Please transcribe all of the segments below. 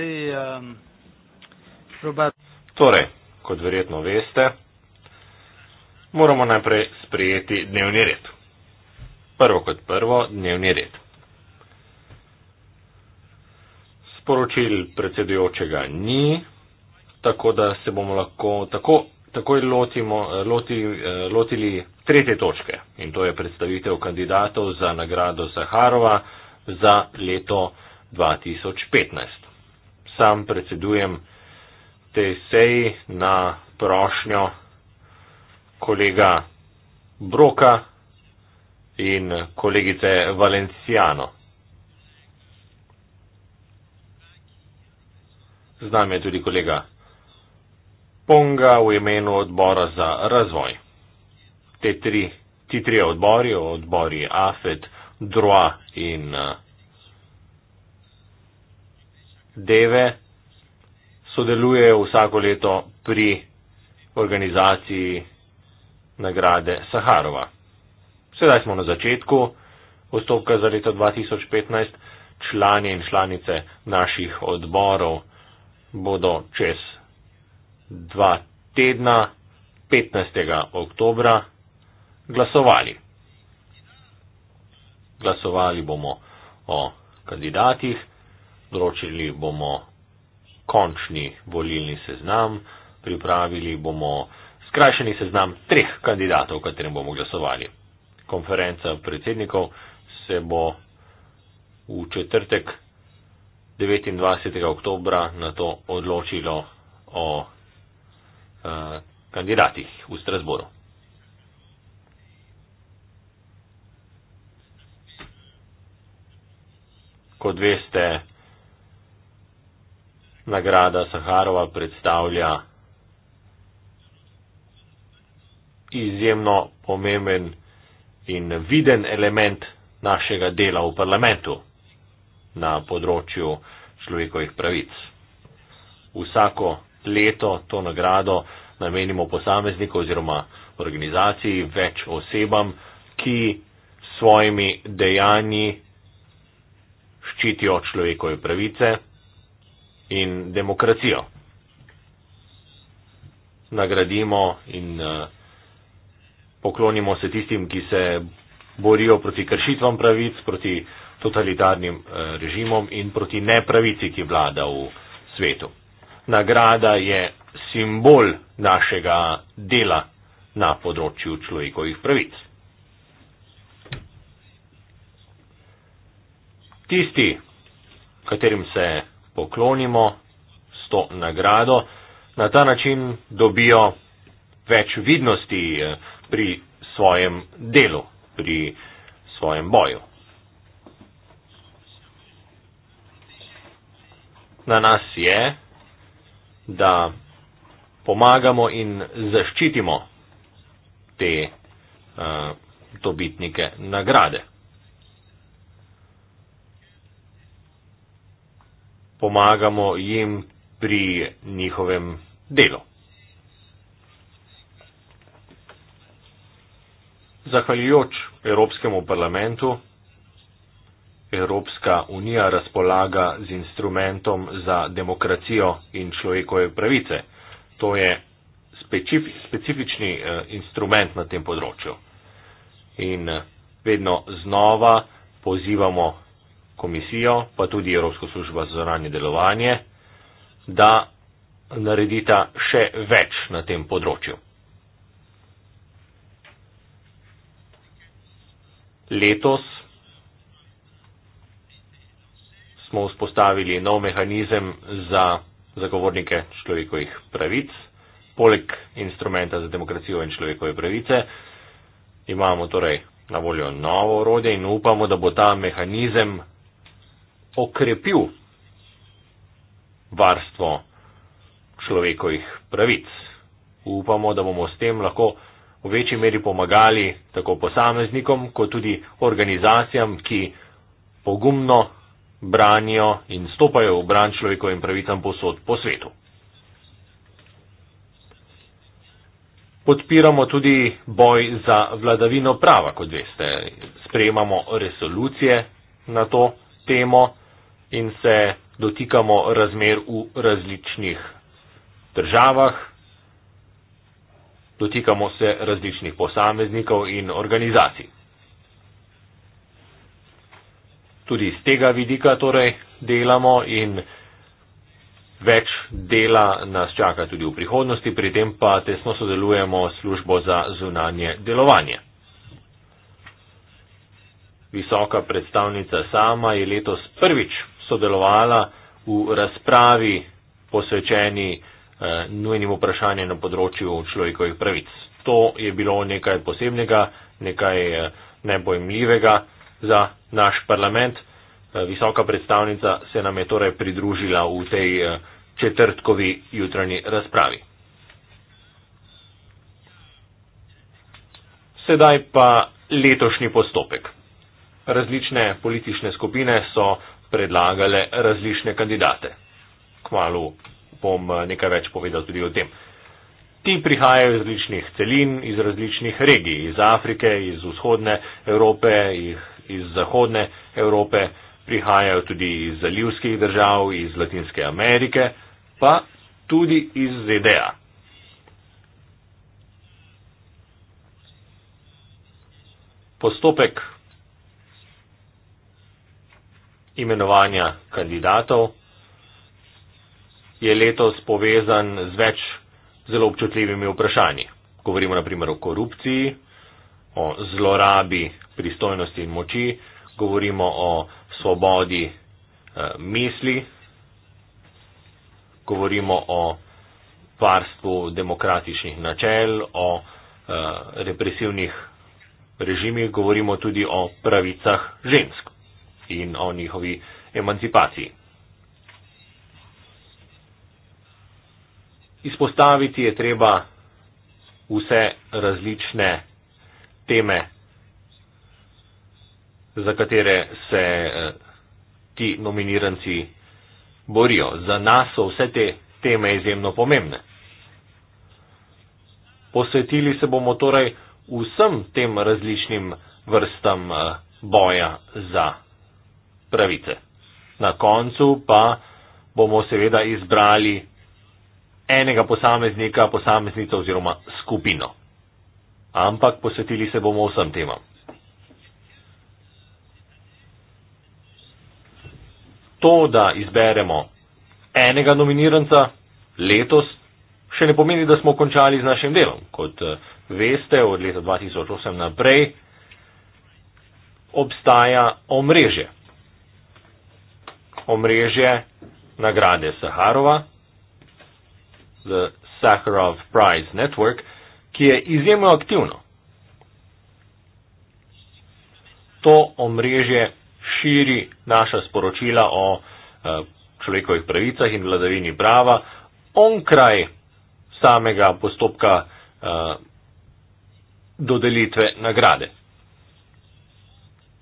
zdaj, um, ehm, probat... Torej, kot verjetno veste, moramo najprej sprejeti dnevni red. Prvo kot prvo, dnevni red. Sporočil predsedujočega ni, tako da se bomo lahko tako, takoj lotimo, loti, eh, lotili tretje točke in to je predstavitev kandidatov za nagrado Zaharova za leto 2015 sam predsedujem tej seji na prošnjo kolega Broka in kolegice Valenciano. Z nami je tudi kolega Ponga v imenu odbora za razvoj. Te tri, ti tri odbori, odbori AFET, DROA in uh, deve sodelujejo vsako leto pri organizaciji nagrade Saharova. Sedaj smo na začetku postopka za leto 2015. Člani in članice naših odborov bodo čez dva tedna, 15. oktobra, glasovali. Glasovali bomo o kandidatih, Določili bomo končni volilni seznam, pripravili bomo skrajšeni seznam treh kandidatov, o katerem bomo glasovali. Konferenca predsednikov se bo v četrtek 29. oktobra na to odločilo o uh, kandidatih v Strasboru. Kot veste, Nagrada Saharova predstavlja izjemno pomemben in viden element našega dela v parlamentu na področju človekovih pravic. Vsako leto to nagrado namenimo posamezniku oziroma organizaciji, več osebam, ki svojimi dejanji ščitijo človekove pravice in demokracijo. Nagradimo in eh, poklonimo se tistim, ki se borijo proti kršitvam pravic, proti totalitarnim eh, režimom in proti nepravici, ki vlada v svetu. Nagrada je simbol našega dela na področju človekovih pravic. Tisti, katerim se poklonimo s to nagrado. Na ta način dobijo več vidnosti eh, pri svojem delu, pri svojem boju. Na nas je, da pomagamo in zaščitimo te uh, dobitnike nagrade. pomagamo jim pri njihovem delu. Zahvaljujoč Evropskemu parlamentu, Evropska unija razpolaga z instrumentom za demokracijo in človekove pravice. To je specifični eh, instrument na tem področju. In eh, vedno znova pozivamo komisijo, pa tudi Evropsko službo za zoranje delovanje, da naredita še več na tem področju. Letos smo vzpostavili nov mehanizem za zagovornike človekovih pravic. Poleg instrumenta za demokracijo in človekove pravice imamo torej na voljo novo orodje in upamo, da bo ta mehanizem okrepil varstvo človekovih pravic. Upamo, da bomo s tem lahko v večji meri pomagali tako posameznikom, kot tudi organizacijam, ki pogumno branijo in stopajo v bran človekovim pravicam posod po svetu. Podpiramo tudi boj za vladavino prava, kot veste. Sprejemamo resolucije na to temo in se dotikamo razmer v različnih državah, dotikamo se različnih posameznikov in organizacij. Tudi iz tega vidika torej delamo in več dela nas čaka tudi v prihodnosti, pri tem pa tesno sodelujemo s službo za zunanje delovanje. Visoka predstavnica sama je letos prvič sodelovala v razpravi posvečeni eh, nujnim vprašanjem na področju človekovih pravic. To je bilo nekaj posebnega, nekaj eh, nebojmljivega za naš parlament. Eh, visoka predstavnica se nam je torej pridružila v tej eh, četrtkovi jutranji razpravi. Sedaj pa letošnji postopek. Različne politične skupine so predlagale različne kandidate. Kmalo bom eh, nekaj več povedal tudi o tem. Ti prihajajo iz različnih celin, iz različnih regij, iz Afrike, iz vzhodne Evrope, iz zahodne Evrope, prihajajo tudi iz zalivskih držav, iz Latinske Amerike, pa tudi iz ZDA. Postopek imenovanja kandidatov je letos povezan z več zelo občutljivimi vprašanji. Govorimo naprimer o korupciji, o zlorabi pristojnosti in moči, govorimo o svobodi eh, misli, govorimo o varstvu demokratičnih načel, o eh, represivnih režimih, govorimo tudi o pravicah žensk in o njihovi emancipaciji. Izpostaviti je treba vse različne teme, za katere se eh, ti nominiranci borijo. Za nas so vse te teme izjemno pomembne. Posvetili se bomo torej vsem tem različnim vrstam eh, boja za pravice. Na koncu pa bomo seveda izbrali enega posameznika, posameznico oziroma skupino. Ampak posvetili se bomo vsem temam. To, da izberemo enega nominiranca letos, še ne pomeni, da smo končali z našim delom. Kot eh, veste, od leta 2008 naprej obstaja omrežje omrežje nagrade Saharova, The Sakharov Prize Network, ki je izjemno aktivno. To omrežje širi naša sporočila o eh, človekovih pravicah in vladavini prava onkraj samega postopka eh, dodelitve nagrade.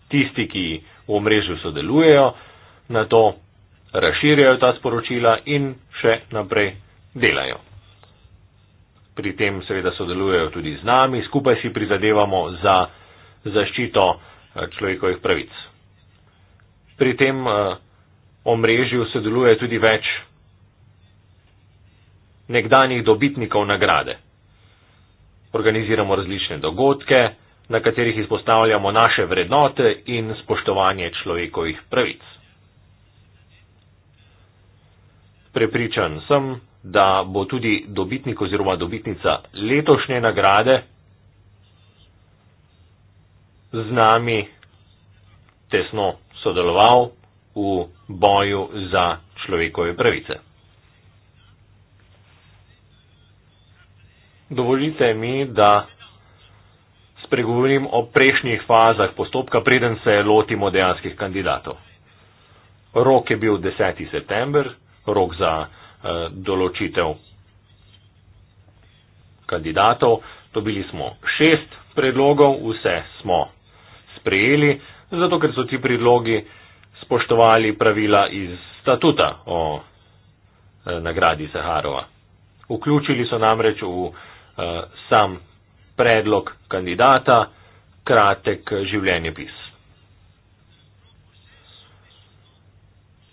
Tisti, ki v omrežju sodelujejo, na to razširjajo ta sporočila in še naprej delajo. Pri tem seveda sodelujejo tudi z nami, skupaj si prizadevamo za zaščito eh, človekovih pravic. Pri tem eh, omrežju sodeluje tudi več nekdanjih dobitnikov nagrade. Organiziramo različne dogodke, na katerih izpostavljamo naše vrednote in spoštovanje človekovih pravic. Prepričan sem, da bo tudi dobitnik oziroma dobitnica letošnje nagrade z nami tesno sodeloval v boju za človekove pravice. Dovolite mi, da spregovorim o prejšnjih fazah postopka, preden se lotimo dejanskih kandidatov. Rok je bil 10. september rok za eh, določitev kandidatov. Dobili smo šest predlogov, vse smo sprejeli, zato ker so ti predlogi spoštovali pravila iz statuta o eh, nagradi Saharova. Vključili so namreč v eh, sam predlog kandidata kratek življenjepis.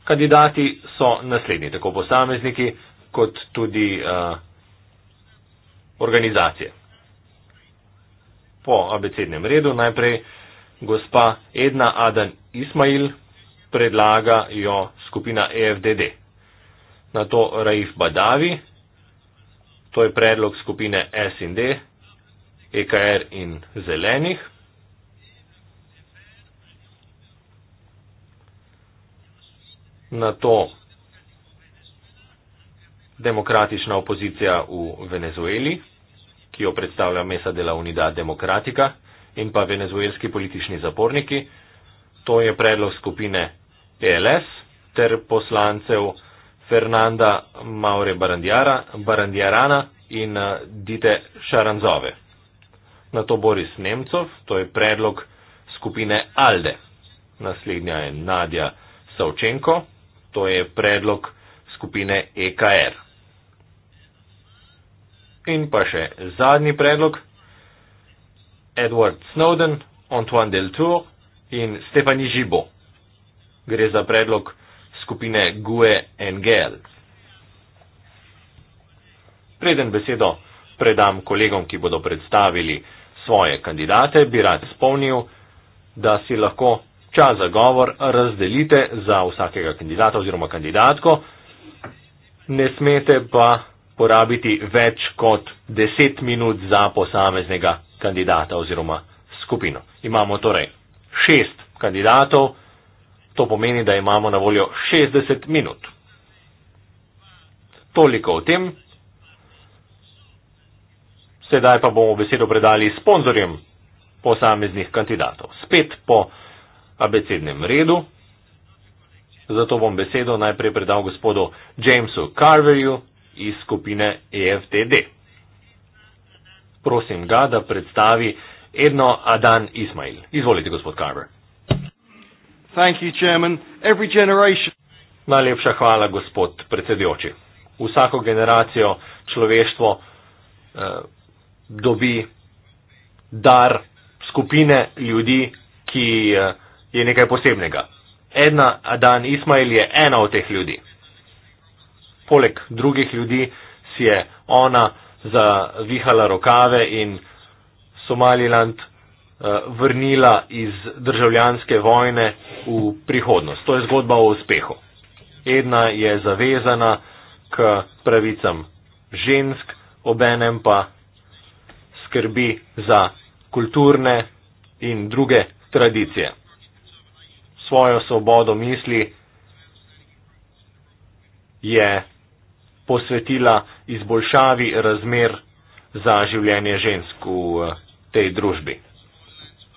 Kandidati so naslednji, tako posamezniki kot tudi uh, organizacije. Po abecednem redu najprej gospa Edna Adan Ismail predlaga jo skupina EFDD. Na to Raif Badavi, to je predlog skupine SND, EKR in zelenih. na to demokratična opozicija v Venezueli, ki jo predstavlja Mesa de la Unidad Demokratika in pa venezuelski politični zaporniki. To je predlog skupine PLS e ter poslancev Fernanda Maure Barandjara, Barandjarana in eh, Dite Šaranzove. Na to Boris Nemcov, to je predlog skupine ALDE. Naslednja je Nadja Savčenko. To je predlog skupine EKR. In pa še zadnji predlog. Edward Snowden, Antoine Deltour in Stephanie Gibo. Gre za predlog skupine GUE NGL. Preden besedo predam kolegom, ki bodo predstavili svoje kandidate, bi rad spomnil, da si lahko čas za govor razdelite za vsakega kandidata oziroma kandidatko, ne smete pa porabiti več kot 10 minut za posameznega kandidata oziroma skupino. Imamo torej 6 kandidatov, to pomeni, da imamo na voljo 60 minut. Toliko o tem. Sedaj pa bomo besedo predali sponzorjem posameznih kandidatov. Spet po abecednem redu. Zato bom besedo najprej predal gospodu Jamesu Carverju iz skupine EFTD. Prosim ga, da predstavi Edno Adan Ismail. Izvolite, gospod Carver. Thank you, Chairman. Every generation. Najlepša hvala, gospod predsedujoči. Vsako generacijo človeštvo eh, dobi dar skupine ljudi, ki eh, je nekaj posebnega. Edna Adan Ismail je ena od teh ljudi. Poleg drugih ljudi si je ona zavihala rokave in Somaliland eh, vrnila iz državljanske vojne v prihodnost. To je zgodba o uspehu. Edna je zavezana k pravicam žensk, obenem pa skrbi za kulturne in druge tradicije svojo svobodo misli je posvetila izboljšavi razmer za življenje žensk v eh, tej družbi.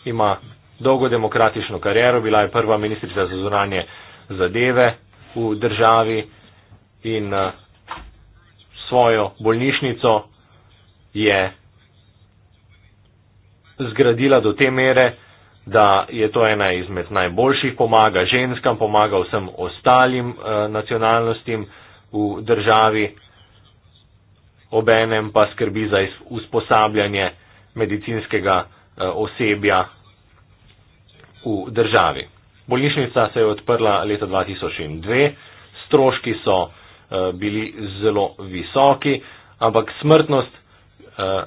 Ima dolgo demokratično kariero, bila je prva ministrica za zunanje zadeve v državi in eh, svojo bolnišnico je zgradila do te mere, da je to ena izmed najboljših, pomaga ženskam, pomaga vsem ostalim eh, nacionalnostim v državi, obenem pa skrbi za usposabljanje medicinskega eh, osebja v državi. Bolnišnica se je odprla leta 2002, stroški so eh, bili zelo visoki, ampak smrtnost eh,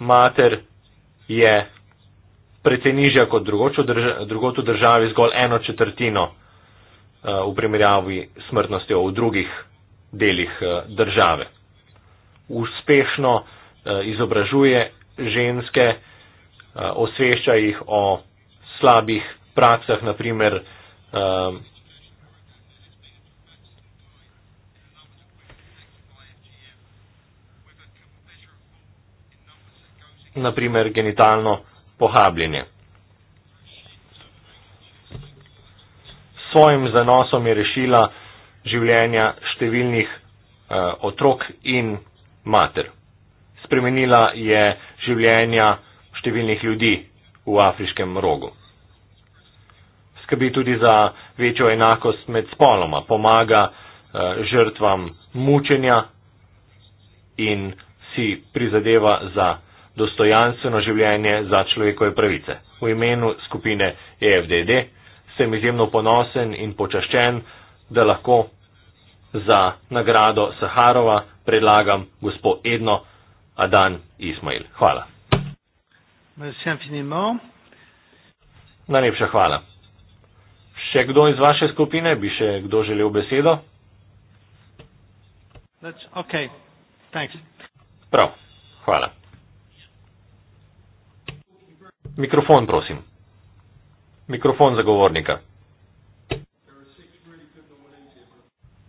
mater je precej nižja kot drugot v državi, zgolj eno četrtino eh, v primerjavi smrtnosti v drugih delih eh, države. Uspešno eh, izobražuje ženske, osvešča jih o slabih praksah, naprimer naprimer genitalno pohabljenje. S svojim zanosom je rešila življenja številnih eh, otrok in mater. Spremenila je življenja številnih ljudi v afriškem rogu. Skrbi tudi za večjo enakost med spoloma, pomaga eh, žrtvam mučenja in si prizadeva za dostojanstveno življenje za človekove pravice. V imenu skupine EFDD sem izjemno ponosen in počaščen, da lahko za nagrado Saharova predlagam gospod Edno Adan Ismail. Hvala. Najlepša hvala. Še kdo iz vaše skupine bi še kdo želel besedo? That's okay. Thanks. Prav. Hvala. Mikrofon, prosim. Mikrofon zagovornika.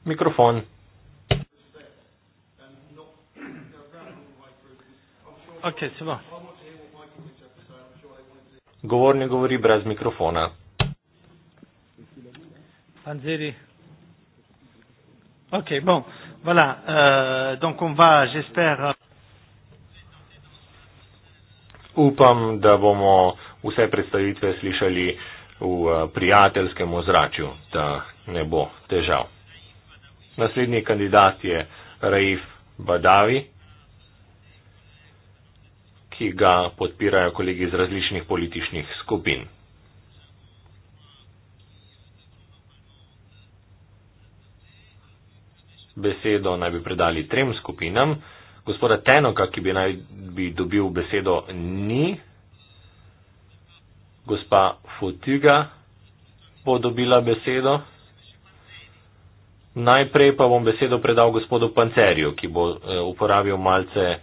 Mikrofon. Okay, Govornik govori brez mikrofona. Panzeri. Ok, bon, voilà. Uh, donc on va, j'espère. Uh upam, da bomo vse predstavitve slišali v eh, prijateljskem ozračju, da ne bo težav. Naslednji kandidat je Raif Badavi, ki ga podpirajo kolegi iz različnih političnih skupin. Besedo naj bi predali trem skupinam gospoda Tenoka, ki bi naj bi dobil besedo, ni. Gospa Fotiga bo dobila besedo. Najprej pa bom besedo predal gospodu Pancerju, ki bo eh, uporabil malce eh,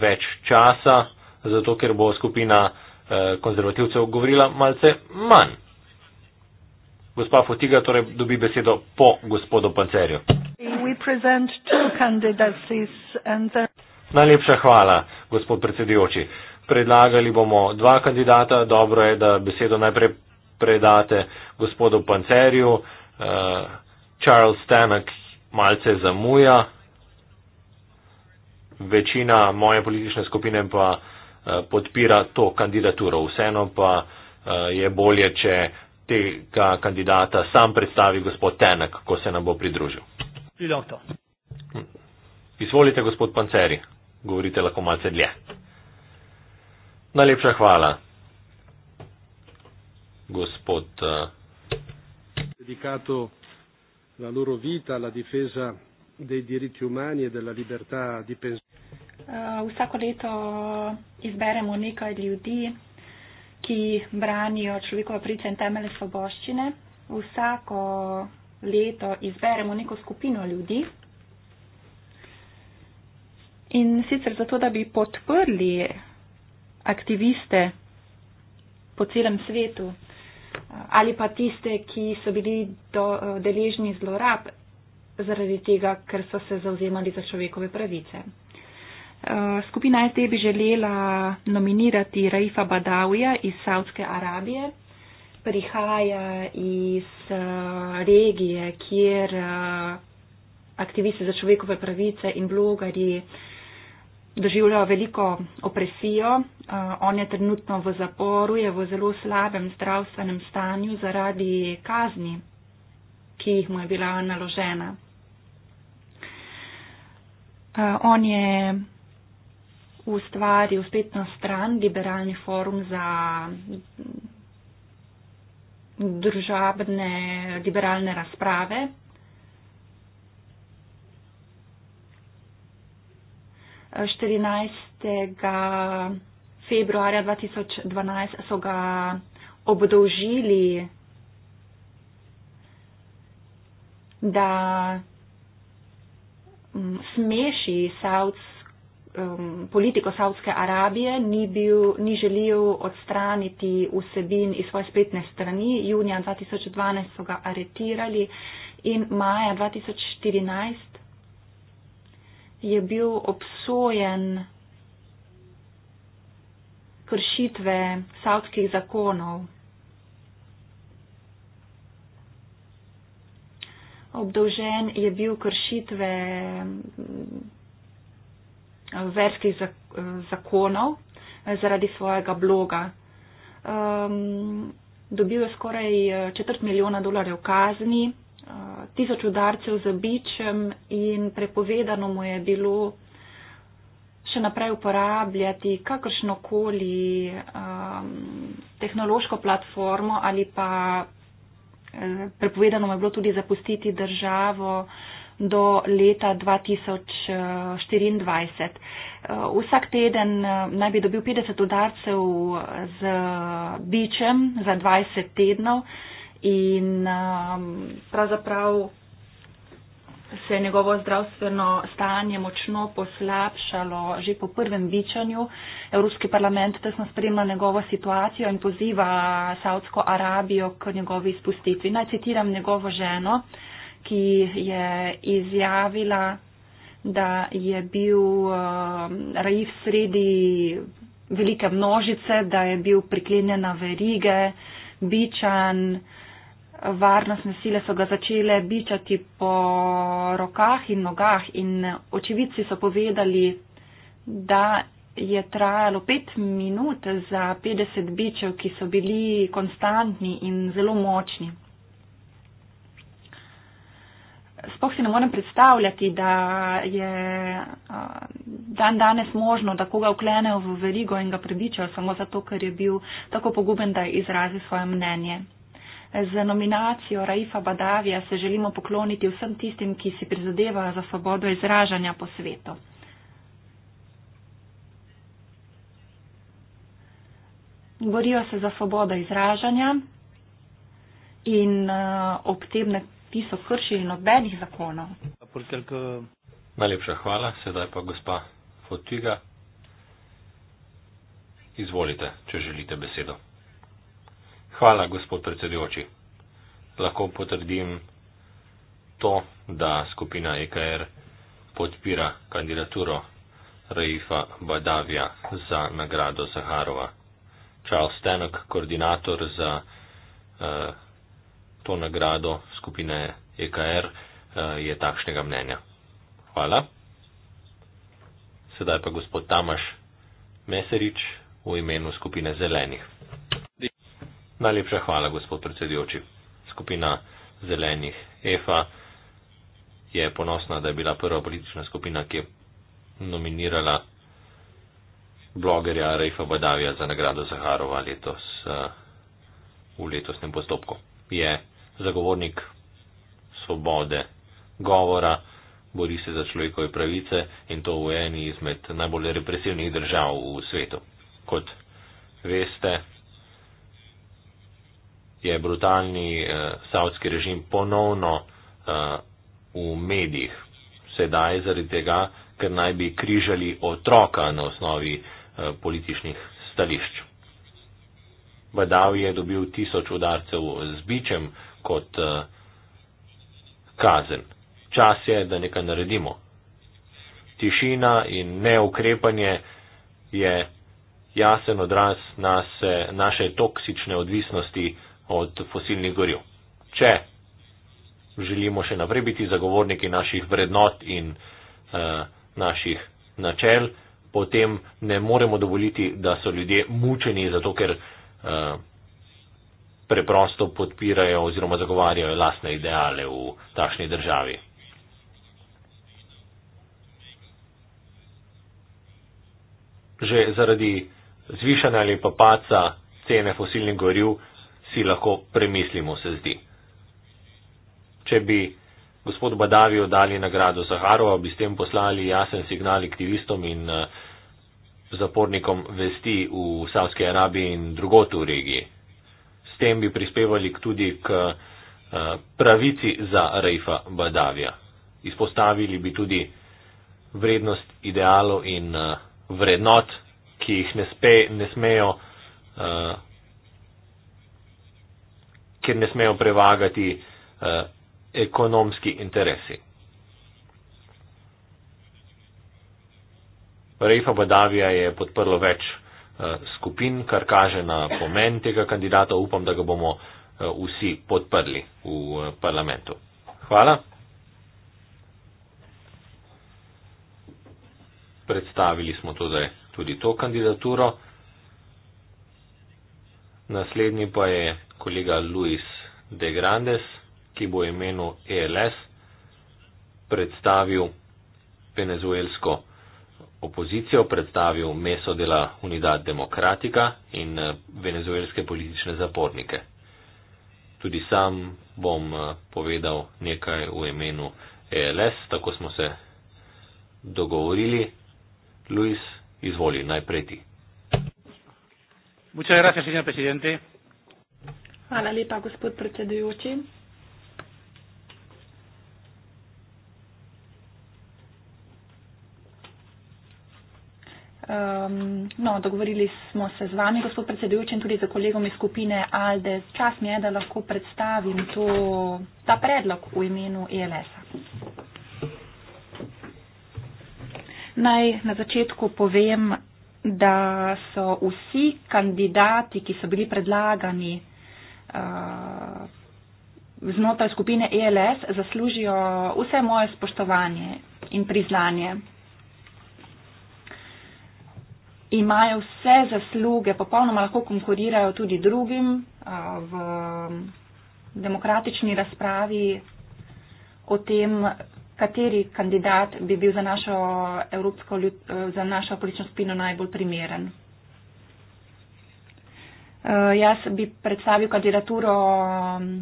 več časa, zato ker bo skupina eh, konzervativcev govorila malce manj. Gospa Fotiga torej dobi besedo po gospodu Pancerju present two candidacies and the Najlepša hvala, gospod predsedujoči. Predlagali bomo dva kandidata. Dobro je, da besedo najprej predate gospodu Pancerju. Uh, Charles Stanek malce zamuja. Večina moje politične skupine pa uh, podpira to kandidaturo. Vseeno pa uh, je bolje, če tega kandidata sam predstavi gospod Tenek, ko se nam bo pridružil plus longtemps. Hm. Izvolite, gospod Panceri, govorite lahko malce dlje. Najlepša hvala, gospod. Eh, Dedikato la loro vita, la difesa dei diritti umani e della libertà di pensiero. Eh, vsako leto izberemo nekaj ljudi, ki branijo človekova priča in temelje svoboščine. Vsako leto izberemo neko skupino ljudi in sicer zato, da bi podprli aktiviste po celem svetu ali pa tiste, ki so bili do, deležni zlorab zaradi tega, ker so se zauzemali za človekove pravice. Eh, skupina ST e bi želela nominirati Raifa Badawija iz Saudske Arabije prihaja iz eh, regije, kjer eh, aktivisti za človekove pravice in blogari doživljajo veliko opresijo. Eh, on je trenutno v zaporu, je v zelo slabem zdravstvenem stanju zaradi kazni, ki jih mu je bila naložena. On je ustvaril spetno stran, liberalni forum za družabne liberalne razprave. Štirinajstega februarja 2012 so ga obdolžili, da mm, smeši savc um, politiko Saudske Arabije, ni, bil, ni želil odstraniti vsebin iz svoje spletne strani. Junija 2012 so ga aretirali in maja 2014 je bil obsojen kršitve saudskih zakonov. Obdolžen je bil kršitve verskih zakonov zaradi svojega bloga. Um, dobil je skoraj eh, četrt milijona dolarjev kazni, eh, tisoč udarcev za bičem in prepovedano mu je bilo še naprej uporabljati kakršnokoli um, tehnološko platformo ali pa eh, prepovedano mu je bilo tudi zapustiti državo. Eh, do leta 2024. Eh, vsak teden eh, naj bi dobil 50 udarcev z eh, bičem za 20 tednov in ehm, pravzaprav se je njegovo zdravstveno stanje močno poslabšalo že po prvem bičanju. Evropski parlament tesno spremlja njegovo situacijo in poziva Saudsko Arabijo k njegovi izpustitvi. Naj citiram njegovo ženo. Uh, ki je izjavila, da je bil uh, Raif sredi velike množice, da je bil priklenjen na verige, bičan, varnostne sile so ga začele bičati po rokah in nogah in očividci so povedali, da je trajalo pet minut za 50 bičev, ki so bili konstantni in zelo močni. Sploh si ne morem predstavljati, da je dan danes možno, da koga vklenejo v verigo in ga prebičajo samo zato, ker je bil tako poguben, da izrazi svoje mnenje. Z nominacijo Raifa Badavija se želimo pokloniti vsem tistim, ki si prizadevajo za svobodo izražanja po svetu. Borijo se za svobodo izražanja in ob tem nekaj ti so kršili nobenih zakonov. Najlepša hvala, sedaj pa gospa Fotiga. Izvolite, če želite besedo. Hvala, gospod predsedujoči. Lahko potrdim to, da skupina EKR podpira kandidaturo Raifa Badavija za nagrado Zaharova. Charles Stenok, koordinator za uh, to nagrado skupine EKR eh, je takšnega mnenja. Hvala. Sedaj pa gospod Tamaš Meserič v imenu skupine Zelenih. Najlepša hvala, gospod predsedujoči. Skupina Zelenih EFA je ponosna, da je bila prva politična skupina, ki je nominirala blogerja Rejfa Badavija za nagrado Zaharova letos eh, v letosnem postopku. Je zagovornik svobode govora, bori se za človekove pravice in to v eni izmed najbolj represivnih držav v svetu. Kot veste, je brutalni eh, savski režim ponovno eh, v medijih. Sedaj zaradi tega, ker naj bi križali otroka na osnovi eh, političnih stališč. Badav je dobil tisoč udarcev z bičem, kot eh, kazen. Čas je, da nekaj naredimo. Tišina in neukrepanje je jasen odraz nase, naše toksične odvisnosti od fosilnih goril. Če želimo še naprej biti zagovorniki naših vrednot in uh, naših načel, potem ne moremo dovoliti, da so ljudje mučeni zato, ker uh, preprosto podpirajo oziroma zagovarjajo lasne ideale v takšni državi. Že zaradi zvišanja ali pa paca cene fosilnih goriv si lahko premislimo, se zdi. Če bi gospod Badavijo dali nagrado Zaharova, bi s tem poslali jasen signal aktivistom in eh, zapornikom vesti v Savski Arabiji in drugotu v regiji tem bi prispevali tudi k eh, pravici za Rejfa Badavija. Izpostavili bi tudi vrednost idealov in eh, vrednot, ki jih ne, spe, ne smejo, eh, ker ne smejo prevagati ekonomski interesi. Rejfa Badavija je podprlo več. Eh, skupin, kar kaže na pomen tega kandidata. Upam, da ga bomo eh, vsi podprli v eh, parlamentu. Hvala. Predstavili smo tudi, torej tudi to kandidaturo. Naslednji pa je kolega Luis de Grandes, ki bo imenu ELS predstavil venezuelsko opozicijo predstavil meso dela Unidad Demokratika in eh, venezuelske politične zapornike. Tudi sam bom eh, povedal nekaj v imenu ELS, tako smo se dogovorili. Luis, izvoli najprej ti. Hvala lepa, gospod predsedujoči. Um, no, dogovorili smo se z vami, gospod predsedujoč, in tudi za kolegom iz skupine ALDE. Čas mi je, da lahko predstavim to, ta predlog v imenu ELS-a. Naj na začetku povem, da so vsi kandidati, ki so bili predlagani uh, znotraj skupine ELS, zaslužijo vse moje spoštovanje in priznanje imajo vse zasluge, popolnoma lahko konkurirajo tudi drugim v demokratični razpravi o tem, kateri kandidat bi bil za našo, evropsko, e, za našo politično spino najbolj primeren. Uh, jaz bi predstavil kandidaturo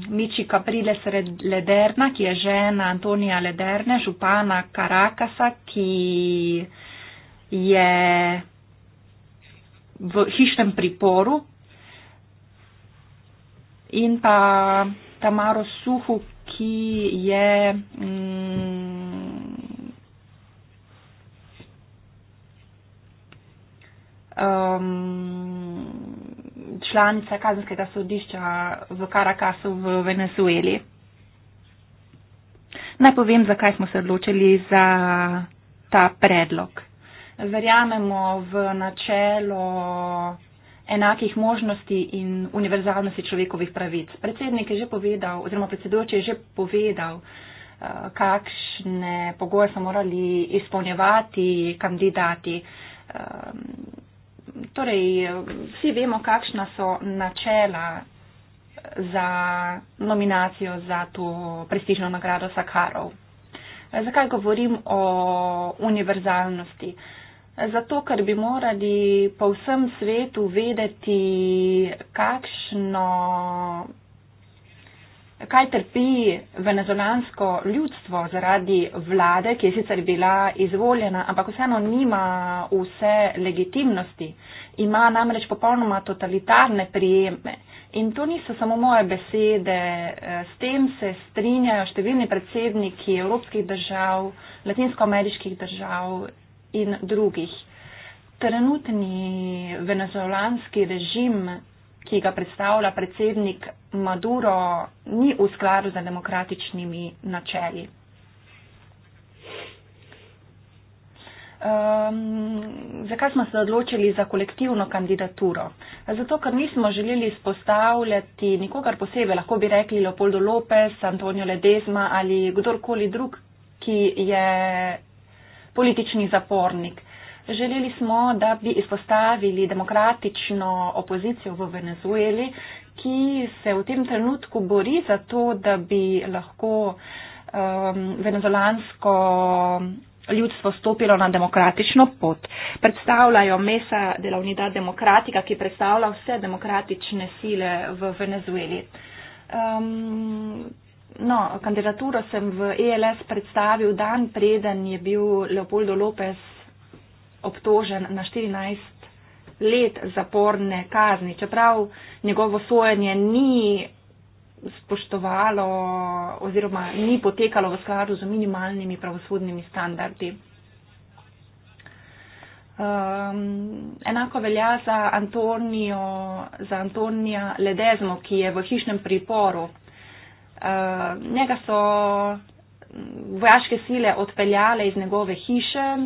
Miči Kaprile Lederna, ki je žena Antonija Lederne, župana Karakasa, ki je v hišnem priporu in pa Tamaro Suhu, ki je mm, um, članica kazenskega sodišča v Karakasu v Venezueli. Naj povem, zakaj smo se odločili za ta predlog verjamemo v načelo enakih možnosti in univerzalnosti človekovih pravic. Predsednik je že povedal, oziroma predsedujoči je že povedal, eh, kakšne pogoje so morali izpolnjevati kandidati. Ehm, torej, vsi vemo, kakšna so načela eh, za nominacijo za to prestižno nagrado Sakarov. Eh, zakaj govorim o univerzalnosti? Uh, Zato, ker bi morali po vsem svetu vedeti, kakšno, kaj trpi venezolansko ljudstvo zaradi vlade, ki je sicer bila izvoljena, ampak vseeno nima vse legitimnosti. Ima namreč popolnoma totalitarne prijeme. In to niso samo moje besede, s tem se strinjajo številni predsedniki evropskih držav, latinskoameriških držav in drugih. Trenutni venezolanski režim, ki ga predstavlja predsednik Maduro, ni v skladu z demokratičnimi načeli. Um, zakaj smo se odločili za kolektivno kandidaturo? Zato, ker nismo želeli izpostavljati nikogar posebej, lahko bi rekli Leopoldo Lopez, Antonio Ledezma ali kdorkoli drug, ki je politični zapornik. Želeli smo, da bi izpostavili demokratično opozicijo v Venezueli, ki se v tem trenutku bori za to, da bi lahko um, venezolansko ljudstvo stopilo na demokratično pot. Predstavljajo Mesa delavnida demokratika, ki predstavlja vse demokratične sile v Venezueli. Um, no, kandidaturo sem v ELS predstavil dan preden je bil Leopoldo López obtožen na 14 let zaporne kazni, čeprav njegovo sojenje ni spoštovalo oziroma ni potekalo v skladu z minimalnimi pravosodnimi standardi. Um, enako velja za, Antonio, za Antonija Ledezmo, ki je v hišnem priporu Eh, njega so mm, vojaške sile odpeljale iz njegove hiše,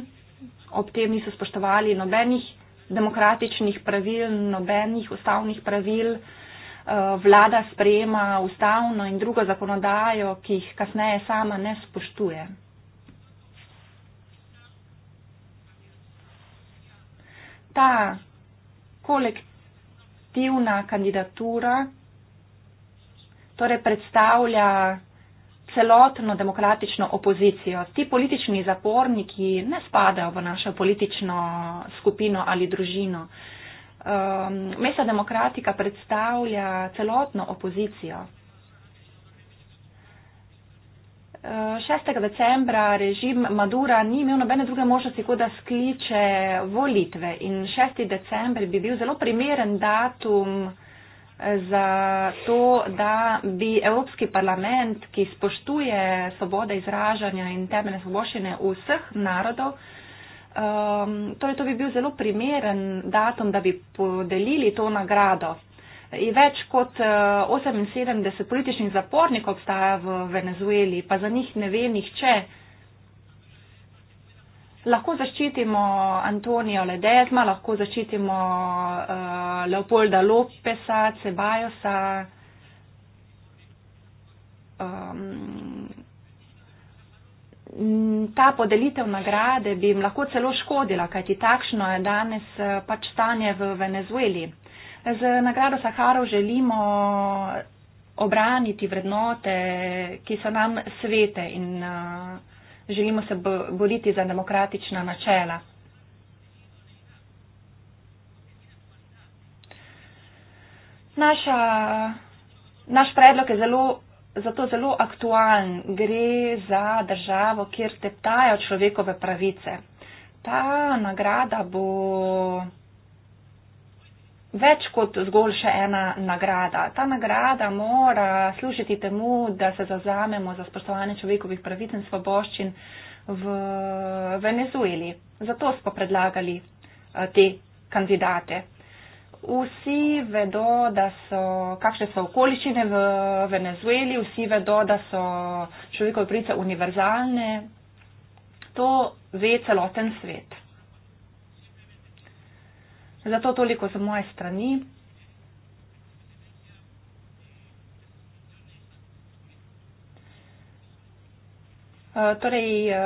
ob tem niso spoštovali nobenih demokratičnih pravil, nobenih ustavnih pravil. Eh, vlada sprejema ustavno in drugo zakonodajo, ki jih kasneje sama ne spoštuje. Ta kolektivna kandidatura torej predstavlja celotno demokratično opozicijo. Ti politični zaporniki ne spadajo v našo politično skupino ali družino. Um, Mesa demokratika predstavlja celotno opozicijo. Uh, 6. decembra režim Madura ni imel nobene druge možnosti, kot da skliče volitve. In 6. december bi bil zelo primeren datum, uh, za to, da bi Evropski parlament, ki spoštuje svobode izražanja in temeljne svoboščine vseh narodov, um, torej to bi bil zelo primeren datum, da bi podelili to nagrado. In več kot 78 uh, političnih zapornikov obstaja v Venezueli, pa za njih ne ve nihče, lahko zaščitimo Antonija Ledezma, lahko zaščitimo uh, Leopolda Lopesa, Cebajosa, um, Ta podelitev nagrade bi jim lahko celo škodila, kajti takšno je danes eh, pač stanje v Venezueli. Z nagrado Saharov želimo obraniti vrednote, ki so nam svete in eh, želimo se boriti za demokratična načela. Naša, naš predlog je zelo, zato zelo aktualen. Gre za državo, kjer teptajo človekove pravice. Ta nagrada bo več kot zgolj še ena nagrada. Ta nagrada mora služiti temu, da se zazamemo za spoštovanje človekovih pravic in svoboščin v Venezueli. Zato smo predlagali eh, te kandidate. Vsi vedo, so, kakšne so okoliščine v Venezueli, vsi vedo, da so človekove pravice univerzalne. To ve celoten svet. Zato toliko z moje strani. Uh, torej, uh,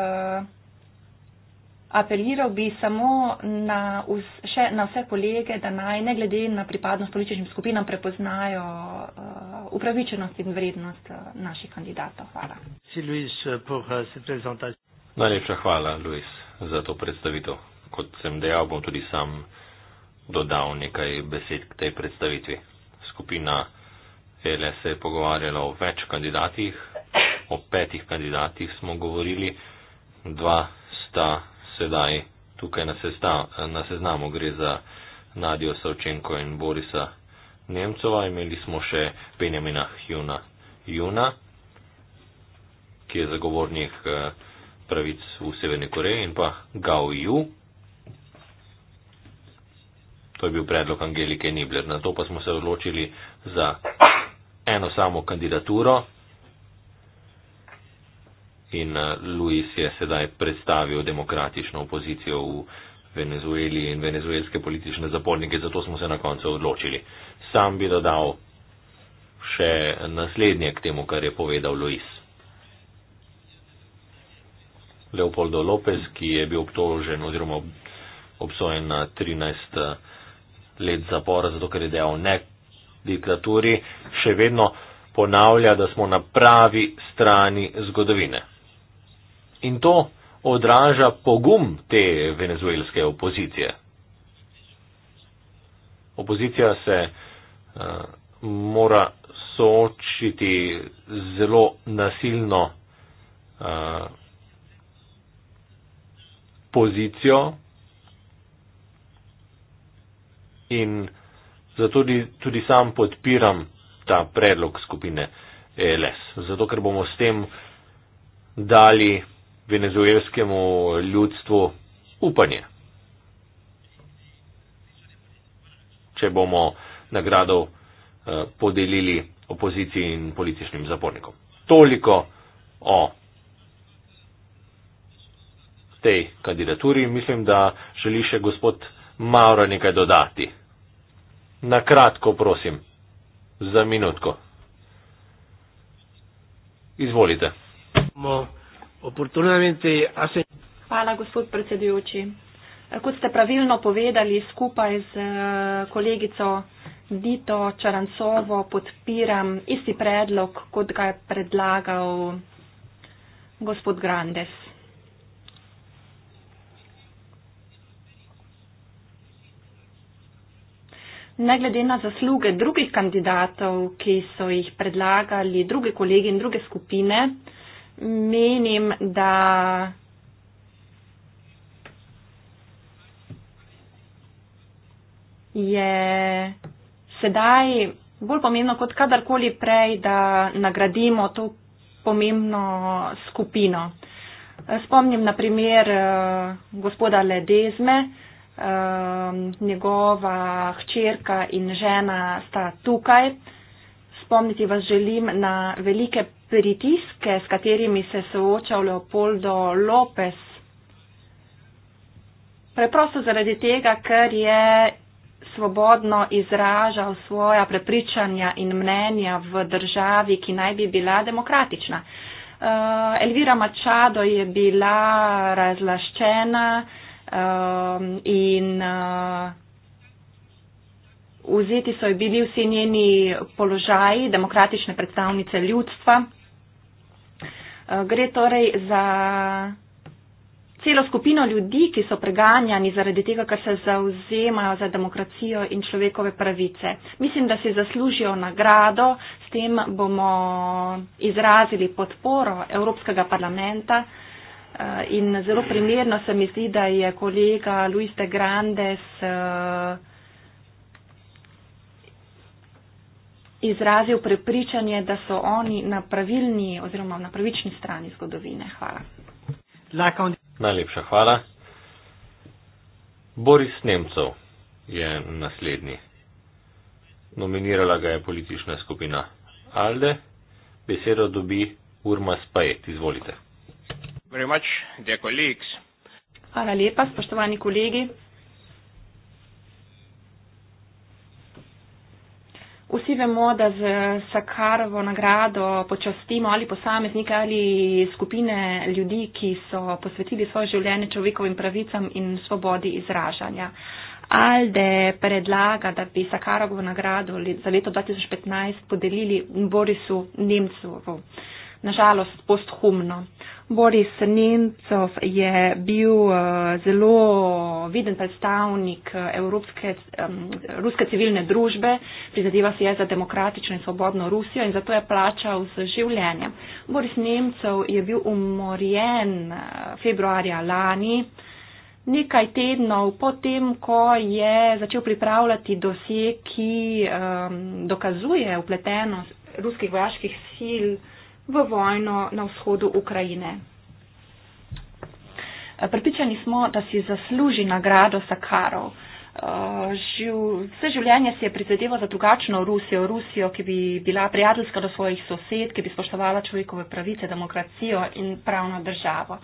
apeliral bi samo na, vz, še, na vse kolege, da naj ne glede na pripadnost političnim skupinam prepoznajo uh, upravičenost in vrednost uh, naših kandidatov. Hvala. Uh, Najlepša hvala, Luis, za to predstavitev. Kot sem dejal, bom tudi sam dodal nekaj besed k tej predstavitvi. Skupina Fele se je pogovarjala o več kandidatih, o petih kandidatih smo govorili, dva sta sedaj tukaj na, sesta, na seznamu, gre za Nadijo Savčenko in Borisa Nemcova, imeli smo še Benjamina Juna Juna, ki je zagovornik eh, pravic v Severni Koreji in pa Gao Ju, to je bil predlog Angelike Nibler. Na to pa smo se odločili za eno samo kandidaturo in eh, Luis je sedaj predstavil demokratično opozicijo v Venezueli in venezuelske politične zapornike, zato smo se na koncu odločili. Sam bi dodal še naslednje k temu, kar je povedal Luis. Leopoldo Lopez, ki je bil obtožen oziroma obsojen na 13 let zapora, zato ker je dejal ne diktaturi, še vedno ponavlja, da smo na pravi strani zgodovine. In to odraža pogum te venezuelske opozicije. Opozicija se uh, mora soočiti zelo nasilno uh, pozicijo, in zato tudi, tudi sam podpiram ta predlog skupine ELS. Zato, ker bomo s tem dali venezuelskemu ljudstvu upanje. Če bomo nagrado eh, podelili opoziciji in političnim zapornikom. Toliko o tej kandidaturi. Mislim, da želi še gospod Mauro nekaj dodati. Na kratko, prosim, za minutko. Izvolite. Hvala, gospod predsedujoči. Kot ste pravilno povedali, skupaj z eh, kolegico Dito Čarancovo podpiram isti predlog, kot ga je predlagal gospod Grandes. ne glede na zasluge drugih kandidatov, ki so jih predlagali druge kolegi in druge skupine, menim, da. Je sedaj bolj pomembno kot kadarkoli prej, da nagradimo to pomembno skupino. Spomnim na primer eh, gospoda Ledezme, um, njegova hčerka in žena sta tukaj. Spomniti vas želim na velike pritiske, s katerimi se je soočal Leopoldo Lopes. Preprosto zaradi tega, ker je svobodno izražal svoja prepričanja in mnenja v državi, ki naj bi bila demokratična. Ehm, Elvira Mačado je bila razlaščena, um, in uh, vzeti so ji bili vsi njeni položaji, demokratične predstavnice ljudstva. Uh, gre torej za celo skupino ljudi, ki so preganjani zaradi tega, ker se zauzemajo za demokracijo in človekove pravice. Mislim, da si zaslužijo nagrado, s tem bomo izrazili podporo Evropskega parlamenta. Eh, in zelo primerno se mi zdi, da je kolega Luis de Grandes eh, izrazil prepričanje, da so oni na pravilni oziroma na pravični strani zgodovine. Hvala. Najlepša hvala. Boris Nemcov je naslednji. Nominirala ga je politična skupina Alde. Besedo dobi Urma Spajet. Izvolite very much, dear colleagues. Hvala lepa, spoštovani kolegi. Vsi vemo, da z Sakarovo nagrado počastimo ali posameznik ali skupine ljudi, ki so posvetili svoje življenje človekovim pravicam in svobodi izražanja. Alde predlaga, da bi Sakarovo nagrado za leto 2015 podelili Borisu Nemcovu nažalost posthumno. Boris Nemcov je bil eh, zelo viden predstavnik eh, Evropske, um, ruske civilne družbe, prizadeva se je za demokratično in svobodno Rusijo in zato je plačal z življenjem. Boris Nemcov je bil umorjen eh, februarja lani, nekaj tednov potem, ko je začel pripravljati dosje, ki um, dokazuje upletenost ruskih vojaških sil v vojno na vzhodu Ukrajine. Pripričani smo, da si zasluži nagrado Sakarov. Eh, vse življenje si je prizadeval za drugačno Rusijo, Rusijo, ki bi bila prijateljska do svojih sosed, ki bi spoštovala človekove pravice, demokracijo in pravno državo.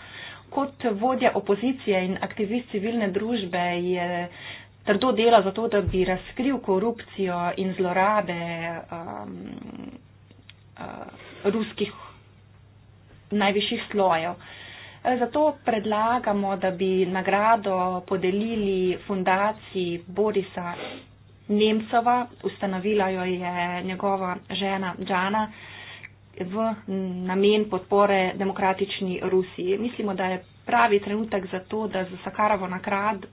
Kot vodja opozicije in aktivist civilne družbe je trdo dela za to, da bi razkril korupcijo in zlorabe. Um, uh, ruskih najvišjih slojev. E, zato predlagamo, da bi nagrado podelili fundaciji Borisa Nemcova, ustanovila jo je njegova žena Džana v namen podpore demokratični Rusiji. Mislimo, da je pravi trenutek za to, da za Sakarovo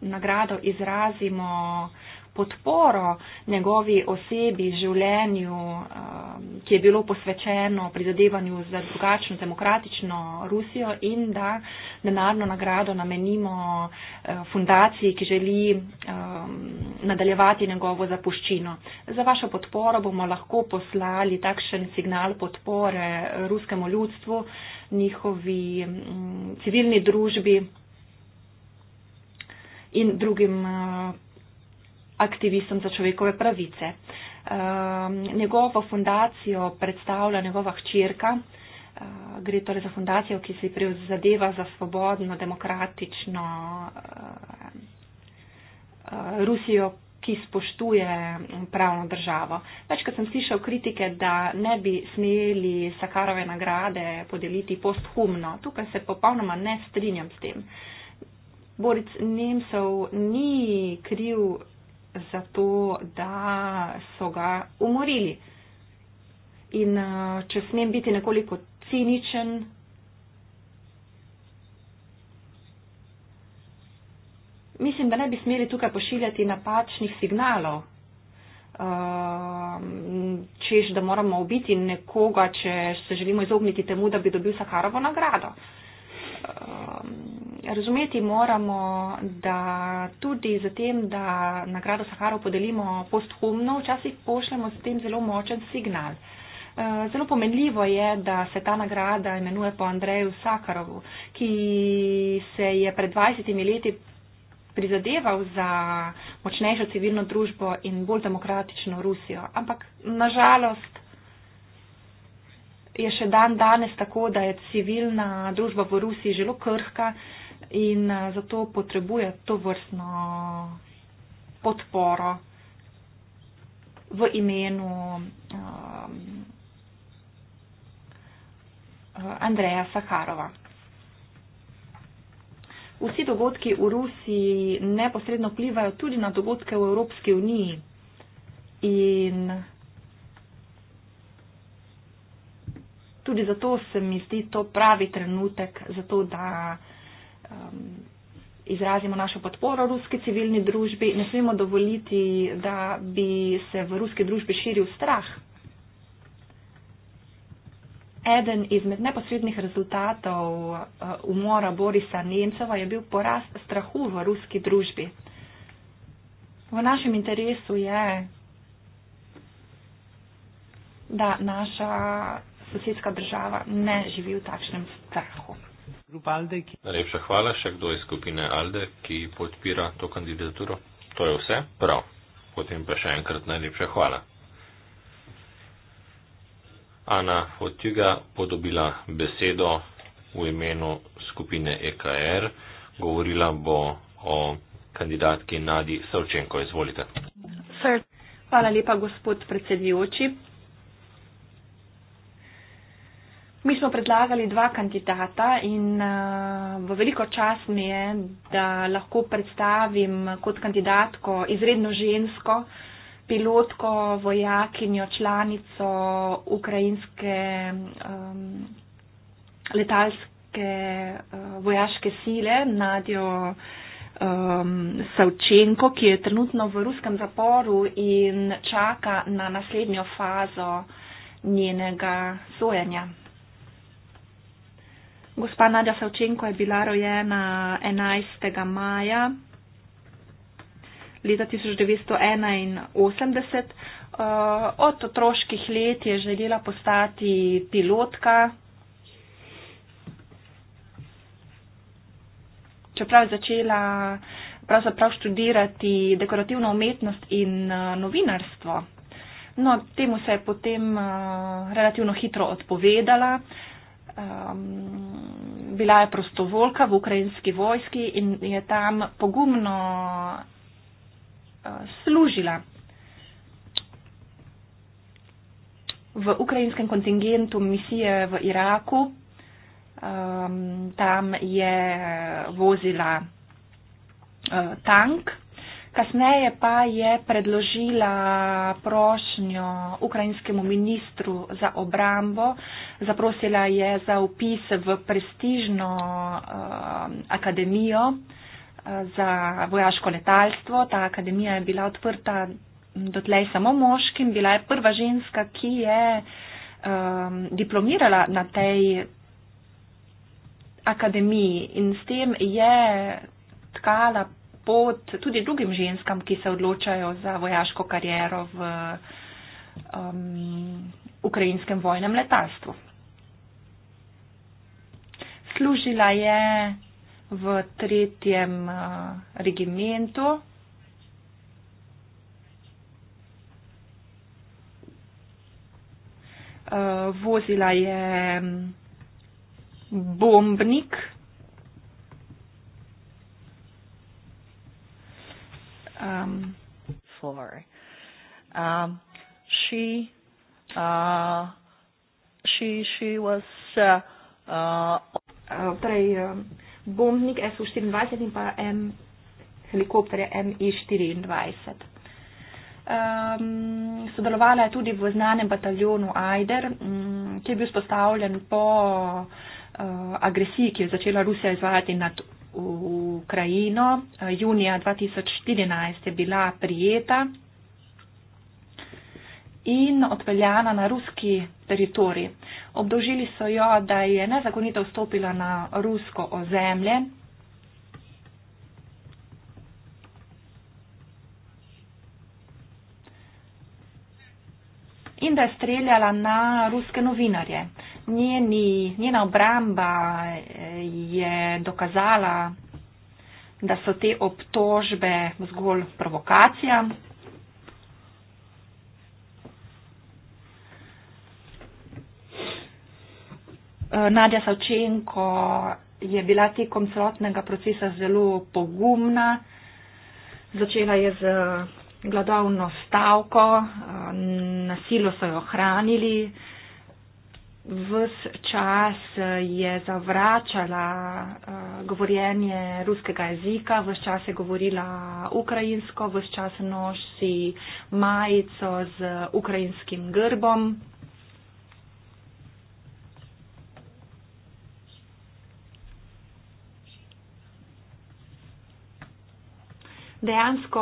nagrado izrazimo podporo njegovi osebi, življenju, um, ki je bilo posvečeno prizadevanju za drugačno demokratično Rusijo in da denarno nagrado namenimo eh, fundaciji, ki želi um, nadaljevati njegovo zapuščino. Za vašo podporo bomo lahko poslali takšen signal podpore ruskemu ljudstvu, njihovi mm, civilni družbi in drugim eh, aktivistom za človekove pravice. Ehm, njegovo fundacijo predstavlja njegova hčerka, ehm, gre torej za fundacijo, ki se prizadeva za svobodno, demokratično ehm, Rusijo, ki spoštuje pravno državo. Večkrat sem slišal kritike, da ne bi smeli Sakarove nagrade podeliti posthumno. Tukaj se popolnoma ne strinjam s tem. Boric Nemcev ni kriv zato, da so ga umorili. In eh, če smem biti nekoliko ciničen, mislim, da ne bi smeli tukaj pošiljati napačnih signalov, eh, čež, da moramo ubiti nekoga, če se želimo izogniti temu, da bi dobil Saharovo nagrado. Eh, razumeti moramo, da tudi za tem, da nagrado Saharov podelimo posthumno, včasih pošljemo s tem zelo močen signal. Eh, zelo pomenljivo je, da se ta nagrada imenuje po Andreju Sakarovu, ki se je pred 20 leti prizadeval za močnejšo civilno družbo in bolj demokratično Rusijo. Ampak nažalost je še dan danes tako, da je civilna družba v Rusiji zelo krhka, in eh, zato potrebuje to vrstno podporo v imenu eh, eh, Andreja Saharova. Vsi dogodki v Rusiji neposredno plivajo tudi na dogodke v Evropski uniji in tudi zato se mi zdi to pravi trenutek, zato da um, izrazimo našo podporo ruski civilni družbi. Ne smemo dovoliti, da bi se v ruski družbi širil strah. Eden izmed neposrednih rezultatov uh, umora Borisa Nemcova je bil porast strahu v ruski družbi. V našem interesu je, da naša sosedska država ne živi v takšnem strahu skupina Alde. Ki... Najlepša hvala še kdo iz skupine Alde, ki podpira to kandidaturo. To je vse? Prav. Potem pa še enkrat najlepša hvala. Ana Fotiga podobila besedo v imenu skupine EKR. Govorila bo o kandidatki Nadi Savčenko. Izvolite. Sir. Hvala lepa, gospod predsedujoči. Mi smo predlagali dva kandidata in uh, v veliko čas mi je, da lahko predstavim kot kandidatko izredno žensko, pilotko, vojakinjo, članico ukrajinske um, letalske uh, vojaške sile Nadjo um, Savčenko, ki je trenutno v ruskem zaporu in čaka na naslednjo fazo njenega sojenja. Gospa Nadja Savčenko je bila rojena 11. maja leta 1981. Eh, od otroških let je želela postati pilotka. Čeprav je začela pravzaprav študirati dekorativno umetnost in eh, novinarstvo. No, temu se je potem eh, relativno hitro odpovedala um, bila je prostovoljka v ukrajinski vojski in je tam pogumno uh, služila v ukrajinskem kontingentu misije v Iraku. Um, tam je uh, vozila uh, tank. Kasneje pa je predložila prošnjo ukrajinskemu ministru za obrambo, zaprosila je za upis v prestižno uh, akademijo eh, za vojaško letalstvo. Ta akademija je bila odprta dotlej samo moškim, bila je prva ženska, ki je um, diplomirala na tej akademiji in s tem je tkala pot tudi drugim ženskam, ki se odločajo za vojaško kariero v um, ukrajinskem vojnem letalstvu. Služila je v tretjem uh, regimentu. Uh, vozila je um, bombnik, um, she uh, she she was uh, uh, torej um, bombnik SU-24 in pa M helikopterje MI-24. Um, sodelovala je tudi v znanem bataljonu AIDER, um, ki je bil spostavljen po uh, agresiji, ki je začela Rusija izvajati nad Ukrajino. Uh, junija 2014 je bila prijeta in odpeljana na ruski teritorij. Obdožili so jo, da je nezakonito vstopila na rusko ozemlje. In da je streljala na ruske novinarje. Njeni, njena obramba eh, je dokazala, da so te obtožbe zgolj provokacija. Eh, Nadja Savčenko je bila tekom celotnega procesa zelo pogumna. Začela je z eh, gladovno stavko, eh, nasilo so jo hranili. Ves čas je zavračala govorjenje ruskega jezika, ves čas je govorila ukrajinsko, ves čas nosi majico z ukrajinskim grbom. dejansko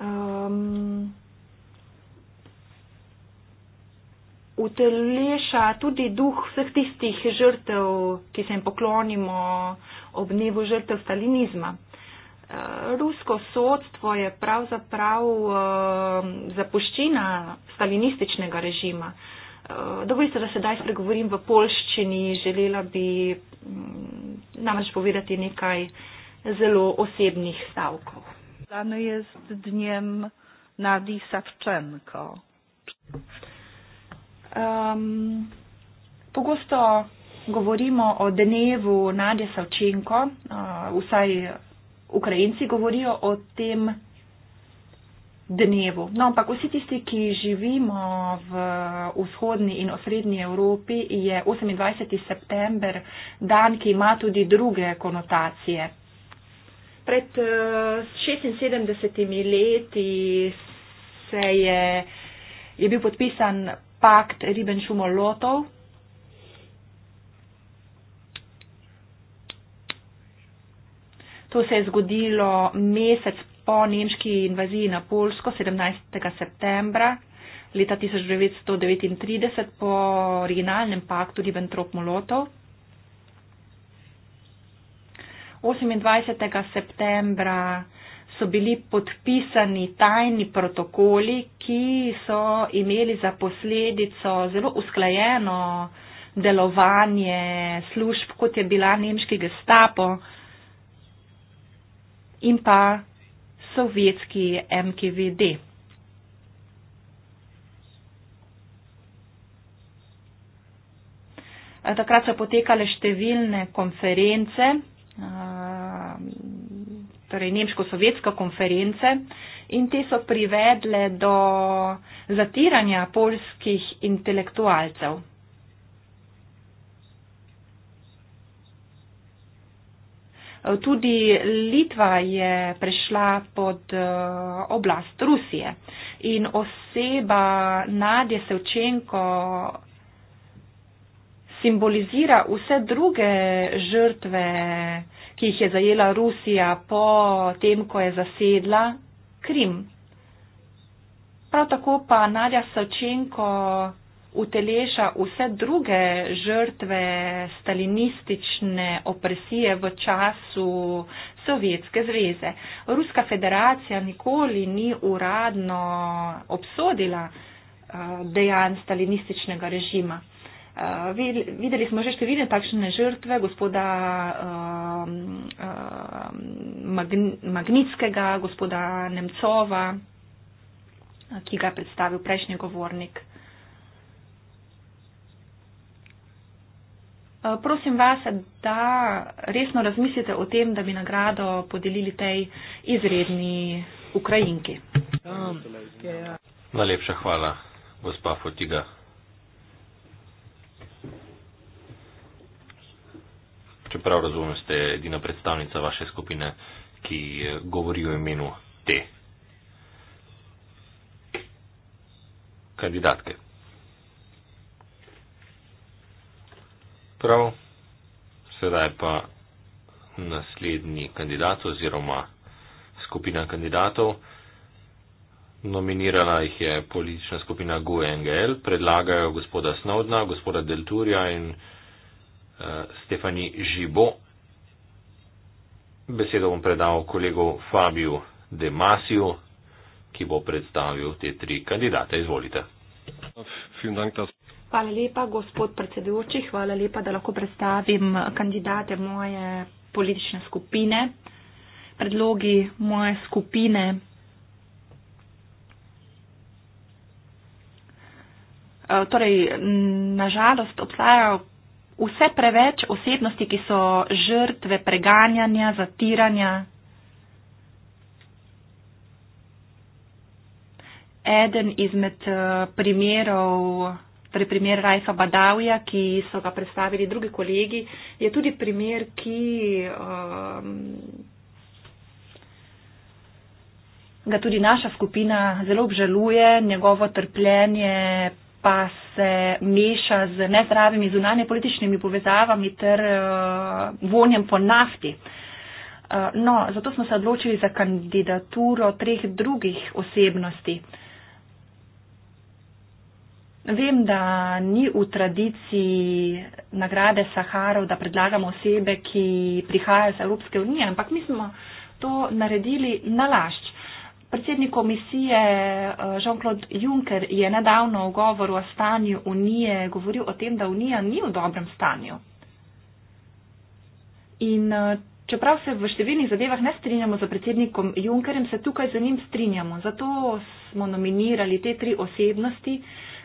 um, uteleša tudi duh vseh tistih žrtev, ki se jim poklonimo ob dnevu žrtev stalinizma rusko sodstvo je pravzaprav eh, zapuščina stalinističnega režima. Eh, Dovolite, da sedaj spregovorim v polščini, želela bi mm, namreč povedati nekaj zelo osebnih stavkov. Dano je z dnjem Nadi Savčenko. Um, pogosto govorimo o dnevu Nadje Savčenko, uh, eh, vsaj Ukrajinci govorijo o tem dnevu. No, ampak vsi tisti, ki živimo v vzhodni in osrednji Evropi, je 28. september dan, ki ima tudi druge konotacije. Pred 76 eh, leti se je, je bil podpisan pakt Ribbenšumo-Lotov, To se je zgodilo mesec po nemški invaziji na Polsko 17. septembra leta 1939 po originalnem paktu Ribbentrop-Molotov. 28. septembra so bili podpisani tajni protokoli, ki so imeli za posledico zelo usklajeno delovanje služb, kot je bila nemški gestapo in pa sovjetski MKVD. Takrat so potekale številne konference, torej nemško-sovjetske konference in te so privedle do zatiranja polskih intelektualcev. Eh, tudi Litva je prešla pod eh, oblast Rusije in oseba Nadje Sevčenko simbolizira vse druge žrtve, ki jih je zajela Rusija po tem, ko je zasedla Krim. Prav tako pa Nadja Sevčenko uteleša vse druge žrtve stalinistične opresije v času Sovjetske zveze. Ruska federacija nikoli ni uradno obsodila eh, dejanj stalinističnega režima. Eh, videli smo že številne takšne žrtve gospoda eh, Magnitskega, gospoda Nemcova, ki ga je predstavil prejšnji govornik. Eh, prosim vas, da resno razmislite o tem, da bi nagrado podelili tej izredni Ukrajinki. Najlepša hvala, gospa Fotiga. Čeprav razumem, ste edina predstavnica vaše skupine, ki eh, govori o imenu te kandidatke. Prav, sedaj pa naslednji kandidat oziroma skupina kandidatov. Nominirala jih je politična skupina GUNGL, e predlagajo gospoda Snowdna, gospoda Delturja in uh, Stefani Žibo. Besedo bom predal kolegu Fabiju De Masiju, ki bo predstavil te tri kandidate. Izvolite. Vielen Dank, dass Hvala lepa, gospod predsedujoči. Hvala lepa, da lahko predstavim kandidate moje politične skupine. Predlogi moje skupine eh, Torej, nažalost obstajajo vse preveč osebnosti, ki so žrtve preganjanja, zatiranja. Eden izmed eh, primerov Torej, primer Rajfa Badavija, ki so ga predstavili drugi kolegi, je tudi primer, ki um, ga tudi naša skupina zelo obžaluje, njegovo trpljenje pa se meša z nezdravimi zunanje političnimi povezavami ter uh, vonjem po nafti. Uh, no, zato smo se odločili za kandidaturo treh drugih osebnosti. Uh, Vem, da ni v tradiciji nagrade Saharov, da predlagamo osebe, ki prihajajo iz Evropske unije, ampak mi smo to naredili na lašč. Predsednik komisije eh, Jean-Claude Juncker je nedavno v govoru o stanju unije govoril o tem, da unija ni v dobrem stanju. In eh, čeprav se v številnih zadevah ne strinjamo za predsednikom Junckerjem, se tukaj za njim strinjamo. Zato smo nominirali te tri osebnosti,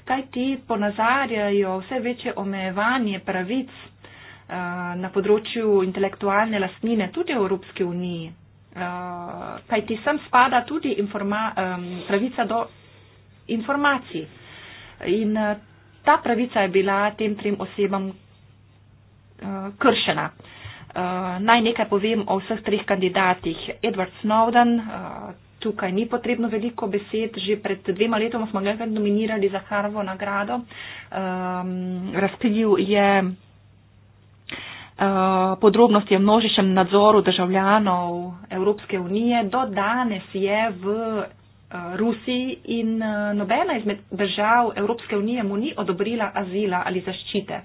kaj ti ponazarjajo vse večje omejevanje pravic eh, na področju intelektualne lastnine tudi v Evropski uniji. Eh, kaj ti sem spada tudi informa, pravica do informacij. In eh, ta pravica je bila tem trem osebam kršena. Naj nekaj povem o vseh treh kandidatih. Edward Snowden, tukaj ni potrebno veliko besed. Že pred dvema letoma smo ga nominirali za Harvo nagrado. Um, razkril je uh, podrobnosti o množičem nadzoru državljanov Evropske unije. Do danes je v. Eh, Rusiji in eh, nobena izmed držav Evropske unije mu ni odobrila azila ali zaščite.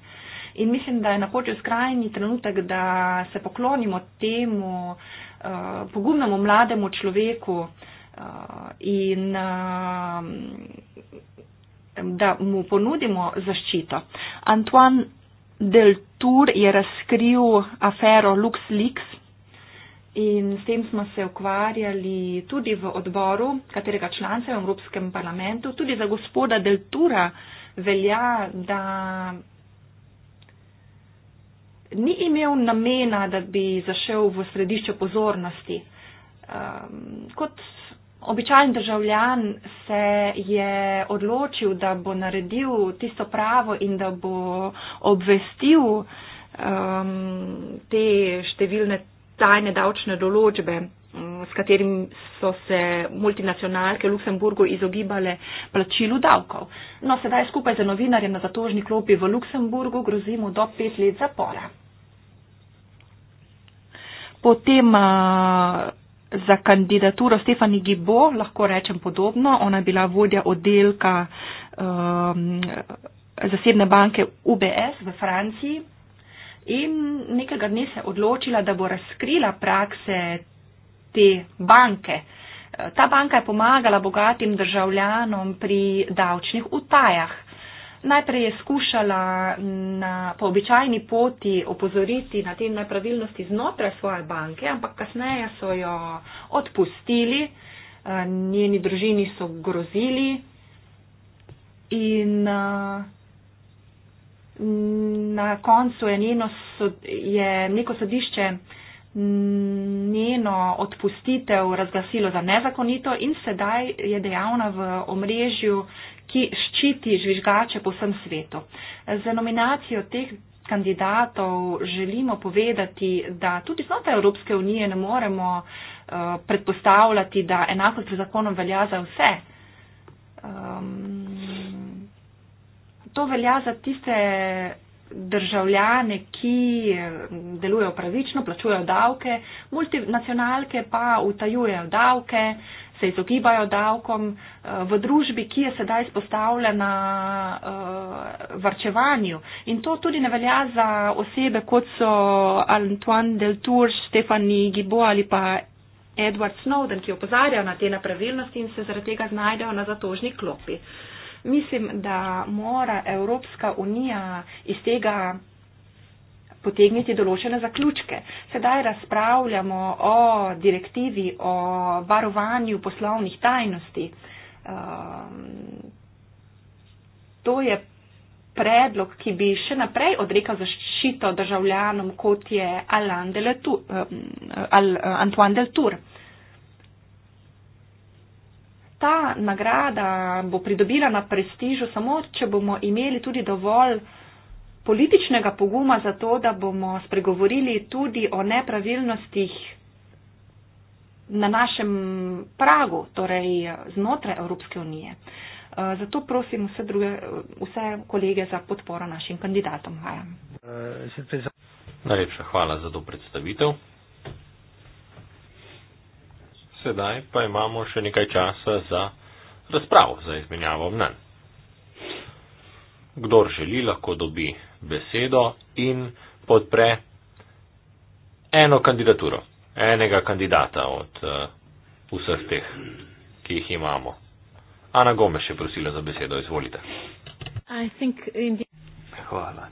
In mislim, da je napočil skrajni trenutek, da se poklonimo temu uh, Eh, pogumnemu mlademu človeku uh, in uh, da mu ponudimo zaščito. Antoine Deltour je razkril afero LuxLeaks in s tem smo se ukvarjali tudi v odboru, katerega članca je v Evropskem parlamentu, tudi za gospoda Deltura velja, da ni imel namena, da bi zašel v središče pozornosti. Kot običajen državljan se je odločil, da bo naredil tisto pravo in da bo obvestil te številne tajne davčne določbe, s katerim so se multinacionalke v Luksemburgu izogibale plačilu davkov. No, sedaj skupaj za novinarjem na zatožni klopi v Luksemburgu grozimo do pet let zapora. Potem uh, za kandidaturo Stefani Gibo, lahko rečem podobno, ona je bila vodja oddelka um, zasebne banke UBS v Franciji in nekega dne se je odločila, da bo razkrila prakse te banke. Ta banka je pomagala bogatim državljanom pri davčnih utajah. Najprej je skušala na, po običajni poti opozoriti na te nepravilnosti znotraj svoje banke, ampak kasneje so jo odpustili, eh, njeni družini so grozili in eh, na koncu je, njeno, je neko sodišče njeno odpustitev razglasilo za nezakonito in sedaj je dejavna v omrežju ki ščiti žvižgače po vsem svetu. Za nominacijo teh kandidatov želimo povedati, da tudi znotraj Evropske unije ne moremo uh, predpostavljati, da enakost pred zakonom velja za vse. Um, to velja za tiste državljane, ki eh, delujejo pravično, plačujejo davke, multinacionalke pa utajujejo davke. Uh, se izogibajo davkom eh, v družbi, ki je sedaj izpostavljena eh, varčevanju. In to tudi ne velja za osebe, kot so Antoine Deltour, Stefani Gibo ali pa Edward Snowden, ki opozarjajo na te nepravilnosti in se zaradi tega znajdejo na zatožni klopi. Mislim, da mora Evropska unija iz tega potegniti določene zaključke. Sedaj razpravljamo o direktivi o varovanju poslovnih tajnosti. Ehm, to je predlog, ki bi še naprej odrekal zaščito državljanom, kot je ehm, Antoine Deltour. Ta nagrada bo pridobila na prestižu samo, če bomo imeli tudi dovolj uh, političnega poguma za to, da bomo spregovorili tudi o nepravilnostih na našem pragu, torej znotraj Evropske unije. Eh, zato prosim vse, druge, vse kolege za podporo našim kandidatom. Hvala. Najlepša hvala za to predstavitev. Sedaj pa imamo še nekaj časa za razpravo, za izmenjavo mnen kdor želi, lahko dobi besedo in podpre eno kandidaturo, enega kandidata od uh, vseh teh, ki jih imamo. Ana Gomeš je prosila za besedo, izvolite. Hvala.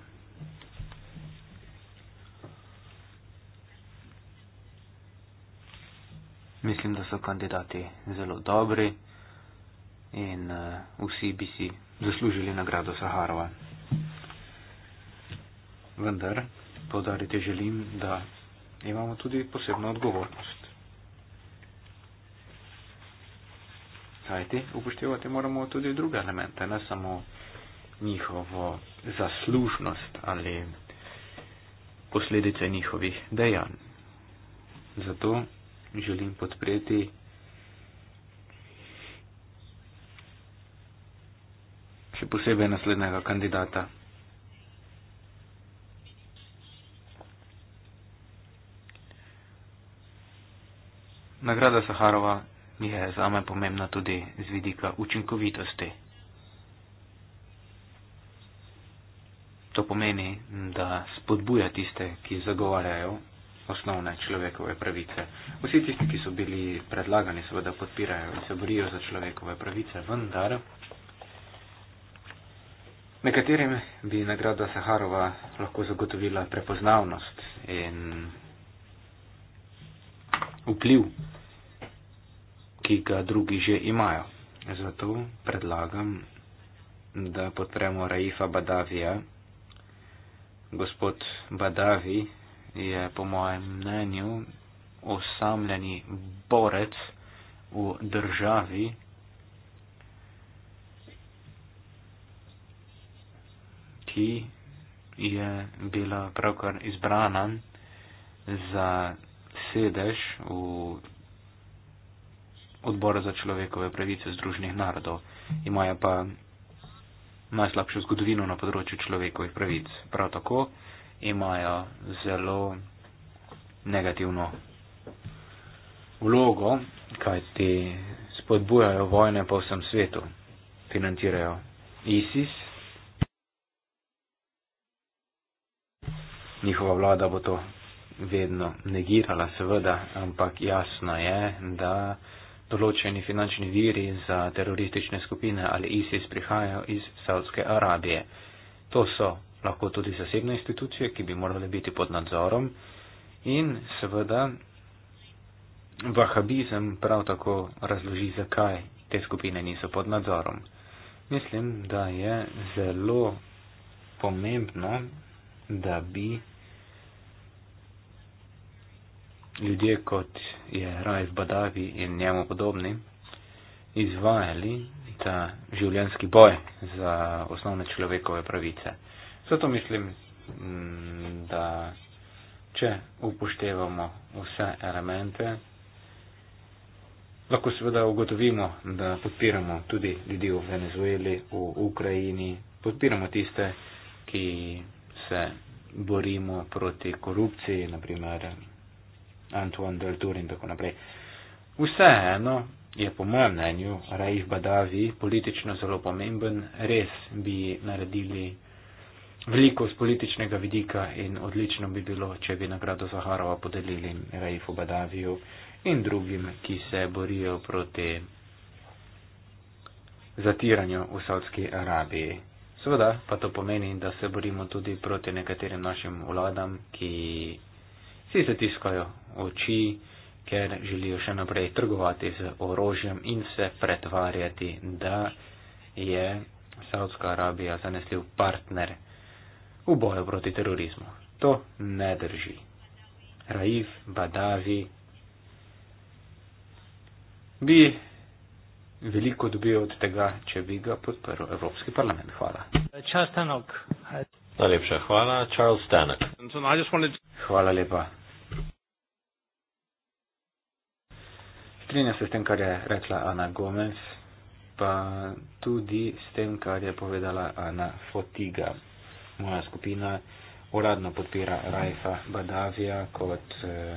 Mislim, da so kandidati zelo dobri in uh, vsi bi si zaslužili nagrado Saharova. Vendar, podarite želim, da imamo tudi posebno odgovornost. Kajti, upoštevati moramo tudi druge elemente, ne samo njihovo zaslužnost ali posledice njihovih dejanj. Zato želim podpreti še posebej naslednjega kandidata. Nagrada Saharova je zame pomembna tudi z vidika učinkovitosti. To pomeni, da spodbuja tiste, ki zagovarjajo osnovne človekove pravice. Vsi tisti, ki so bili predlagani, seveda podpirajo in se borijo za človekove pravice, vendar Nekaterim bi nagrada Saharova lahko zagotovila prepoznavnost in vpliv, ki ga drugi že imajo. Zato predlagam, da podpremo Raifa Badavija. Gospod Badavi je po mojem mnenju osamljeni borec v državi, ki je bila pravkar izbrana za sedež v odboru za človekove pravice Združenih narodov. Imajo pa najslabšo zgodovino na področju človekovih pravic. Prav tako imajo zelo negativno vlogo, kajti spodbujajo vojne po vsem svetu, financirajo ISIS, njihova vlada bo to vedno negirala, seveda, ampak jasno je, da določeni finančni viri za teroristične skupine ali ISIS prihajajo iz Saudske Arabije. To so lahko tudi zasebne institucije, ki bi morale biti pod nadzorom in seveda vahabizem prav tako razloži, zakaj te skupine niso pod nadzorom. Mislim, da je zelo pomembno, da bi ljudje kot je Raj v Badavi in njemu podobni izvajali ta življenski boj za osnovne človekove pravice. Zato mislim, mm, da če upoštevamo vse elemente, lahko seveda ugotovimo, da podpiramo tudi ljudi v Venezueli, v Ukrajini, podpiramo tiste, ki se borimo proti korupciji, naprimer Antoine Del Tour in tako naprej. Vseeno je po mojem mnenju Raif Badavi politično zelo pomemben, res bi naredili veliko z političnega vidika in odlično bi bilo, če bi nagrado Zaharova podelili Raifu Badaviju in drugim, ki se borijo proti zatiranju v Saudski Arabiji. Seveda pa to pomeni, da se borimo tudi proti nekaterim našim vladam, ki Vsi se tiskajo oči, ker želijo še naprej trgovati z orožjem in se pretvarjati, da je Saudska Arabija zanesljiv partner v boju proti terorizmu. To ne drži. Raif Badavi bi veliko dobil od tega, če bi ga podprl Evropski parlament. Hvala. Najlepša hvala, Charles Stanek. Hvala lepa. strinja se s tem, kar je rekla Ana Gomez, pa tudi s tem, kar je povedala Ana Fotiga. Moja skupina uradno podpira Rajfa Badavija kot eh,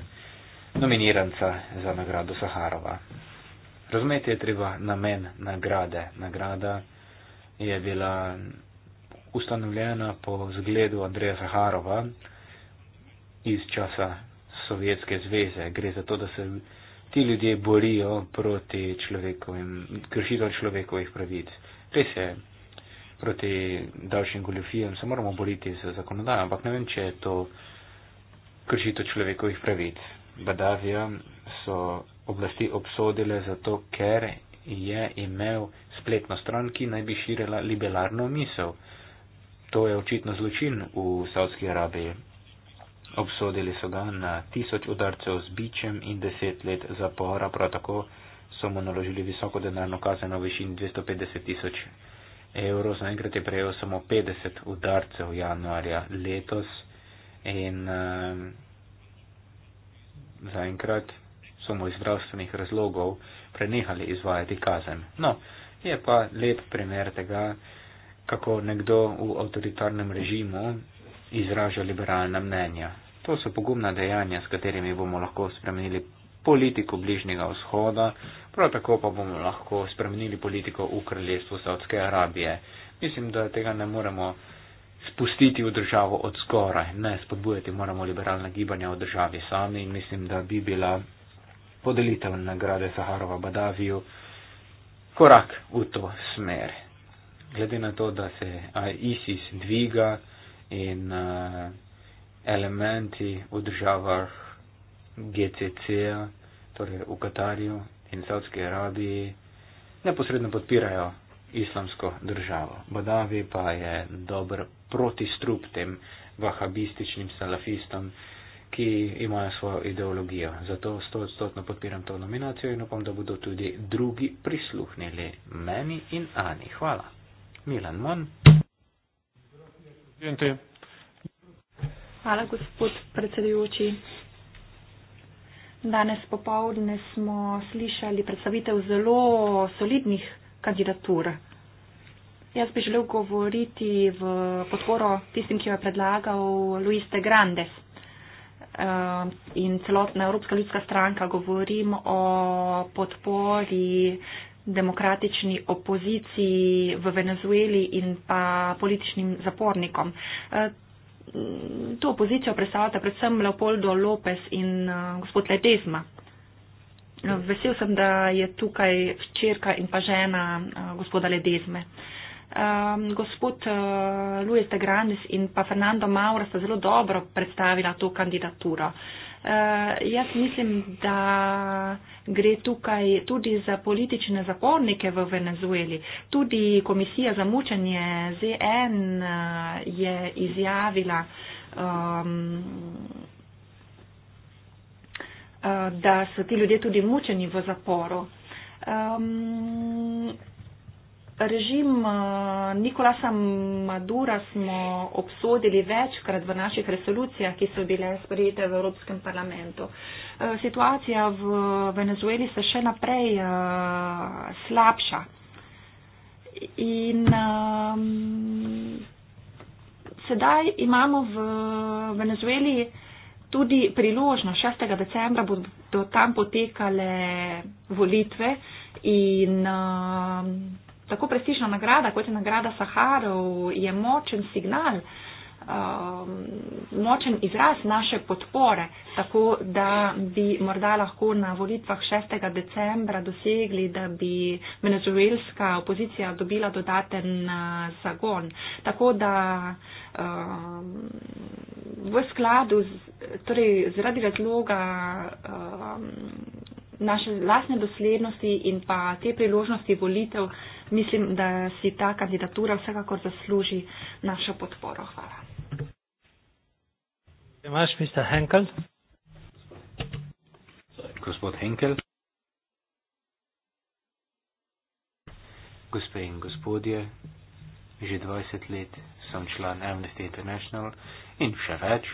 nominiranca za nagrado Saharova. Razumeti je treba namen nagrade. Nagrada je bila ustanovljena po zgledu Andreja Saharova iz časa Sovjetske zveze. Gre za to, da se ti ljudje borijo proti človekovim, kršitev človekovih pravic. Res je, proti davčnim goljofijam se moramo boriti z zakonodajo, ampak ne vem, če je to kršitev človekovih pravic. Badavija so oblasti obsodile zato, ker je imel spletno stran, ki naj bi širila liberalno misel. To je očitno zločin v Saudski Arabiji. Obsodili so ga na tisoč udarcev z bičem in deset let zapora, prav tako so mu naložili visoko denarno kazen v višini 250 tisoč evrov. Zaenkrat je prejel samo 50 udarcev januarja letos in uh, zaenkrat so mu iz zdravstvenih razlogov prenehali izvajati kazen. No, je pa lep primer tega, kako nekdo v avtoritarnem režimu izraža liberalna mnenja. To so pogumna dejanja, s katerimi bomo lahko spremenili politiko bližnjega vzhoda, prav tako pa bomo lahko spremenili politiko v kraljestvu Saudske Arabije. Mislim, da tega ne moremo spustiti v državo od skoraj, ne spodbujati moramo liberalna gibanja v državi sami in mislim, da bi bila podelitev nagrade Saharova Badaviju korak v to smer. Glede na to, da se ISIS dviga in uh, elementi v državah GCC-ja, torej v Katarju in Saudski Arabiji, neposredno podpirajo islamsko državo. Badavi pa je dober protistrup tem vahabističnim salafistom, ki imajo svojo ideologijo. Zato stotstotno podpiram to nominacijo in upam, da bodo tudi drugi prisluhnili meni in Ani. Hvala. Milan Mon. Gente. Hvala, gospod predsedujoči. Danes popovdne smo slišali predstavitev zelo solidnih kandidatur. Jaz bi želel govoriti v podporo tistim, ki jo je predlagal Luis de Grandes ehm, in celotna Evropska ljudska stranka. Govorim o podpori demokratični opoziciji v Venezueli in pa političnim zapornikom. Ehm, to opozicijo predstavljata predvsem Leopoldo Lopes in uh, gospod Ledezma. No, vesel sem, da je tukaj včerka in pa žena uh, gospoda Ledezme. Um, gospod uh, Luis de Grandis in pa Fernando Maura sta zelo dobro predstavila to kandidaturo. Uh, Eh, jaz mislim, da gre tukaj tudi za politične zapornike v Venezueli. Tudi komisija za mučenje ZN eh, je izjavila, um, da so ti ljudje tudi mučeni v zaporu. Um, Režim eh, Nikolasa Madura smo obsodili večkrat v naših resolucijah, ki so bile sprejete v Evropskem parlamentu. Eh, situacija v Venezueli se še naprej eh, slabša. In um, sedaj imamo v Venezueli tudi priložnost, 6. decembra bodo tam potekale volitve in um, tako prestižna nagrada, kot je nagrada Saharov, je močen signal, um, močen izraz naše podpore, tako da bi morda lahko na volitvah 6. decembra dosegli, da bi venezuelska opozicija dobila dodaten uh, zagon. Tako da um, v skladu, z, torej zaradi razloga um, naše lasne doslednosti in pa te priložnosti volitev, mislim, da si ta kandidatura vsekakor zasluži našo podporo. Hvala. Imaš, Mr. Henkel? Gospod Henkel. Gospe in gospodje, že 20 let sem član Amnesty International in še več.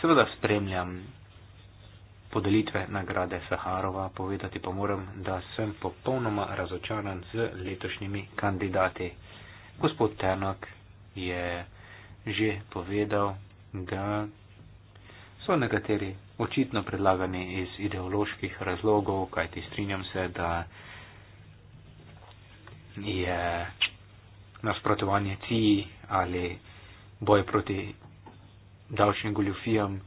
Seveda spremljam podelitve nagrade Saharova povedati pa moram, da sem popolnoma razočaran z letošnjimi kandidati. Gospod Tenok je že povedal, da so nekateri očitno predlagani iz ideoloških razlogov, kajti strinjam se, da je nasprotovanje ciji ali boj proti davčnim goljufijam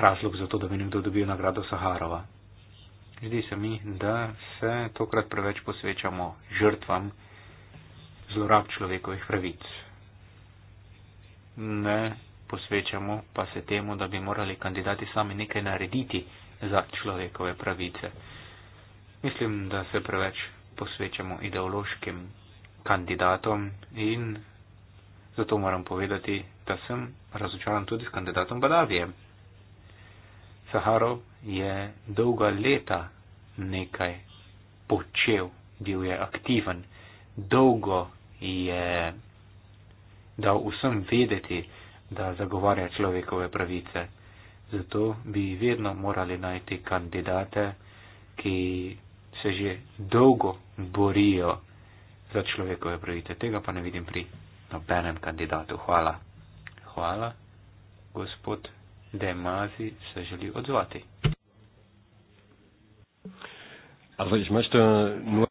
razlog za to, da bi nekdo dobil nagrado Saharova. Zdi se mi, da se tokrat preveč posvečamo žrtvam zlorab človekovih pravic. Ne posvečamo pa se temu, da bi morali kandidati sami nekaj narediti za človekove pravice. Mislim, da se preveč posvečamo ideološkim kandidatom in zato moram povedati, da sem razočaran tudi s kandidatom Badavijem. Saharov je dolga leta nekaj počel, bil je aktiven, dolgo je dal vsem vedeti, da zagovarja človekove pravice. Zato bi vedno morali najti kandidate, ki se že dolgo borijo za človekove pravice. Tega pa ne vidim pri nobenem kandidatu. Hvala. Hvala, gospod da je Mazi se želi odzvati. No.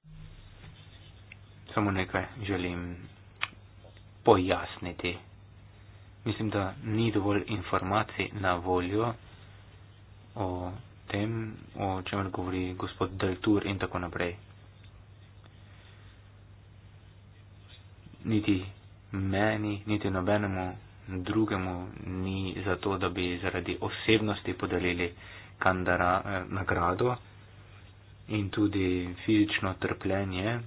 Samo nekaj želim pojasniti. Mislim, da ni dovolj informacij na voljo o tem, o čemer govori gospod Deltur in tako naprej. Niti meni, niti nobenemu drugemu ni zato, da bi zaradi osebnosti podelili kandara eh, nagrado in tudi fizično trpljenje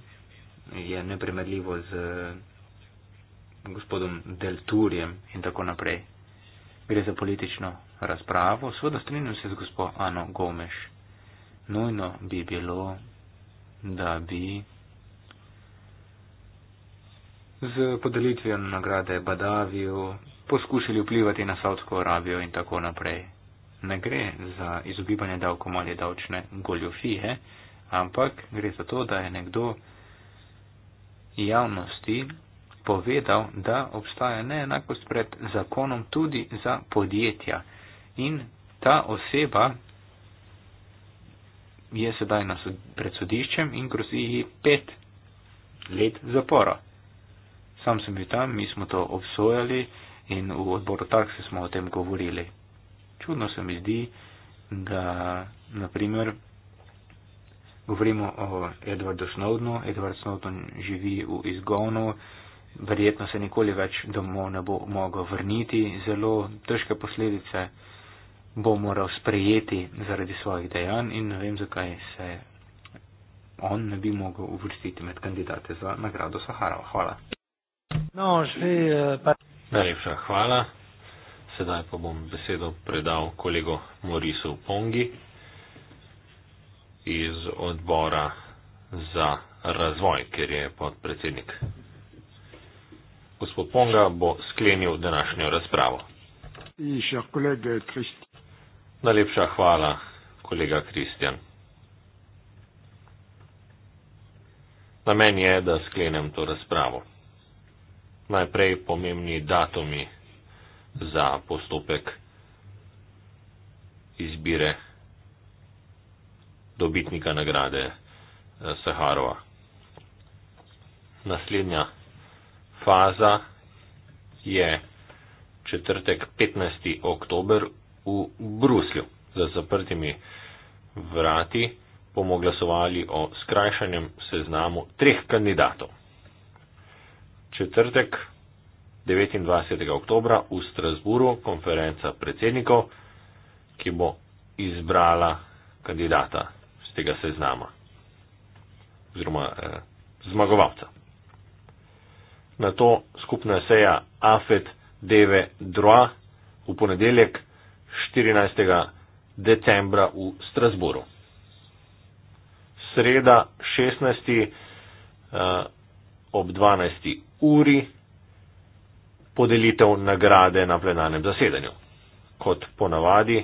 je nepremerljivo z eh, gospodom Delturjem in tako naprej. Gre za politično razpravo. Sveda strinjam se z gospod Ano Gomeš. Nujno bi bilo, da bi z podelitvijo nagrade Badaviju poskušali vplivati na Saudsko Arabijo in tako naprej. Ne gre za izogibanje davkom ali davčne goljofije, ampak gre za to, da je nekdo javnosti povedal, da obstaja neenakost pred zakonom tudi za podjetja. In ta oseba je sedaj na sod pred sodiščem in grozi ji pet let zapora. Sam sem bil tam, mi smo to obsojali in v odboru taksi smo o tem govorili. Čudno se mi zdi, da naprimer govorimo o Edwardu Snowdenu. Edward Snowden živi v izgonu, verjetno se nikoli več domov ne bo mogel vrniti, zelo težke posledice bo moral sprejeti zaradi svojih dejanj in ne vem, zakaj se on ne bi mogel uvrstiti med kandidate za nagrado Saharova. Hvala. No, že, eh, pa... Najlepša hvala. Sedaj pa bom besedo predal kolego Morisu Pongi iz odbora za razvoj, ker je podpredsednik. Gospod Ponga bo sklenil današnjo razpravo. Najlepša hvala, kolega Kristjan. Namen je, da sklenem to razpravo najprej pomembni datumi za postopek izbire dobitnika nagrade eh, Saharova. Naslednja faza je četrtek 15. oktober v Bruslju. Za zaprtimi vrati bomo glasovali o skrajšanjem seznamu treh kandidatov četrtek 29. oktobra v Strasburu konferenca predsednikov, ki bo izbrala kandidata z tega seznama oziroma eh, zmagovalca. Na to skupna seja AFED DV2 v ponedeljek 14. decembra v Strasburu. Sreda 16. Eh, ob 12. uri podelitev nagrade na plenarnem zasedanju. Kot ponavadi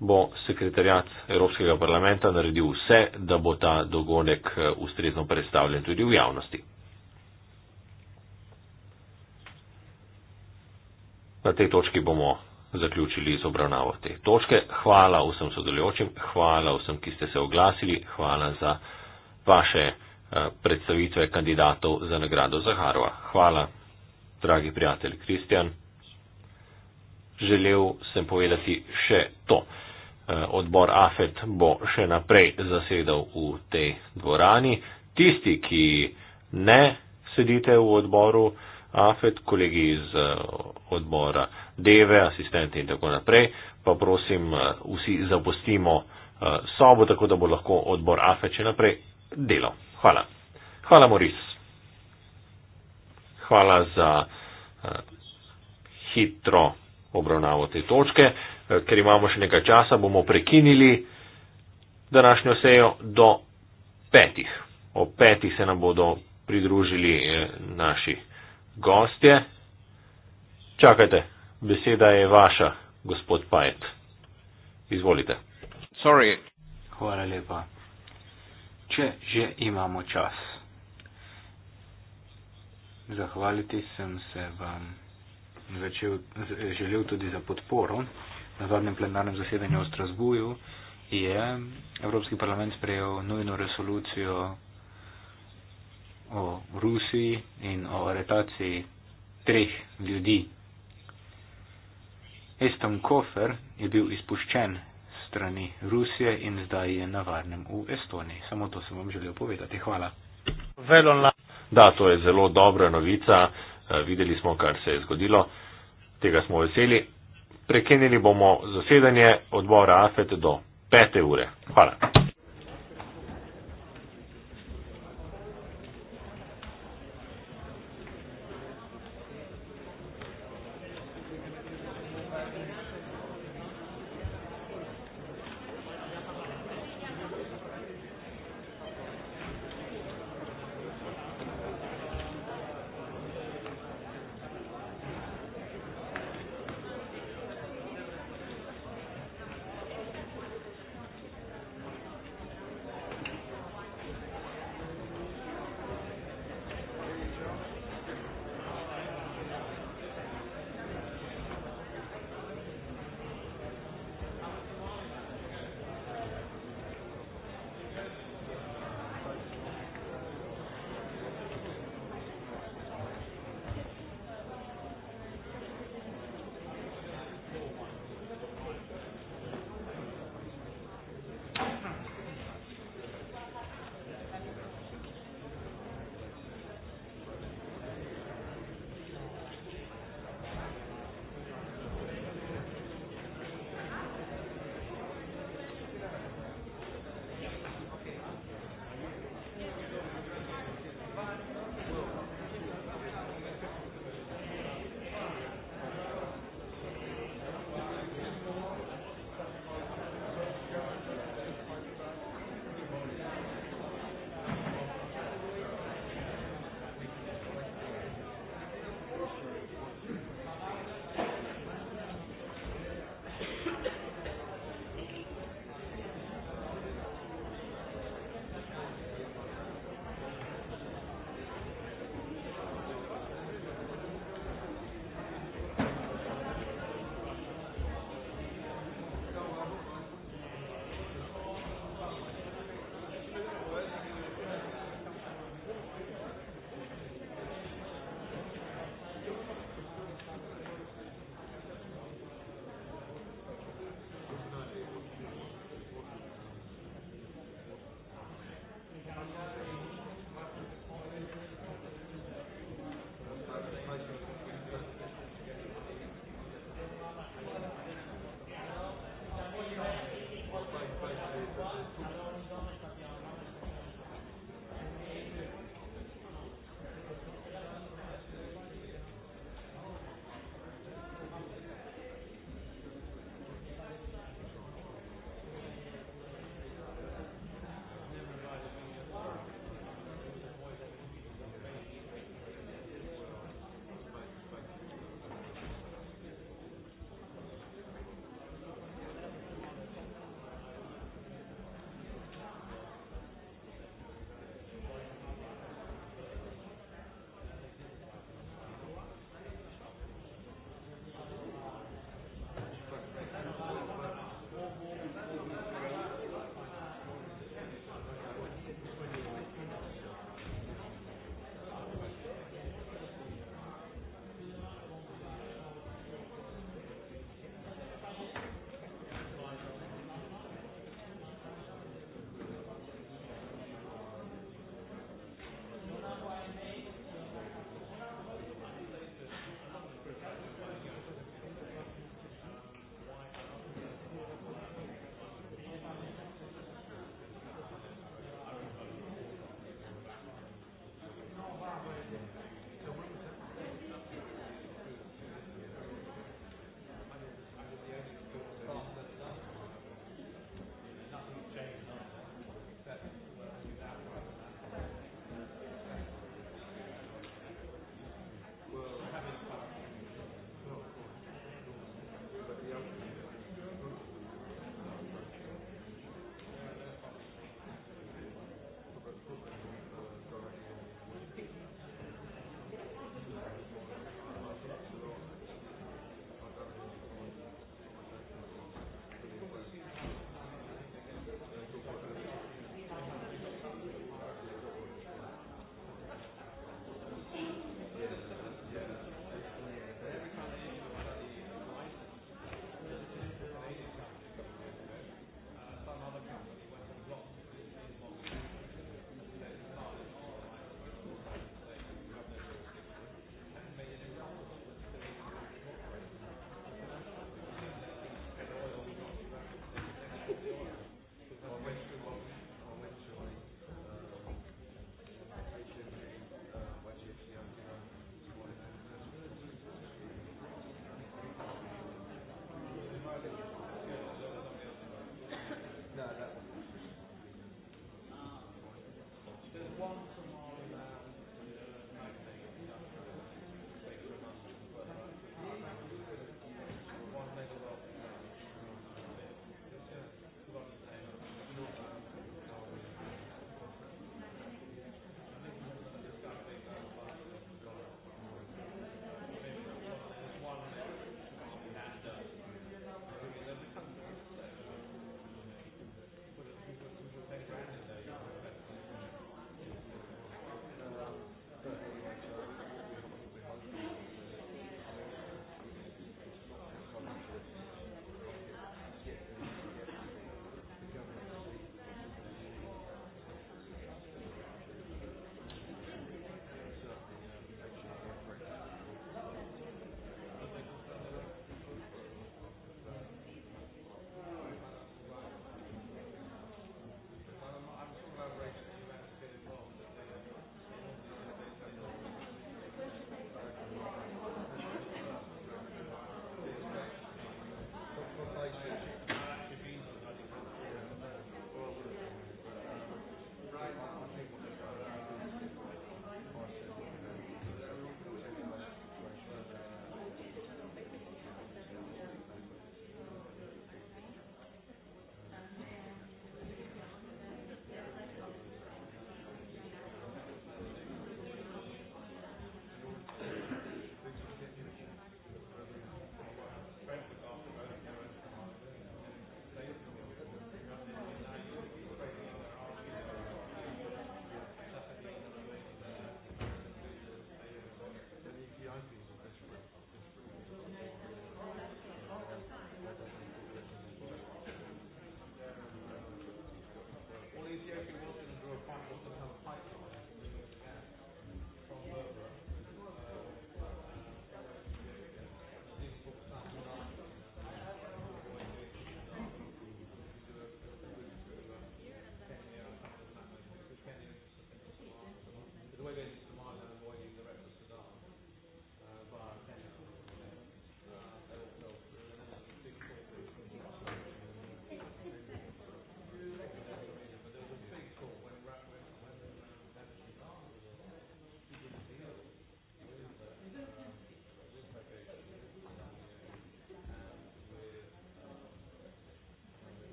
bo sekretarjat Evropskega parlamenta naredil vse, da bo ta dogodek eh, ustrezno predstavljen tudi v javnosti. Na tej točki bomo zaključili z obravnavo te točke. Hvala vsem sodelujočim, hvala vsem, ki ste se oglasili, hvala za vaše. Eh, predstavitve kandidatov za nagrado Zaharova. Hvala, dragi prijatelj Kristjan. Želel sem povedati še to. Eh, odbor AFET bo še naprej zasedal v tej dvorani. Tisti, ki ne sedite v odboru AFET, kolegi iz eh, odbora DEVE, asistente in tako naprej, pa prosim, vsi zapustimo sobo, tako da bo lahko odbor AFET še naprej delal. Hvala. Hvala, Moris. Hvala za uh, hitro obravnavo te točke. Uh, ker imamo še nekaj časa, bomo prekinili današnjo sejo do petih. O petih se nam bodo pridružili uh, naši gostje. Čakajte, beseda je vaša, gospod Pajet. Izvolite. Sorry. Hvala lepa če že imamo čas. Zahvaliti sem se vam začel, želel tudi za podporo. Na zadnjem plenarnem zasedanju v Strasburju je Evropski parlament sprejel nujno resolucijo o Rusiji in o aretaciji treh ljudi. Eston Kofer je bil izpuščen strani Rusije in zdaj je na varnem v Estoniji. Samo to sem vam želel povedati. Hvala. Da, to je zelo dobra novica. Eh, videli smo, kar se je zgodilo. Tega smo veseli. Prekinili bomo zasedanje odbora AFET do 5. ure. Hvala.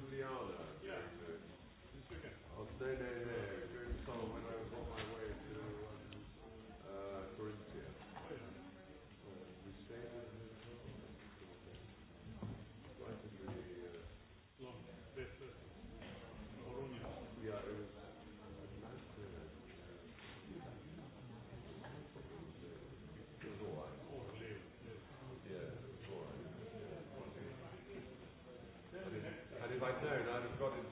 Ljubljana. Ja. Ne, ne, ne, to je samo, da je to moj. right there, and I've got it.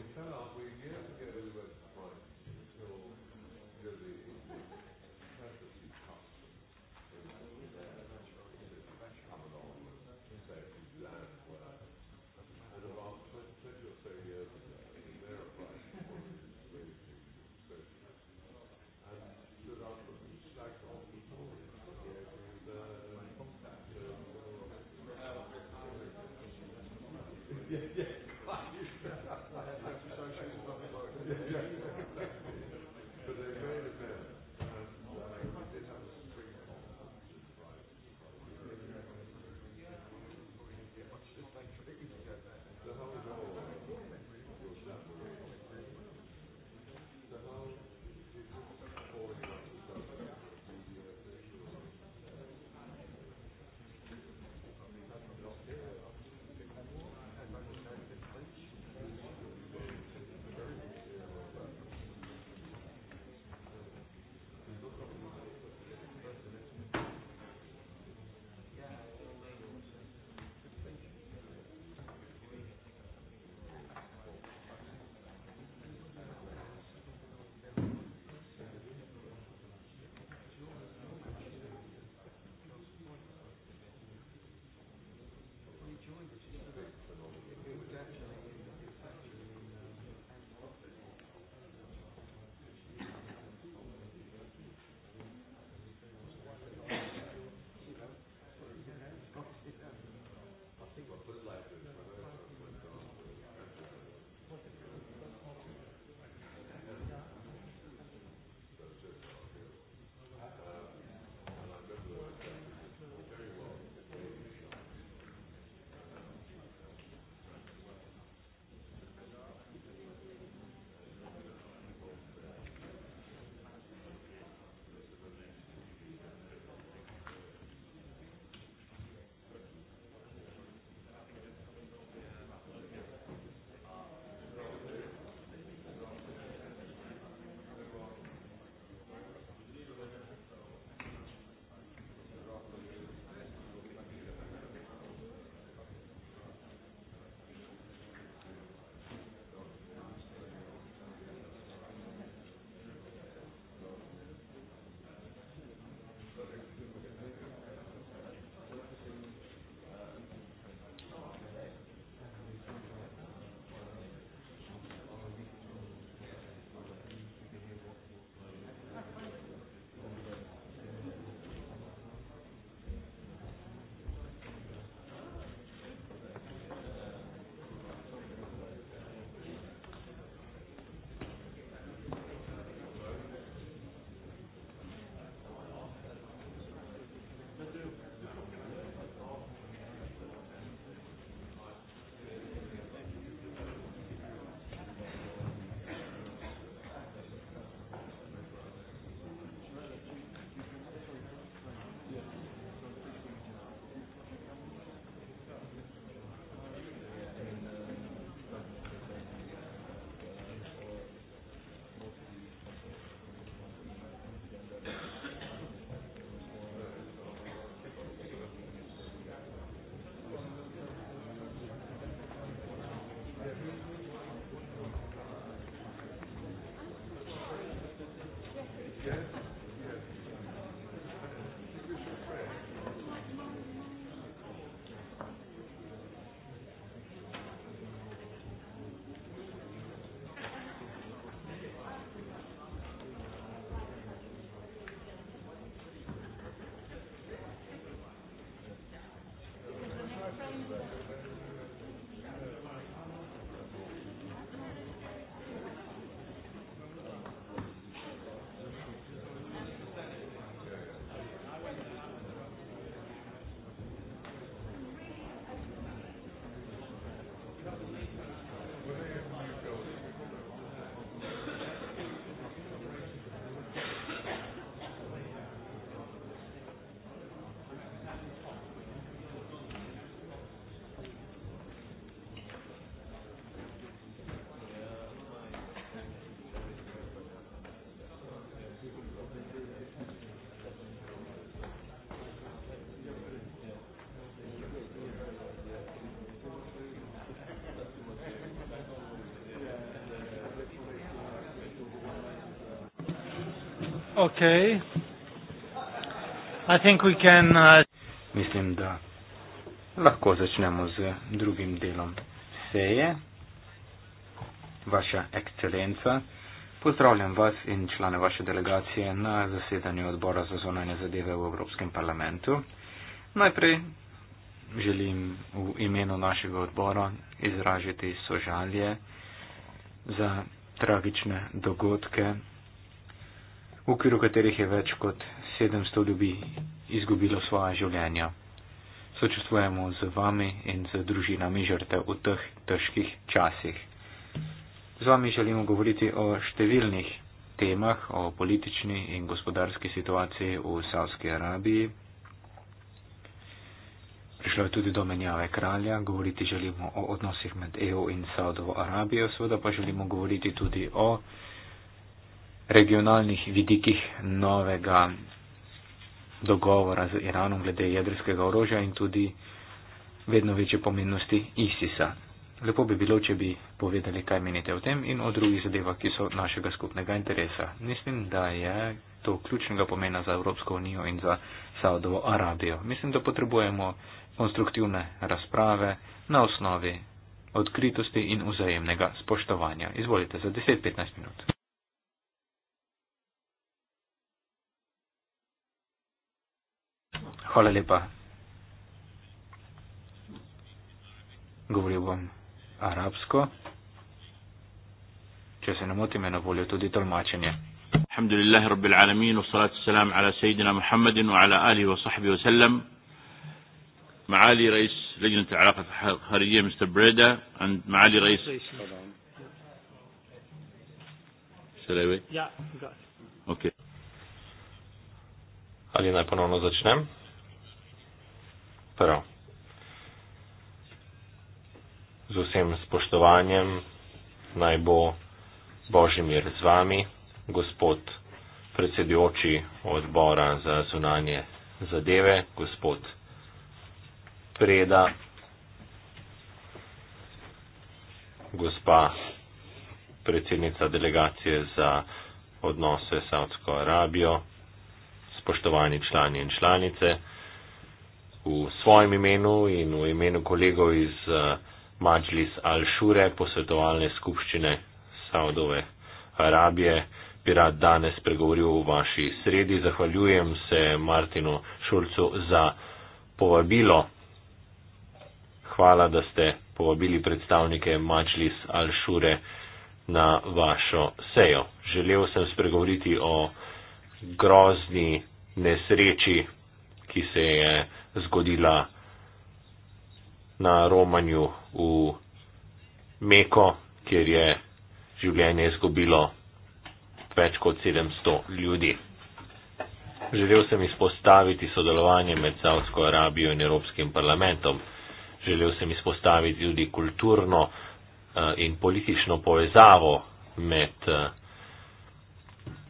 pisala o poezijo, Okay. I think we can, uh... Mislim, da lahko začnemo z drugim delom seje. Vaša ekscelenca, pozdravljam vas in člane vaše delegacije na zasedanju odbora za zonanje zadeve v Evropskem parlamentu. Najprej želim v imenu našega odbora izražiti sožalje za tragične dogodke v okviru katerih je več kot 700 ljudi izgubilo svoje življenja. Sočustvujemo z vami in z družinami žrtev v teh težkih časih. Z vami želimo govoriti o številnih temah, o politični in gospodarski situaciji v Savski Arabiji. Prišlo je tudi do menjave kralja, govoriti želimo o odnosih med EU in Saudovo Arabijo, seveda pa želimo govoriti tudi o regionalnih vidikih novega dogovora z Iranom glede jedrskega orožja in tudi vedno večje pomembnosti ISIS-a. Lepo bi bilo, če bi povedali, kaj menite o tem in o drugih zadevah, ki so našega skupnega interesa. Mislim, da je to ključnega pomena za Evropsko unijo in za Saudovo Arabijo. Mislim, da potrebujemo konstruktivne razprave na osnovi odkritosti in vzajemnega spoštovanja. Izvolite za 10-15 minut. Hvala lepa. Govoril bom arabsko. Če se ne motim, je na voljo tudi tolmačenje. Alhamdulillahi rabbil alamin, wassalatu wassalam ala sayidina Muhammadin wa ala alihi wa sahbihi wa sallam. Ma'ali rais lejnat al-alaqat kharijiyya Mr. Breda and ma'ali rais. Ja, Ali naj ponovno začnem? Prav. Z vsem spoštovanjem naj bo Božji mir z vami, gospod predsedujoči odbora za zunanje zadeve, gospod Preda, gospa predsednica delegacije za odnose s Saudsko Arabijo, spoštovani člani in članice v svojem imenu in v imenu kolegov iz uh, eh, Mačlis Al-Šure, posvetovalne skupščine Saudove Arabije, pirat danes pregovoril v vaši sredi. Zahvaljujem se Martinu Šulcu za povabilo. Hvala, da ste povabili predstavnike Mačlis Al-Šure na vašo sejo. Želel sem spregovoriti o grozni nesreči, ki se je zgodila na romanju v Meko, kjer je življenje izgubilo več kot 700 ljudi. Želel sem izpostaviti sodelovanje med Saudsko Arabijo in Evropskim parlamentom. Želel sem izpostaviti tudi kulturno eh, in politično povezavo med eh,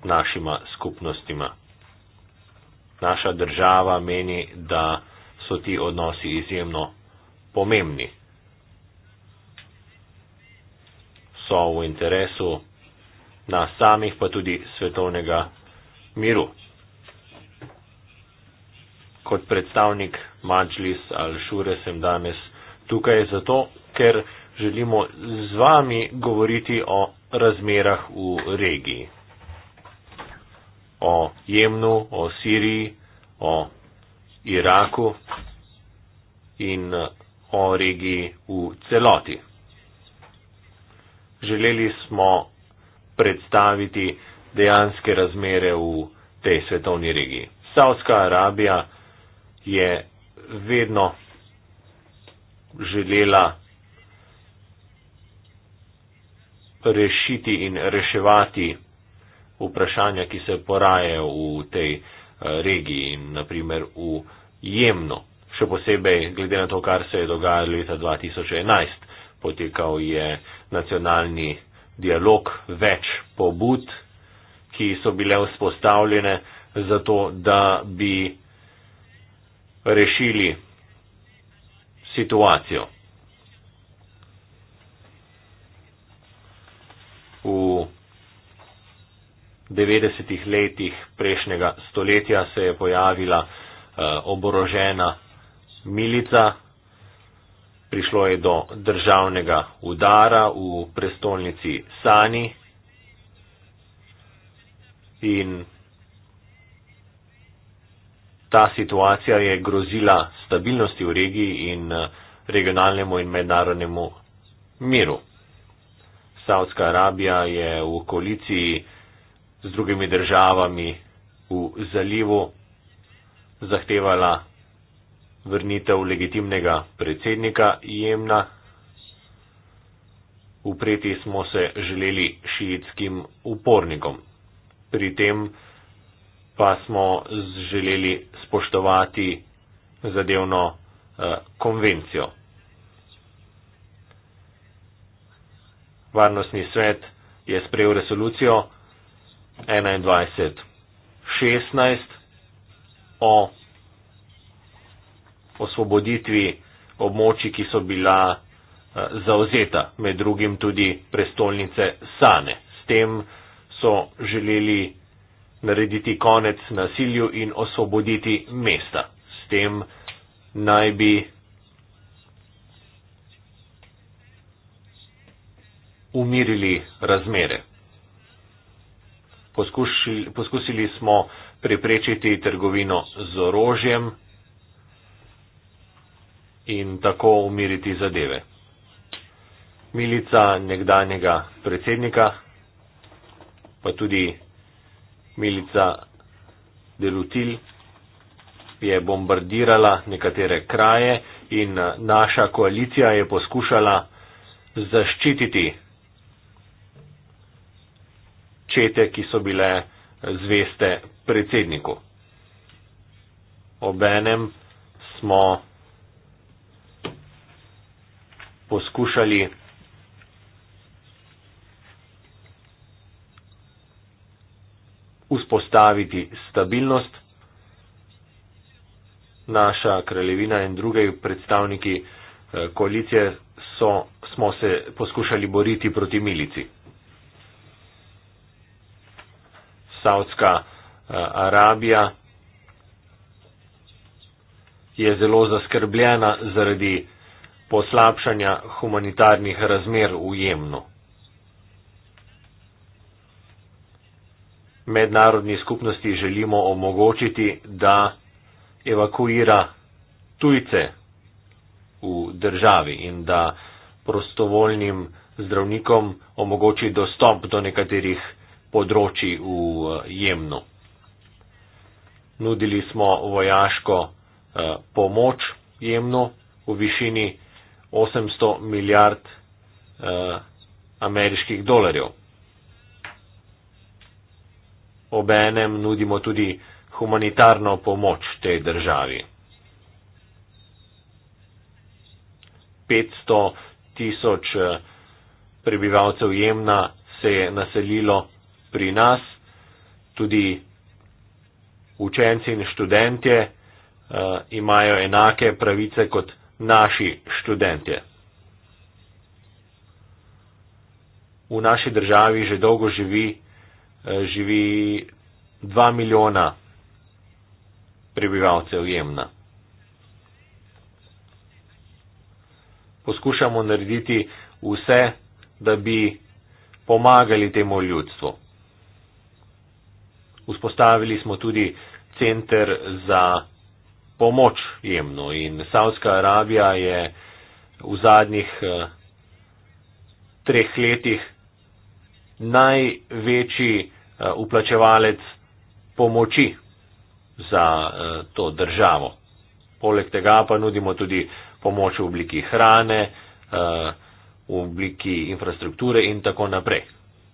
našima skupnostima. Naša država meni, da so ti odnosi izjemno pomembni. So v interesu nas samih, pa tudi svetovnega miru. Kot predstavnik Mačlis ali Šure sem danes tukaj zato, ker želimo z vami govoriti o razmerah v regiji. O Jemnu, o Siriji, o Iraku in eh, o regiji v celoti. Želeli smo predstaviti dejanske razmere v tej svetovni regiji. Savska Arabija je vedno želela rešiti in reševati vprašanja, ki se porajajo v tej regiji regiji in naprimer v Jemnu. Še posebej glede na to, kar se je dogajalo leta 2011, potekal je nacionalni dialog več pobud, ki so bile vzpostavljene zato, da bi rešili situacijo. V 90. letih prejšnjega stoletja se je pojavila eh, oborožena milica. Prišlo je do državnega udara v prestolnici Sani in ta situacija je grozila stabilnosti v regiji in eh, regionalnemu in mednarodnemu miru. Saudska Arabija je v koaliciji z drugimi državami v zalivu zahtevala vrnitev legitimnega predsednika Jemna. Upreti smo se želeli šiitskim upornikom. Pri tem pa smo želeli spoštovati zadevno eh, konvencijo. Varnostni svet je sprejel resolucijo, 21, 16 o osvoboditvi območji, ki so bila eh, zauzeta, med drugim tudi prestolnice Sane. S tem so želeli narediti konec nasilju in osvoboditi mesta. S tem naj bi umirili razmere. Poskušili, poskusili smo preprečiti trgovino z orožjem in tako umiriti zadeve. Milica nekdanjega predsednika, pa tudi milica Delutil je bombardirala nekatere kraje in naša koalicija je poskušala zaščititi čete, ki so bile zveste predsedniku. Obenem smo poskušali vzpostaviti stabilnost. Naša kraljevina in druge predstavniki eh, koalicije so, smo se poskušali boriti proti milici. Saudska eh, Arabija je zelo zaskrbljena zaradi poslabšanja humanitarnih razmer v Jemnu. Mednarodni skupnosti želimo omogočiti, da evakuira tujce v državi in da prostovoljnim zdravnikom omogoči dostop do nekaterih področji v eh, Jemnu. Nudili smo vojaško eh, pomoč Jemnu v višini 800 milijard eh, ameriških dolarjev. Obenem nudimo tudi humanitarno pomoč tej državi. 500 tisoč prebivalcev Jemna se je naselilo pri nas, tudi učenci in študentje uh, imajo enake pravice kot naši študentje. V naši državi že dolgo živi, uh, živi dva milijona prebivalcev jemna. Poskušamo narediti vse, da bi pomagali temu ljudstvu. Vzpostavili smo tudi center za pomoč jemno in Saudska Arabija je v zadnjih eh, treh letih največji uplačevalec eh, pomoči za eh, to državo. Poleg tega pa nudimo tudi pomoč v obliki hrane, v obliki infrastrukture in tako naprej.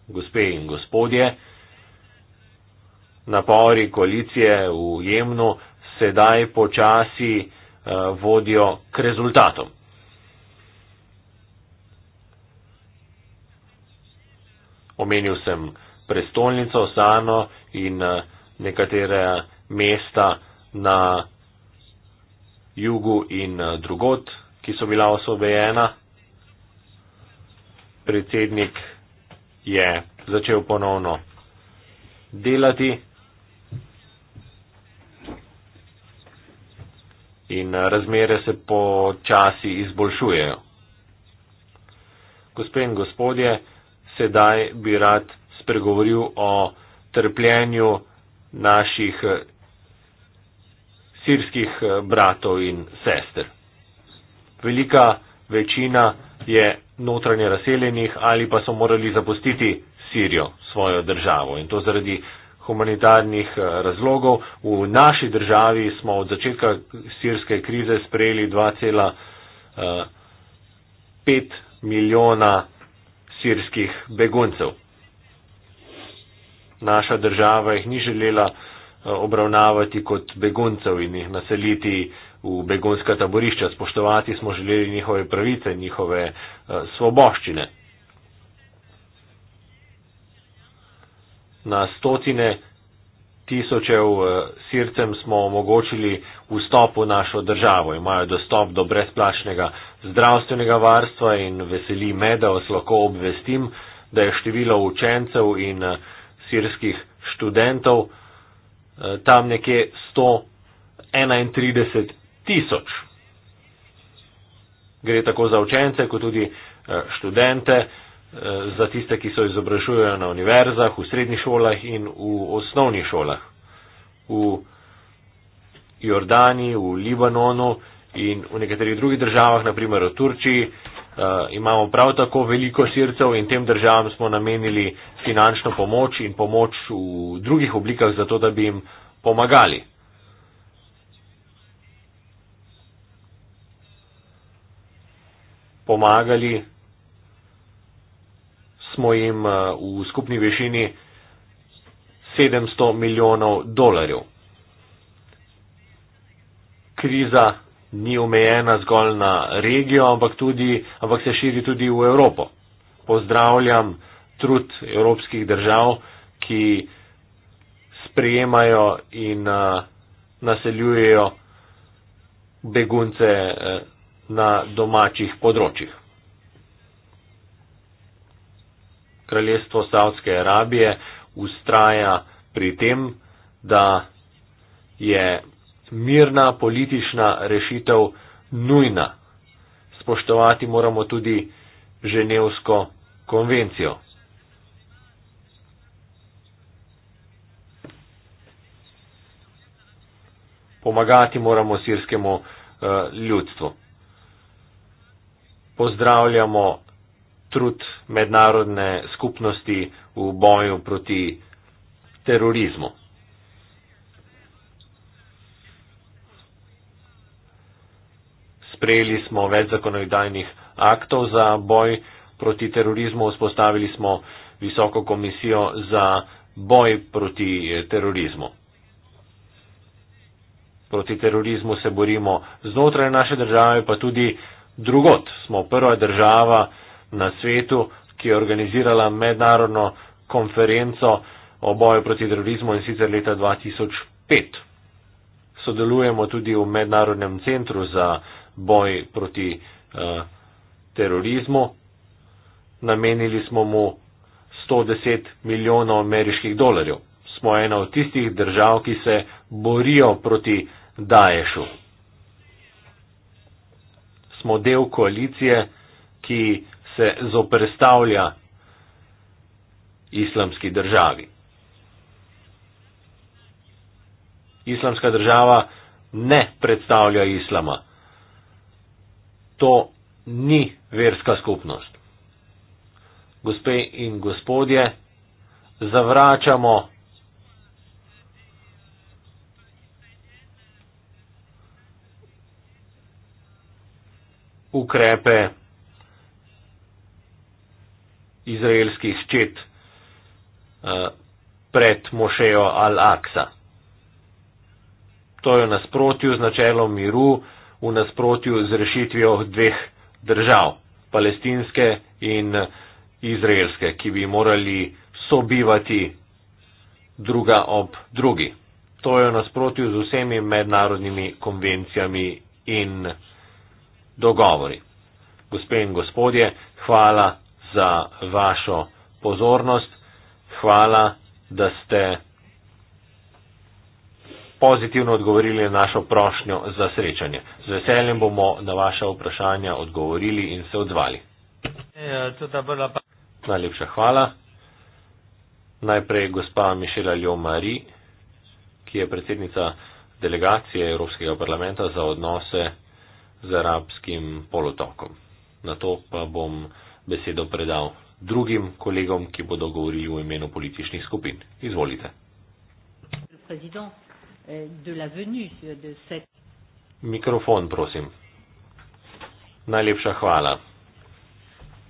Gospe in gospodje, napori koalicije v Jemnu sedaj počasi eh, vodijo k rezultatom. Omenil sem prestolnico Sano in eh, nekatere mesta na jugu in eh, drugot, ki so bila osvobojena. Predsednik je začel ponovno delati. in eh, razmere se počasi izboljšujejo. Gospe in gospodje, sedaj bi rad spregovoril o trpljenju naših eh, sirskih eh, bratov in sester. Velika večina je notranje razseljenih ali pa so morali zapustiti Sirijo, svojo državo in to zaradi humanitarnih eh, razlogov. V naši državi smo od začetka sirske krize sprejeli 2,5 eh, milijona sirskih beguncev. Naša država jih ni želela eh, obravnavati kot beguncev in jih naseliti v begunska taborišča. Spoštovati smo želeli njihove pravice, njihove svoboščine. na stotine tisočev eh, sircem smo omogočili vstop v našo državo. Imajo dostop do brezplačnega zdravstvenega varstva in veseli me, da vas lahko obvestim, da je število učencev in eh, sirskih študentov eh, tam nekje 131 tisoč. Gre tako za učence, kot tudi študente. Eh, za tiste, ki so izobražujejo na univerzah, v srednjih šolah in v osnovnih šolah. V Jordani, v Libanonu in v nekaterih drugih državah, naprimer v Turčiji, eh, imamo prav tako veliko sircev in tem državam smo namenili finančno pomoč in pomoč v drugih oblikah, zato da bi jim pomagali. Pomagali smo jim eh, v skupni višini 700 milijonov dolarjev. Kriza ni omejena zgolj na regijo, ampak, tudi, ampak se širi tudi v Evropo. Pozdravljam trud evropskih držav, ki sprejemajo in eh, naseljujejo begunce eh, na domačih področjih. kraljestvo Saudske Arabije ustraja pri tem, da je mirna politična rešitev nujna. Spoštovati moramo tudi Ženevsko konvencijo. Pomagati moramo sirskemu uh, ljudstvu. Pozdravljamo trud mednarodne skupnosti v boju proti terorizmu. Sprejeli smo več zakonodajnih aktov za boj proti terorizmu, vzpostavili smo visoko komisijo za boj proti eh, terorizmu. Proti terorizmu se borimo znotraj naše države, pa tudi drugot. Smo prva država, na svetu, ki je organizirala mednarodno konferenco o boju proti terorizmu in sicer leta 2005. Sodelujemo tudi v Mednarodnem centru za boj proti eh, terorizmu. Namenili smo mu 110 milijonov ameriških dolarjev. Smo ena od tistih držav, ki se borijo proti Daješu. Smo del koalicije, ki se zoprestavlja islamski državi. Islamska država ne predstavlja islama. To ni verska skupnost. Gospe in gospodje, zavračamo ukrepe izraelski ščit uh, pred Mošejo Al-Aksa. To je v nasprotju z načelom miru, v nasprotju z rešitvijo dveh držav, palestinske in izraelske, ki bi morali sobivati druga ob drugi. To je v nasprotju z vsemi mednarodnimi konvencijami in dogovori. Gospe in gospodje, hvala za vašo pozornost. Hvala, da ste pozitivno odgovorili na našo prošnjo za srečanje. Z veseljem bomo na vaša vprašanja odgovorili in se odzvali. Najlepša hvala. Najprej gospa Mišela Ljomari, ki je predsednica delegacije Evropskega parlamenta za odnose z arabskim polotokom. Na to pa bom besedo predal drugim kolegom, ki bodo govorili v imenu političnih skupin. Izvolite. Eh, Mikrofon, prosim. Najlepša hvala,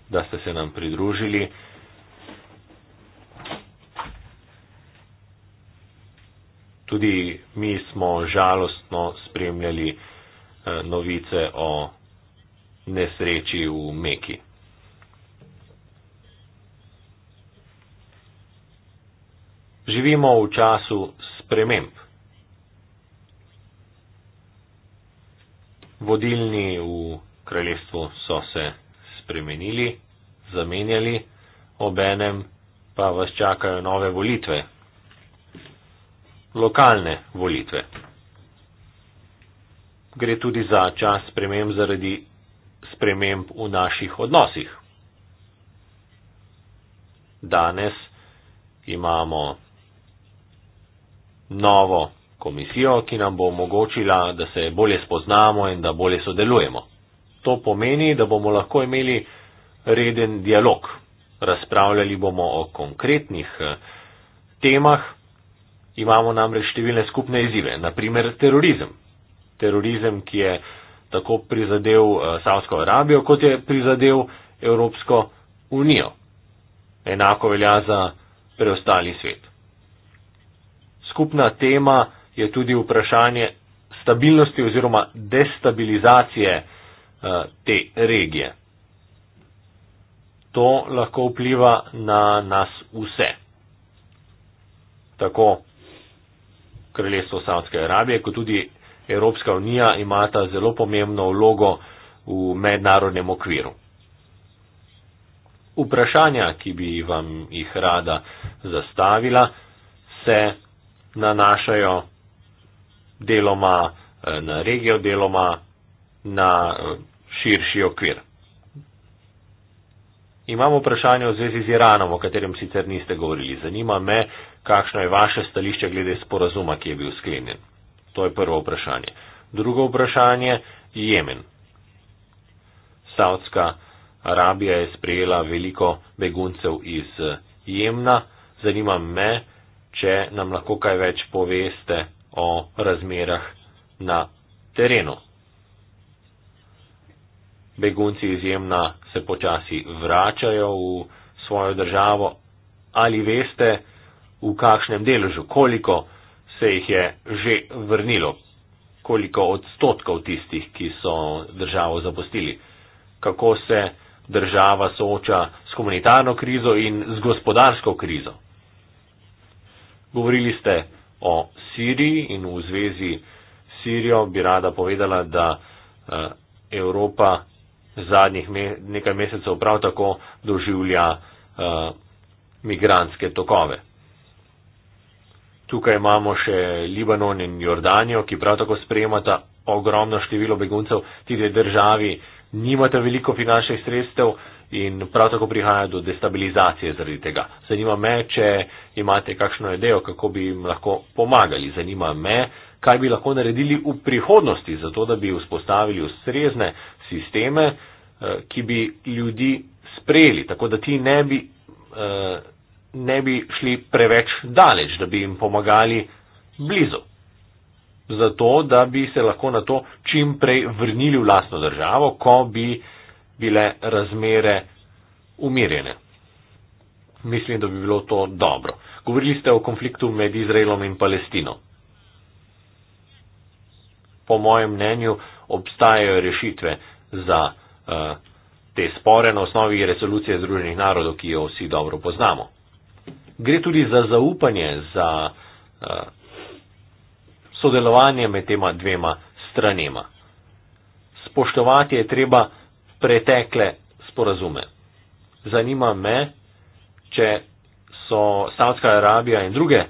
da ste se nam pridružili. Tudi mi smo žalostno spremljali eh, novice o nesreči v Mekiji. Živimo v času sprememb. Vodilni v kraljestvu so se spremenili, zamenjali, obenem pa vas čakajo nove volitve, lokalne volitve. Gre tudi za čas sprememb zaradi sprememb v naših odnosih. Danes imamo novo komisijo, ki nam bo omogočila, da se bolje spoznamo in da bolje sodelujemo. To pomeni, da bomo lahko imeli reden dialog. Razpravljali bomo o konkretnih eh, temah. Imamo namreč številne skupne izzive, naprimer terorizem. Terorizem, ki je tako prizadel eh, Savsko Arabijo, kot je prizadel Evropsko unijo. Enako velja za preostali svet skupna tema je tudi vprašanje stabilnosti oziroma destabilizacije eh, te regije. To lahko vpliva na nas vse. Tako Kraljestvo Saudske Arabije, kot tudi Evropska unija imata zelo pomembno vlogo v mednarodnem okviru. Vprašanja, ki bi vam jih rada zastavila, se nanašajo deloma eh, na regijo, deloma na eh, širši okvir. Imamo vprašanje v zvezi z Iranom, o katerem sicer niste govorili. Zanima me, kakšno je vaše stališče glede sporazuma, ki je bil sklenjen. To je prvo vprašanje. Drugo vprašanje je Jemen. Saudska Arabija je sprejela veliko beguncev iz eh, Jemna. Zanima me, če nam lahko kaj več poveste o razmerah na terenu. Begunci izjemna se počasi vračajo v svojo državo. Ali veste, v kakšnem deležu, koliko se jih je že vrnilo, koliko odstotkov tistih, ki so državo zapustili, kako se država sooča s humanitarno krizo in z gospodarsko krizo? Govorili ste o Siriji in v zvezi s Sirijo bi rada povedala, da eh, Evropa zadnjih nekaj mesecev prav tako doživlja eh, migranske tokove. Tukaj imamo še Libanon in Jordanijo, ki prav tako sprejemata ogromno število beguncev. Ti dve državi nimata veliko finančnih sredstev, in prav tako prihaja do destabilizacije zaradi tega. Zanima me, če imate kakšno idejo, kako bi jim lahko pomagali. Zanima me, kaj bi lahko naredili v prihodnosti, zato da bi vzpostavili ustrezne sisteme, eh, ki bi ljudi sprejeli, tako da ti ne bi, eh, ne bi šli preveč daleč, da bi jim pomagali blizu. Zato, da bi se lahko na to čim prej vrnili v lastno državo, ko bi uh, bile razmere umirjene. Mislim, da bi bilo to dobro. Govorili ste o konfliktu med Izraelom in Palestino. Po mojem mnenju obstajajo rešitve za uh, te spore na osnovi resolucije Združenih narodov, ki jo vsi dobro poznamo. Gre tudi za zaupanje, za uh, sodelovanje med tema dvema stranema. Spoštovati je treba pretekle sporazume. Zanima me, če so Saudska Arabija in druge eh,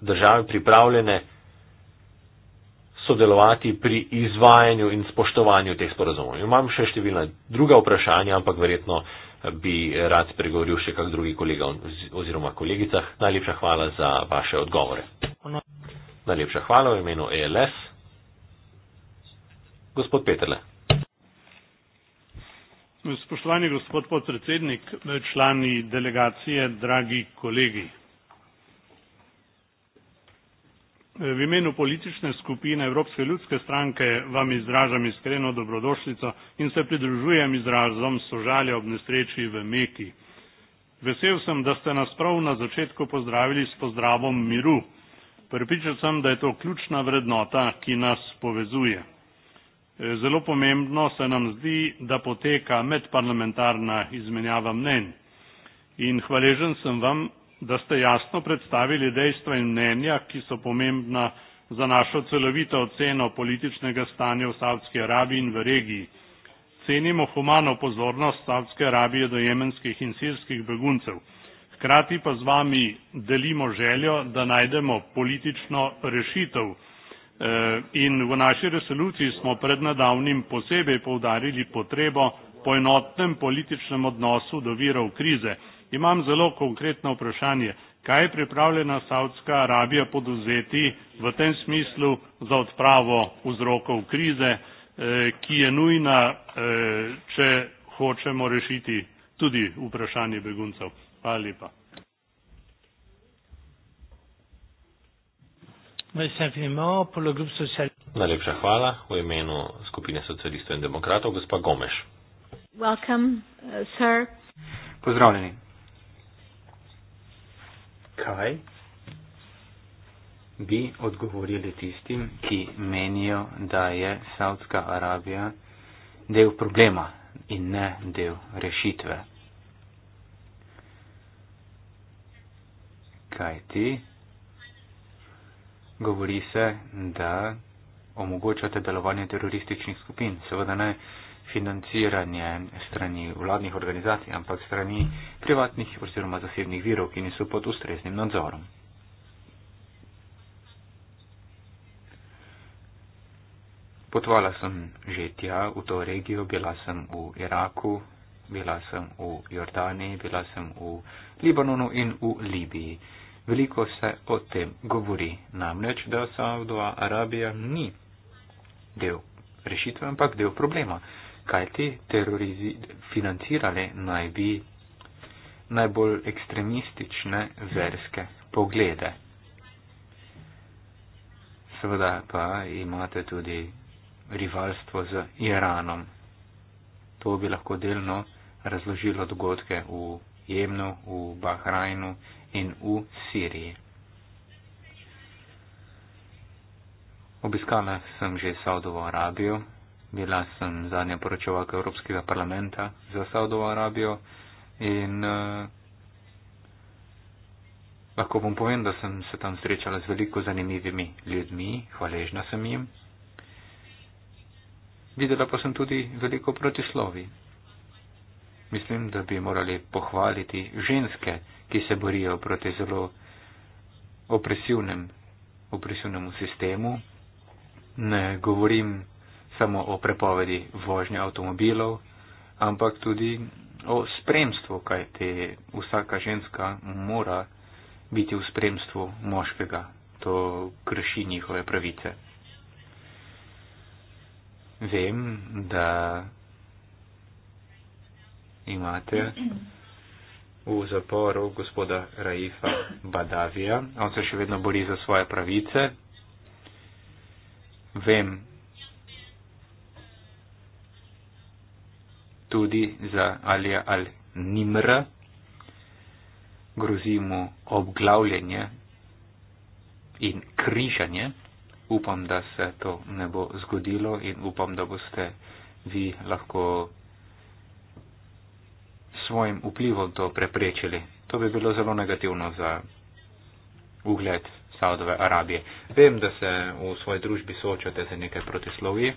države pripravljene sodelovati pri izvajanju in spoštovanju teh sporazumov. Imam še številna druga vprašanja, ampak verjetno eh, bi rad pregovoril še kak drugi kolega oziroma kolegicah. Najlepša hvala za vaše odgovore. Najlepša hvala v imenu ELS. Gospod Peterle. Spoštovani gospod podpredsednik, člani delegacije, dragi kolegi. V imenu politične skupine Evropske ljudske stranke vam izražam iskreno dobrodošljico in se pridružujem izrazom sožalja ob nesreči v Meki. Vesel sem, da ste nas prav na začetku pozdravili s pozdravom miru. Pripričan sem, da je to ključna vrednota, ki nas povezuje. Eh, zelo pomembno se nam zdi, da poteka medparlamentarna izmenjava mnen. In hvaležen sem vam, da ste jasno predstavili dejstva in mnenja, ki so pomembna za našo celovito oceno političnega stanja v Savdski Arabiji in v regiji. Cenimo humano pozornost Savdske Arabije do jemenskih in sirskih beguncev. Hkrati pa z vami delimo željo, da najdemo politično rešitev Eh, in v naši resoluciji smo pred nedavnim posebej povdarili potrebo po enotnem političnem odnosu do virov krize. Imam zelo konkretno vprašanje, kaj je pripravljena Saudska Arabija poduzeti v tem smislu za odpravo vzrokov krize, eh, ki je nujna, eh, če hočemo rešiti tudi vprašanje beguncev. Hvala lepa. Vas imamo pologrup social. Najlepša hvala v imenu skupine socialistov in demokratov, gospa Gomeš. Welcome, uh, sir. Pozdravljeni. Kaj bi odgovorili tistim, ki menijo, da je Saudska Arabija del problema in ne del rešitve? Kaj ti? govori se, da omogočate delovanje terorističnih skupin. Seveda ne financiranje strani vladnih organizacij, ampak strani privatnih oziroma zasebnih virov, ki niso pod ustreznim nadzorom. Potovala sem že tja v to regijo, bila sem v Iraku, bila sem v Jordani, bila sem v Libanonu in v Libiji veliko se o tem govori. Namreč, da Saudova Arabija ni del rešitve, ampak del problema. Kaj ti terorizi financirali naj bi najbolj ekstremistične verske poglede. Seveda pa imate tudi rivalstvo z Iranom. To bi lahko delno razložilo dogodke v Jemnu, v Bahrajnu in v Siriji. Obiskala sem že Saudovo Arabijo, bila sem zadnja poročevalka Evropskega parlamenta za Saudovo Arabijo in eh, lahko bom povem, da sem se tam srečala z veliko zanimivimi ljudmi, hvaležna sem jim. Videla pa sem tudi veliko protislovi, mislim, da bi morali pohvaliti ženske, ki se borijo proti zelo opresivnem, opresivnemu sistemu. Ne govorim samo o prepovedi vožnje avtomobilov, ampak tudi o spremstvu, kaj te vsaka ženska mora biti v spremstvu moškega. To krši njihove pravice. Vem, da imate v zaporu gospoda Raifa Badavija. On se še vedno bori za svoje pravice. Vem tudi za Alija Al-Nimra. Grozi mu obglavljenje in križanje. Upam, da se to ne bo zgodilo in upam, da boste vi lahko svojim vplivom to preprečili. To bi bilo zelo negativno za ugled Saudove Arabije. Vem, da se v svoji družbi soočate z nekaj protislovji,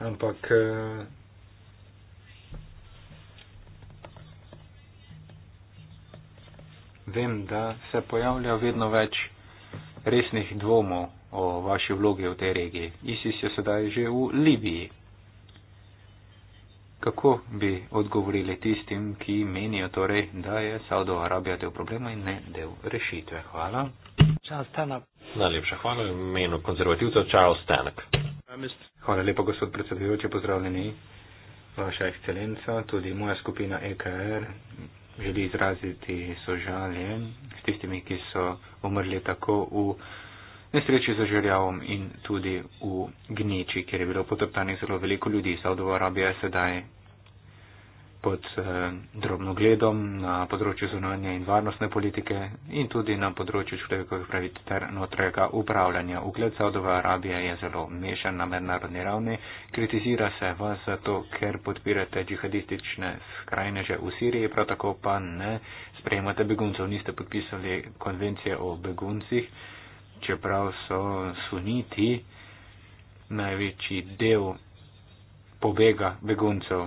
ampak. Eh, vem, da se pojavlja vedno več resnih dvomov o vaši vlogi v tej regiji. ISIS je sedaj že v Libiji. Kako bi odgovorili tistim, ki menijo torej, da je Saudo Arabija del problema in ne del rešitve? Hvala. Najlepša hvala v imenu konzervativcev Charles Stanek. Hvala lepa, gospod predsedujoči, pozdravljeni vaša ekscelenca, tudi moja skupina EKR želi izraziti sožalje s tistimi, ki so umrli tako v nesreči za žrljavom in tudi v gneči, kjer je bilo potrtanih zelo veliko ljudi. Saudova Arabija je sedaj pod eh, drobnogledom na področju zunanje in varnostne politike in tudi na področju človekovih pravic ter notrega upravljanja. Ugled Saudova Arabije je zelo mešan na mednarodni ravni. Kritizira se vas zato, ker podpirate džihadistične skrajneže v Siriji, prav tako pa ne sprejemate beguncev, niste podpisali konvencije o beguncih čeprav so suniti največji del pobega beguncev.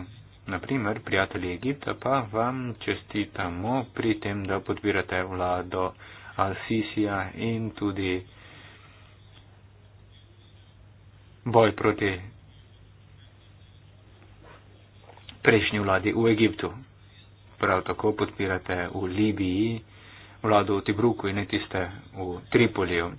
Naprimer, prijatelji Egipta pa vam čestitamo pri tem, da podpirate vlado Al-Sisija in tudi boj proti prejšnji vladi v Egiptu. Prav tako podpirate v Libiji vlado v Tibruku in ne tiste v Tripoliju.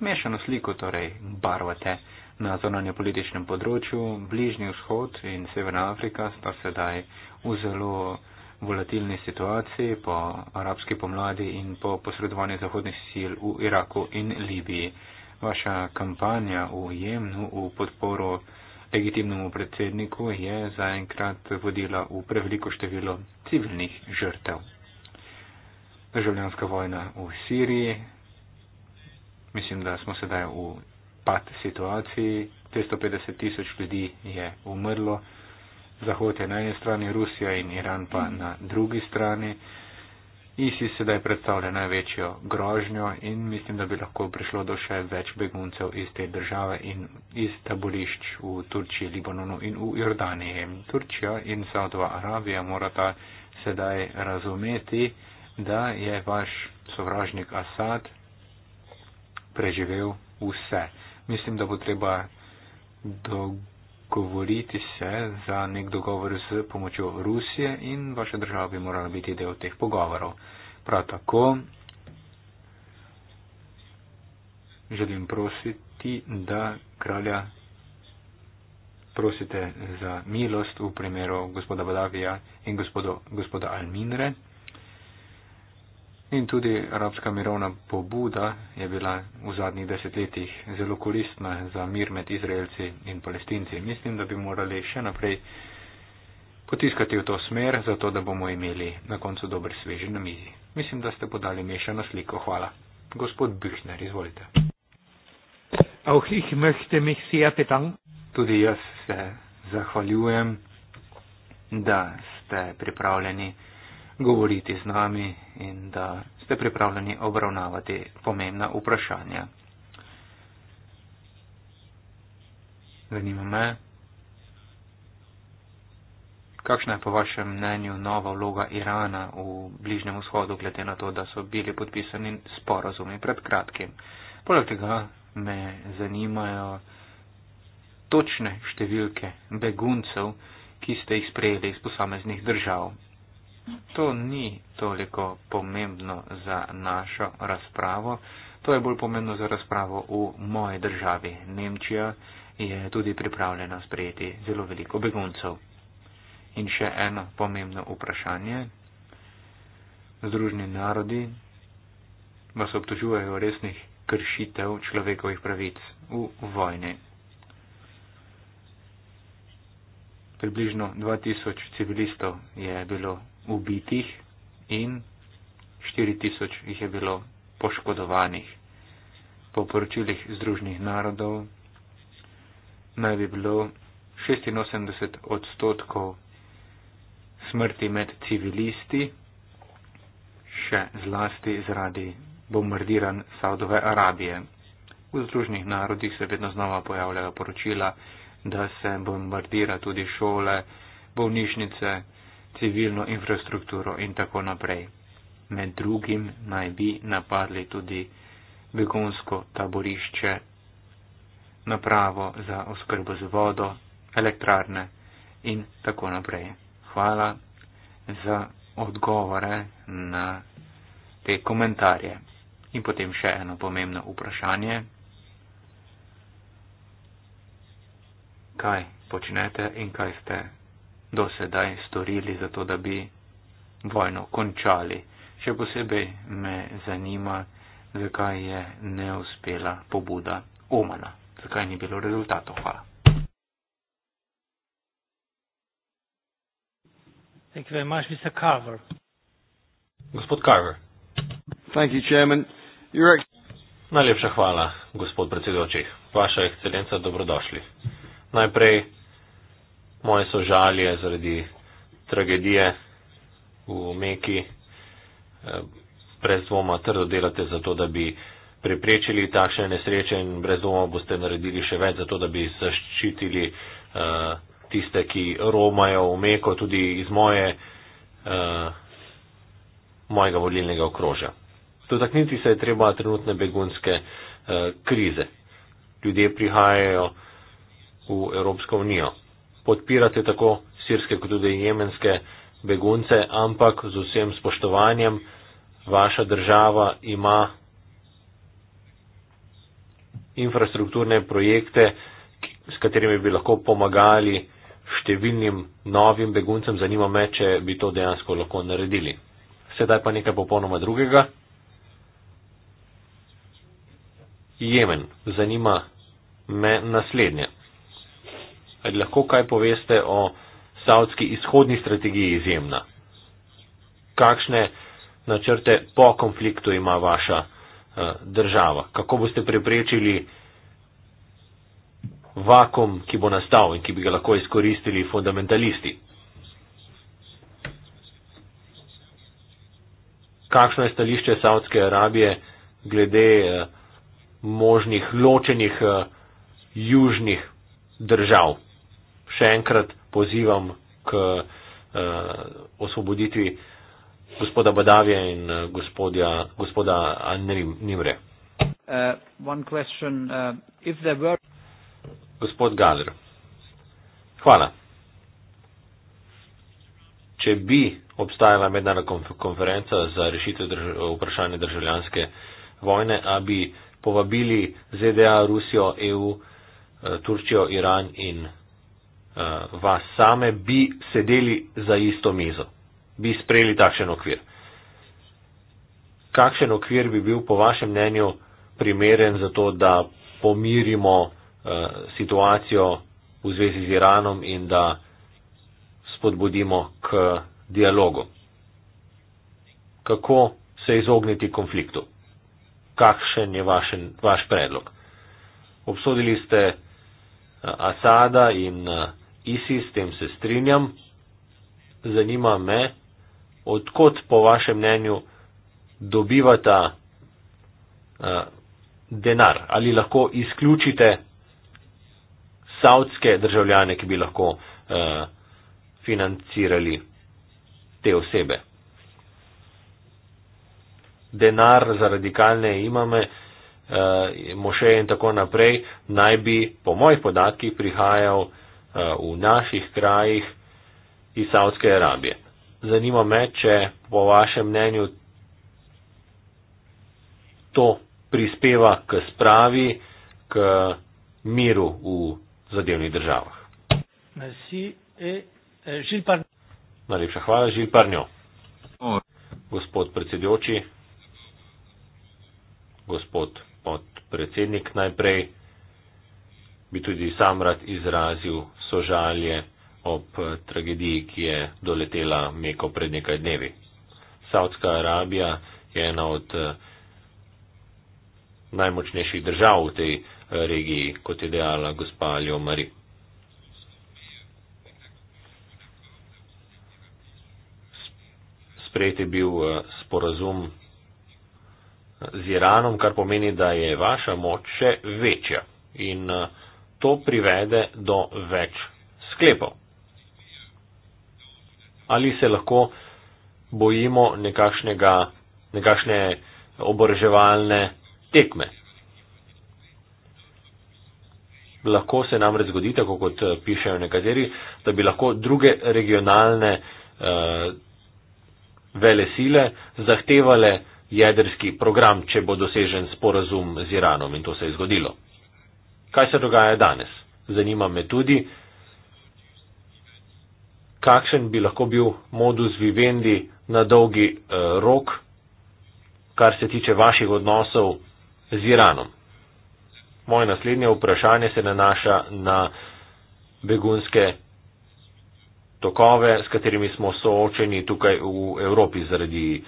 Mešano sliko torej barvate na zornanje političnem področju. Bližnji vzhod in Severna Afrika sta sedaj v zelo volatilni situaciji po arabski pomladi in po posredovanju zahodnih sil v Iraku in Libiji. Vaša kampanja v Jemnu v podporo legitimnemu predsedniku je zaenkrat vodila v preveliko število civilnih žrtev državljanska vojna v Siriji. Mislim, da smo sedaj v pat situaciji. 250 tisoč ljudi je umrlo. Zahod je na eni strani, Rusija in Iran pa na drugi strani. ISIS sedaj predstavlja največjo grožnjo in mislim, da bi lahko prišlo do še več beguncev iz te države in iz taborišč v Turčiji, Libanonu in v Jordaniji. Turčija in Saudova Arabija morata sedaj razumeti, da je vaš sovražnik Asad preživel vse. Mislim, da bo treba dogovoriti se za nek dogovor z pomočjo Rusije in vaša država bi morala biti del teh pogovorov. Prav tako želim prositi, da kralja prosite za milost v primeru gospoda Badavija in gospodo, gospoda Alminre. In tudi arabska mirovna pobuda je bila v zadnjih desetletjih zelo koristna za mir med Izraelci in Palestinci. Mislim, da bi morali še naprej potiskati v to smer, zato da bomo imeli na koncu dober sveži na mizi. Mislim, da ste podali mešano sliko. Hvala. Gospod Büchner, izvolite. Tudi jaz se zahvaljujem, da ste pripravljeni govoriti z nami in da ste pripravljeni obravnavati pomembna vprašanja. Zanima me, kakšna je po vašem mnenju nova vloga Irana v Bližnjem vzhodu, glede na to, da so bili podpisani sporazumi pred kratkim. Poleg tega me zanimajo točne številke beguncev, ki ste jih sprejeli iz posameznih držav. To ni toliko pomembno za našo razpravo, to je bolj pomembno za razpravo v moje državi. Nemčija je tudi pripravljena sprejeti zelo veliko beguncev. In še eno pomembno vprašanje. Združni narodi vas obtožujejo resnih kršitev človekovih pravic v vojni. Približno 2000 civilistov je bilo ubitih in 4000 jih je bilo poškodovanih. Po poročilih Združenih narodov naj bi bilo 86 odstotkov smrti med civilisti, še zlasti zaradi bombardiran Saudove Arabije. V Združenih narodih se vedno znova pojavljajo poročila, da se bombardira tudi šole, bolnišnice, civilno infrastrukturo in tako naprej. Med drugim naj bi napadli tudi begunsko taborišče, napravo za oskrbo z vodo, elektrarne in tako naprej. Hvala za odgovore na te komentarje. In potem še eno pomembno vprašanje. Kaj počnete in kaj ste? do sedaj storili za to, da bi vojno končali. Še posebej me zanima, zakaj je neuspela pobuda Omana, zakaj ni bilo rezultatov. Hvala. Thank you very much, Mr. Carver. Gospod Carver. Thank you, Chairman. You're ex- Najlepša hvala, gospod predsedujoči. Vaša ekscelenca, dobrodošli. Najprej moje sožalje zaradi tragedije v Meki. Eh, brez dvoma trdo delate za to, da bi preprečili takšne nesreče in brez dvoma boste naredili še več za to, da bi zaščitili uh, tiste, ki romajo v Meko, tudi iz moje, uh, mojega volilnega okrožja. Dotakniti se je treba trenutne begunske uh, krize. Ljudje prihajajo v Evropsko unijo podpirate tako sirske kot tudi jemenske begunce, ampak z vsem spoštovanjem vaša država ima infrastrukturne projekte, s katerimi bi lahko pomagali številnim novim beguncem. Zanima me, če bi to dejansko lahko naredili. Sedaj pa nekaj popolnoma drugega. Jemen. Zanima me naslednje ali lahko kaj poveste o savdski izhodni strategiji izjemna? Kakšne načrte po konfliktu ima vaša uh, država? Kako boste preprečili vakum, ki bo nastal in ki bi ga lahko izkoristili fundamentalisti? Kakšno je stališče Saudske Arabije glede eh, možnih ločenih eh, južnih držav? še enkrat pozivam k eh, osvoboditvi gospoda Badavija in eh, gospodja, gospoda Nimre. Uh, uh, were... Gospod Galer, hvala. Če bi obstajala mednarodna konferenca za rešitev drž vprašanja državljanske vojne, a bi povabili ZDA, Rusijo, EU, eh, Turčijo, Iran in uh, vas same, bi sedeli za isto mizo, bi sprejeli takšen okvir. Kakšen okvir bi bil po vašem mnenju primeren za to, da pomirimo uh, situacijo v zvezi z Iranom in da spodbudimo k dialogu? Kako se izogniti konfliktu? Kakšen je vaš, vaš predlog? Obsodili ste eh, Asada in uh, Isi, s tem se strinjam. Zanima me, odkot po vašem mnenju dobivata uh, denar. Ali lahko izključite savtske državljane, ki bi lahko uh, financirali te osebe. Denar za radikalne imame, uh, eh, mošeje in tako naprej naj bi, po mojih podatkih, prihajal. Eh, v naših krajih iz Saudske Arabije. Zanima me, če po vašem mnenju to prispeva k spravi, k miru v zadevnih državah. Eh, Najlepša hvala, Žil Parnjo. Gospod predsedujoči, gospod podpredsednik, najprej bi tudi sam rad izrazil sožalje ob tragediji, ki je doletela Meko pred nekaj dnevi. Saudska Arabija je ena od eh, najmočnejših držav v tej eh, regiji, kot je dejala gospa Ljomari. Sprejeti je bil eh, sporazum z Iranom, kar pomeni, da je vaša moč še večja. In uh, to privede do več sklepov. Ali se lahko bojimo nekakšnega, nekakšne oboreževalne tekme? Lahko se nam zgodi, tako kot eh, pišejo nekateri, da bi lahko druge regionalne eh, vele sile zahtevale jedrski program, če bo dosežen sporazum z Iranom in to se je zgodilo kaj se dogaja danes. Zanima me tudi, kakšen bi lahko bil modus vivendi na dolgi eh, rok, kar se tiče vaših odnosov z Iranom. Moje naslednje vprašanje se nanaša na begunske tokove, s katerimi smo soočeni tukaj v Evropi zaradi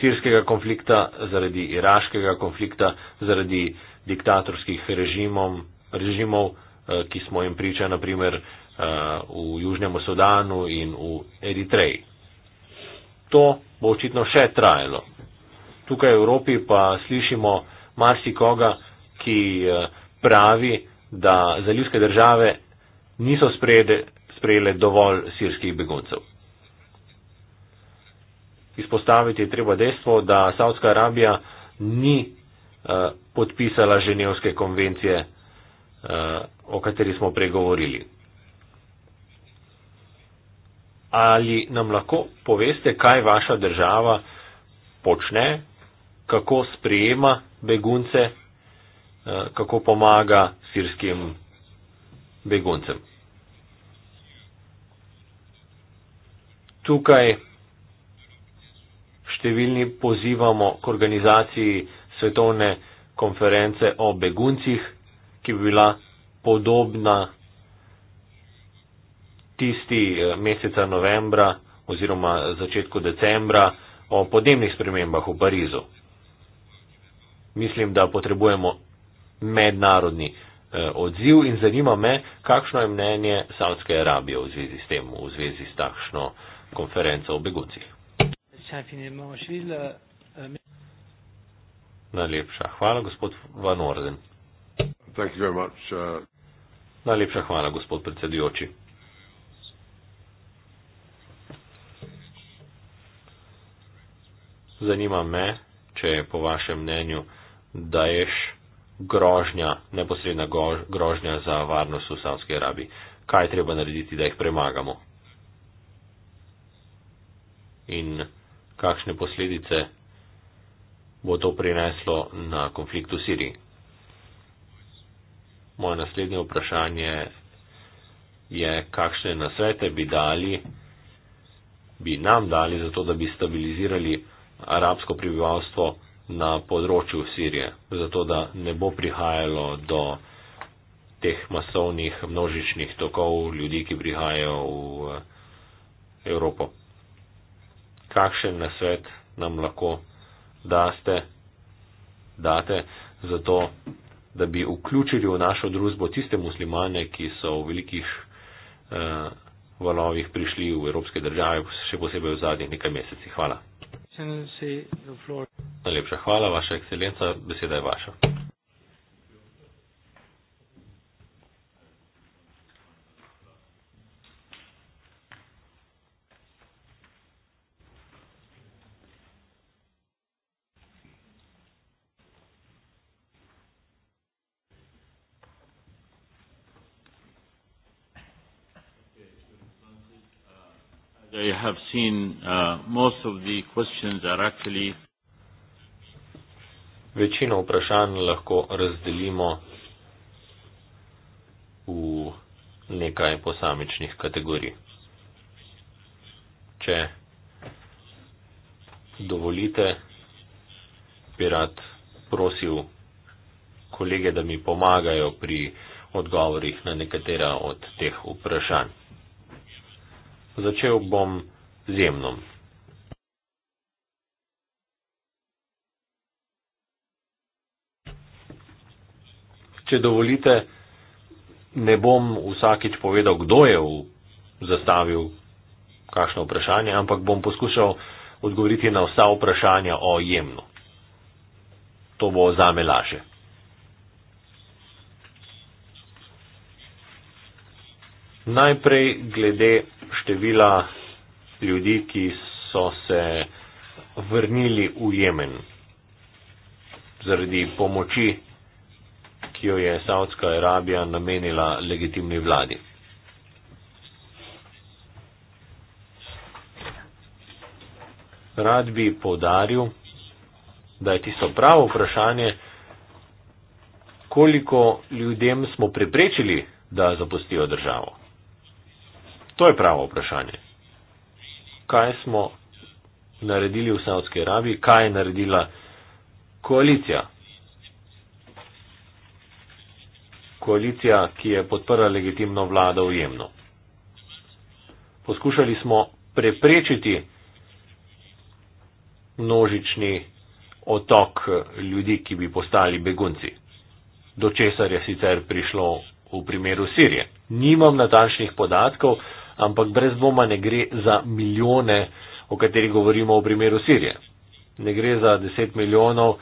sirskega konflikta, zaradi iraškega konflikta, zaradi diktatorskih režimov režimov, eh, ki smo jim priča, naprimer eh, v Južnem Sudanu in v Eritreji. To bo očitno še trajalo. Tukaj v Evropi pa slišimo marsikoga, ki eh, pravi, da zalivske države niso sprejele dovolj sirskih beguncev. Izpostaviti je treba dejstvo, da Saudska Arabija ni eh, podpisala ženevske konvencije Eh, o kateri smo pregovorili. Ali nam lahko poveste, kaj vaša država počne, kako sprejema begunce, eh, kako pomaga sirskim beguncem? Tukaj številni pozivamo k organizaciji svetovne konference o beguncih ki bi bila podobna tisti eh, meseca novembra oziroma začetku decembra o podnebnih spremembah v Parizu. Mislim, da potrebujemo mednarodni eh, odziv in zanima me, kakšno je mnenje Saudske Arabije v zvezi s tem, v zvezi s takšno konferenco o beguncih. Najlepša hvala, gospod Van Orden. Thank you very much, uh... Najlepša hvala, gospod predsedujoči. Zanima me, če je po vašem mnenju Daesh grožnja, neposredna grožnja za varnost v Savski Arabiji. Kaj je treba narediti, da jih premagamo? In kakšne posledice bo to prineslo na konflikt v Siriji? Moje naslednje vprašanje je, kakšne nasvete bi dali, bi nam dali za to, da bi stabilizirali arabsko prebivalstvo na področju Sirije, zato da ne bo prihajalo do teh masovnih množičnih tokov ljudi, ki prihajajo v Evropo. Kakšen nasvet nam lahko daste, date, zato da bi vključili v našo družbo tiste muslimane, ki so v velikih uh, valovih prišli v evropske države, še posebej v zadnjih nekaj mesecih. Hvala. Najlepša hvala, vaša ekscelenca, beseda je vaša. I have seen uh, most of the questions are actually Večino vprašanj lahko razdelimo v nekaj posamičnih kategorij. Če dovolite, bi rad prosil kolege, da mi pomagajo pri odgovorih na nekatera od teh vprašanj. Začel bom z jemnom. Če dovolite, ne bom vsakič povedal, kdo je v zastavil kakšno vprašanje, ampak bom poskušal odgovoriti na vsa vprašanja o jemnu. To bo zame laže. Najprej glede števila ljudi, ki so se vrnili v Jemen zaradi pomoči, ki jo je Saudska Arabija namenila legitimni vladi. Rad bi podaril, da je tisto pravo vprašanje, koliko ljudem smo preprečili, da zapustijo državo. To je pravo vprašanje. Kaj smo naredili v Saudski Arabiji, kaj je naredila koalicija? Koalicija, ki je podprla legitimno vlado v Jemnu. Poskušali smo preprečiti množični otok ljudi, ki bi postali begunci. Do česar je sicer prišlo v primeru Sirije. Nimam natančnih podatkov, ampak brez dvoma ne gre za milijone, o katerih govorimo v primeru Sirije. Ne gre za 10 milijonov,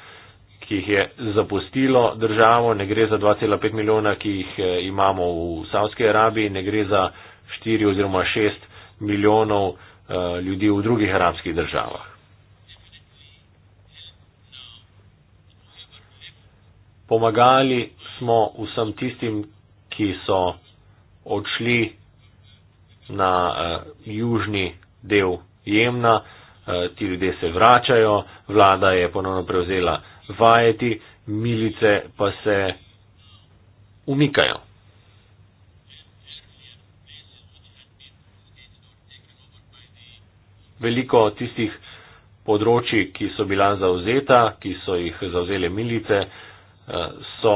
ki jih je zapustilo državo, ne gre za 2,5 milijona, ki jih eh, imamo v Savski Arabiji, ne gre za 4 oziroma 6 milijonov uh, ljudi v drugih arabskih državah. Pomagali smo vsem tistim, ki so odšli na uh, južni del Jemna, uh, ti ljudje se vračajo, vlada je ponovno prevzela vajeti, milice pa se umikajo. Veliko tistih področji, ki so bila zauzeta, ki so jih zauzele milice, eh, so,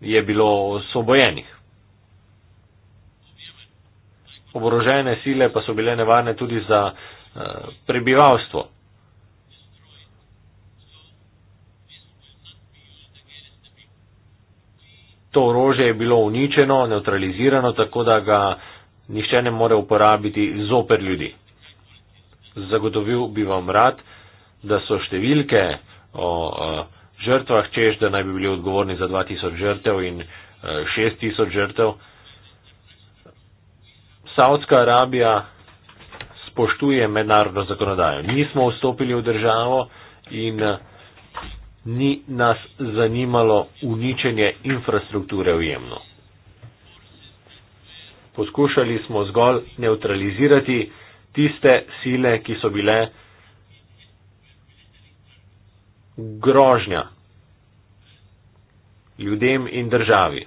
je bilo osvobojenih oborožene sile pa so bile nevarne tudi za eh, prebivalstvo. To orožje je bilo uničeno, neutralizirano, tako da ga nišče ne more uporabiti zoper ljudi. Zagotovil bi vam rad, da so številke o eh, žrtvah, čež, da naj bi bili odgovorni za 2000 žrtev in 6000 eh, žrtev. Saudska Arabija spoštuje mednarodno zakonodajo. Mi smo vstopili v državo in eh, ni nas zanimalo uničenje infrastrukture v jemnu. Poskušali smo zgolj neutralizirati tiste sile, ki so bile grožnja ljudem in državi.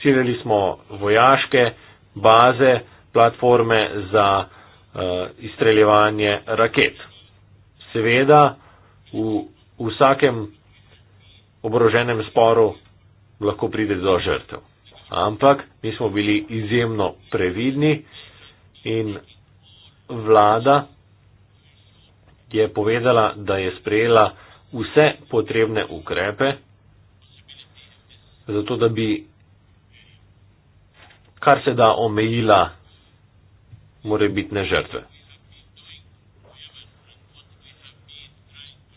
Ciljali smo vojaške, baze, platforme za uh, izstreljevanje raket. Seveda, v, v vsakem oboroženem sporu lahko pride do žrtev. Ampak mi smo bili izjemno previdni in vlada je povedala, da je sprejela vse potrebne ukrepe, zato da bi kar se da omejila morebitne žrtve.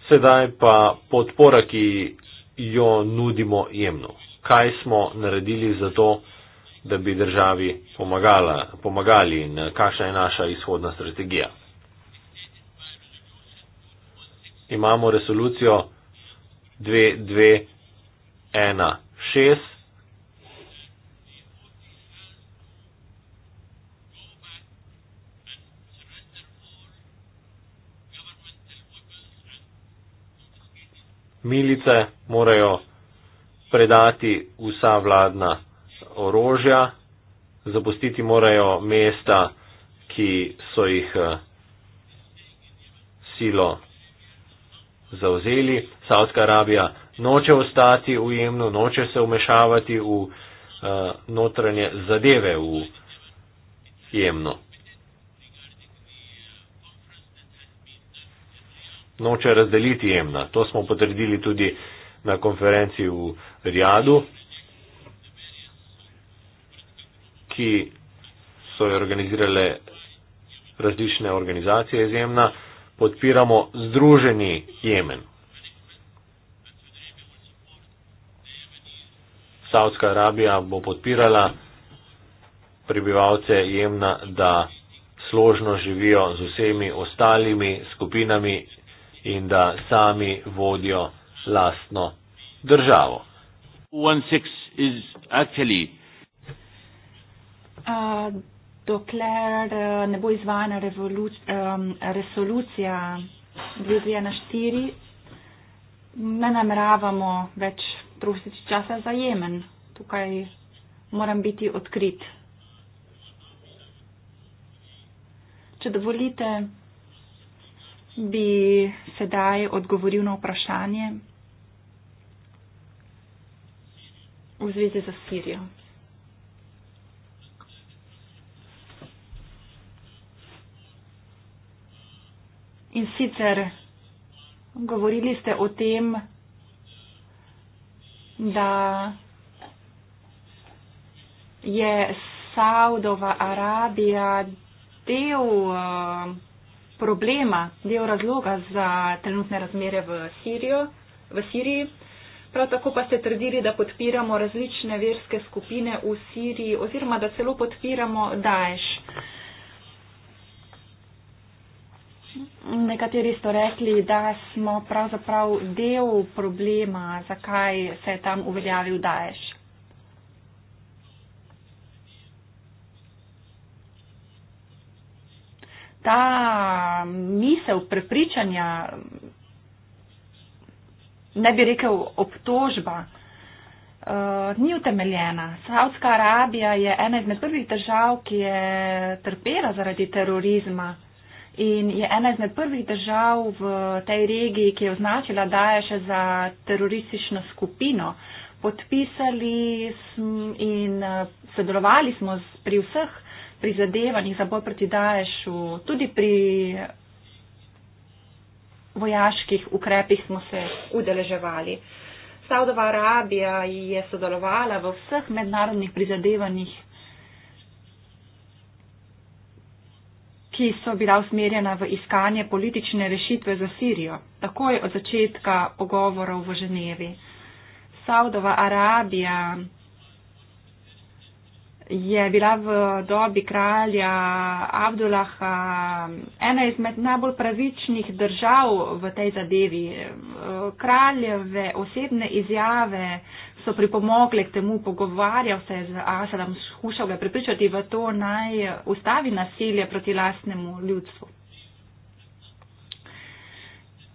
Sedaj pa podpora, ki jo nudimo jemno. Kaj smo naredili za to, da bi državi pomagala, pomagali in kakšna je naša izhodna strategija? Imamo resolucijo 2216, milice morajo predati vsa vladna orožja, zapustiti morajo mesta, ki so jih eh, silo zauzeli. Saudska Arabija noče ostati v jemnu, noče se umešavati v uh, notranje zadeve v jemnu. noče razdeliti jemna. To smo potrdili tudi na konferenci v Rjadu, ki so jo organizirale različne organizacije iz jemna. Podpiramo združeni jemen. Saudska Arabija bo podpirala prebivalce jemna, da složno živijo z vsemi ostalimi skupinami in da sami vodijo lastno državo. Uh, dokler uh, ne bo izvajana um, resolucija 2014, ne nameravamo več trošiti časa za Jemen. Tukaj moram biti odkrit. Če dovolite, bi sedaj odgovoril na vprašanje v zvezi za Sirijo. In sicer govorili ste o tem, da je Saudova Arabija del uh, problema, del razloga za trenutne razmere v, Sirijo, v Siriji. Prav tako pa ste trdili, da podpiramo različne verske skupine v Siriji oziroma da celo podpiramo Daješ. Nekateri ste rekli, da smo pravzaprav del problema, zakaj se je tam uveljavil Daješ. ta misel prepričanja, ne bi rekel obtožba, uh, ni utemeljena. Saudska Arabija je ena izmed prvih držav, ki je trpela zaradi terorizma in je ena izmed prvih držav v tej regiji, ki je označila Daesh za teroristično skupino. Podpisali smo in eh, sodelovali smo pri vseh prizadevanjih za boj proti Daješu, tudi pri vojaških ukrepih smo se udeleževali. Saudova Arabija je sodelovala v vseh mednarodnih prizadevanjih, ki so bila usmerjena v iskanje politične rešitve za Sirijo, takoj od začetka pogovorov v Ženevi. Saudova Arabija je bila v dobi kralja Abdullaha ena izmed najbolj pravičnih držav v tej zadevi. Kraljeve osebne izjave so pripomogle k temu, pogovarjal se je z Asadom, skušal ga prepričati v to naj ustavi nasilje proti lastnemu ljudstvu.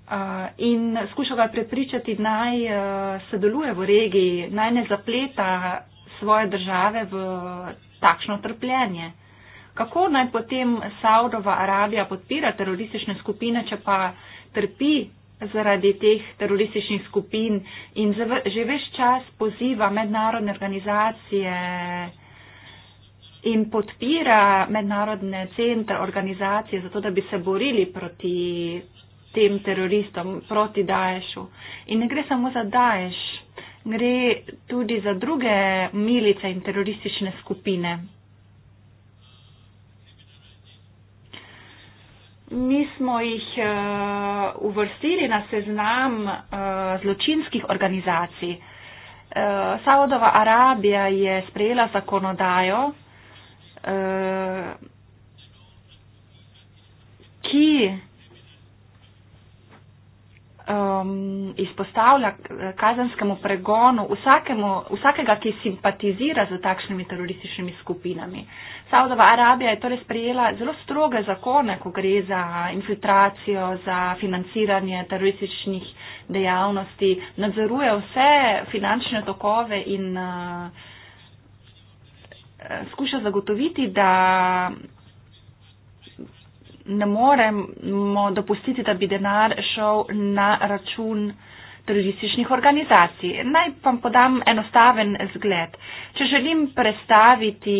Uh, in skušal ga prepričati naj uh, sodeluje v regiji, naj ne zapleta svoje države v takšno trpljenje. Kako naj potem Saudova Arabija podpira teroristične skupine, če pa trpi zaradi teh terorističnih skupin in že veš čas poziva mednarodne organizacije in podpira mednarodne centre organizacije zato, da bi se borili proti tem teroristom, proti Daješu. In ne gre samo za Daješ, gre tudi za druge milice in teroristične skupine. Mi smo jih uh, uvrstili na seznam uh, zločinskih organizacij. Uh, Saudova Arabija je sprejela zakonodajo, uh, ki um, izpostavlja kazanskemu pregonu vsakemu, vsakega, ki simpatizira z takšnimi terorističnimi skupinami. Saudova Arabija je torej sprejela zelo stroge zakone, ko gre za infiltracijo, za financiranje terorističnih dejavnosti, nadzoruje vse finančne tokove in uh, skuša zagotoviti, da ne moremo dopustiti, da bi denar šel na račun turističnih organizacij. Naj vam podam enostaven zgled. Če želim predstaviti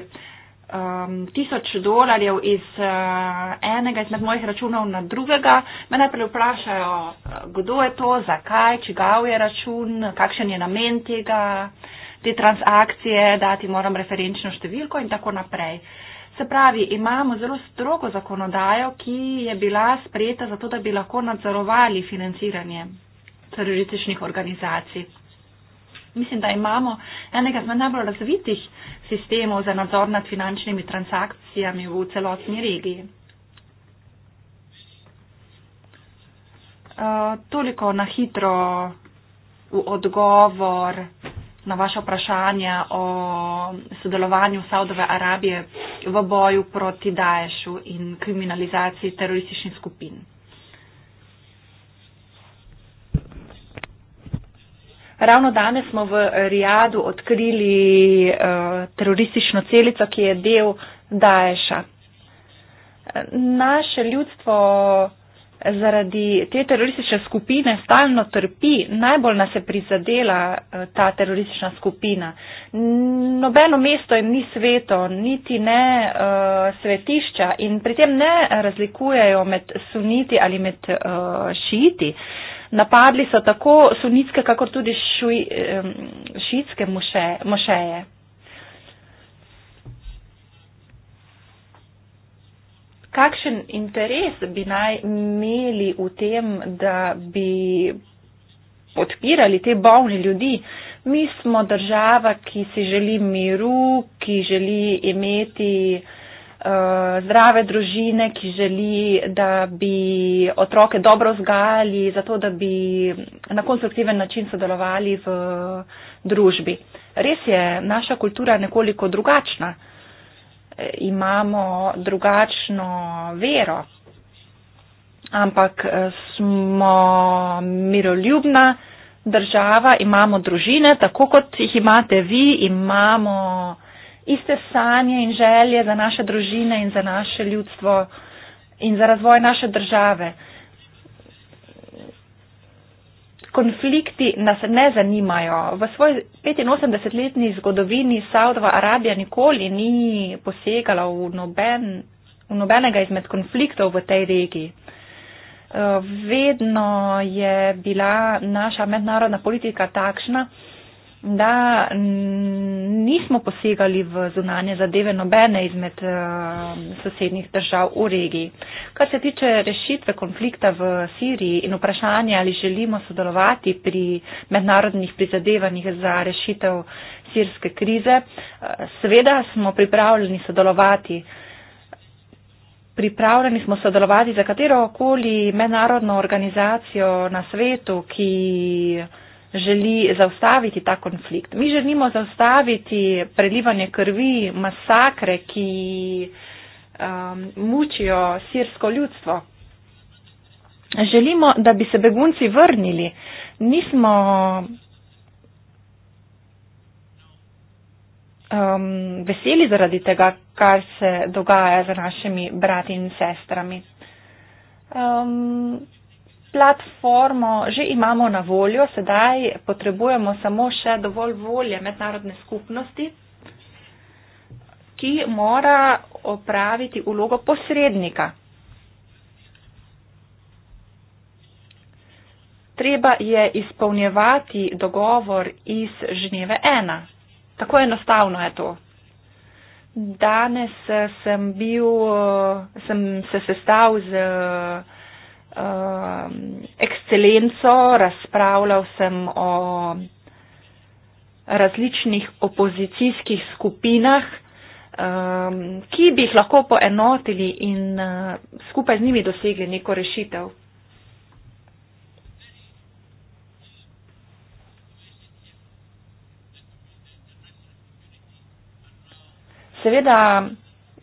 um, tisoč dolarjev iz uh, enega izmed mojih računov na drugega, me najprej vprašajo, uh, kdo je to, zakaj, čigav je račun, kakšen je namen tega, te transakcije, dati moram referenčno številko in tako naprej. Uh, Se pravi, imamo zelo strogo zakonodajo, ki je bila sprejeta zato, da bi lahko nadzorovali financiranje terorističnih organizacij. Mislim, da imamo enega z najbolj razvitih sistemov za nadzor nad finančnimi transakcijami v celotni regiji. Uh, toliko na hitro v odgovor na vaše vprašanje o sodelovanju Saudove Arabije v boju proti Daješu in kriminalizaciji terorističnih skupin. Ravno danes smo v Rijadu odkrili uh, teroristično celico, ki je del Daješa. Naše ljudstvo zaradi te teroristične skupine stalno trpi, najbolj nas je prizadela eh, ta teroristična skupina. Nobeno mesto jim ni sveto, niti ne uh, svetišča in pri tem ne razlikujejo med suniti ali med uh, eh, šiti. Napadli so tako sunitske, kako tudi ši, um, šitske moše, mošeje. kakšen interes bi naj imeli v tem, da bi podpirali te bolni ljudi. Mi smo država, ki si želi miru, ki želi imeti uh, zdrave družine, ki želi, da bi otroke dobro vzgajali, zato da bi na konstruktiven način sodelovali v družbi. Res je, naša kultura je nekoliko drugačna. Uh, Eh, imamo drugačno vero, ampak eh, smo miroljubna država, imamo družine, tako kot jih imate vi, imamo iste sanje in želje za naše družine in za naše ljudstvo in za razvoj naše države konflikti nas ne zanimajo. V svoj 85-letni zgodovini Saudova Arabija nikoli ni posegala v, noben, v nobenega izmed konfliktov v tej regiji. Eh, vedno je bila naša mednarodna politika takšna, da nismo posegali v zunanje zadeve nobene izmed eh, sosednjih držav v regiji. Kar se tiče rešitve konflikta v Siriji in vprašanja, ali želimo sodelovati pri mednarodnih prizadevanjih za rešitev sirske krize, eh, seveda smo pripravljeni sodelovati. Pripravljeni smo sodelovati za katero koli mednarodno organizacijo na svetu, ki želi zaustaviti ta konflikt. Mi želimo zaustaviti prelivanje krvi, masakre, ki um, mučijo sirsko ljudstvo. Želimo, da bi se begunci vrnili. Nismo. Um, veseli zaradi tega, kar se dogaja z našimi brati in sestrami. Um, platformo že imamo na voljo, sedaj potrebujemo samo še dovolj volje mednarodne skupnosti, ki mora opraviti ulogo posrednika. Treba je izpolnjevati dogovor iz Ženeve 1. Tako enostavno je to. Danes sem, bil, eh, sem se sestavil z Um, ekscelenco, razpravljal sem o različnih opozicijskih skupinah, um, ki bi jih lahko poenotili in uh, skupaj z njimi dosegli neko rešitev. Seveda,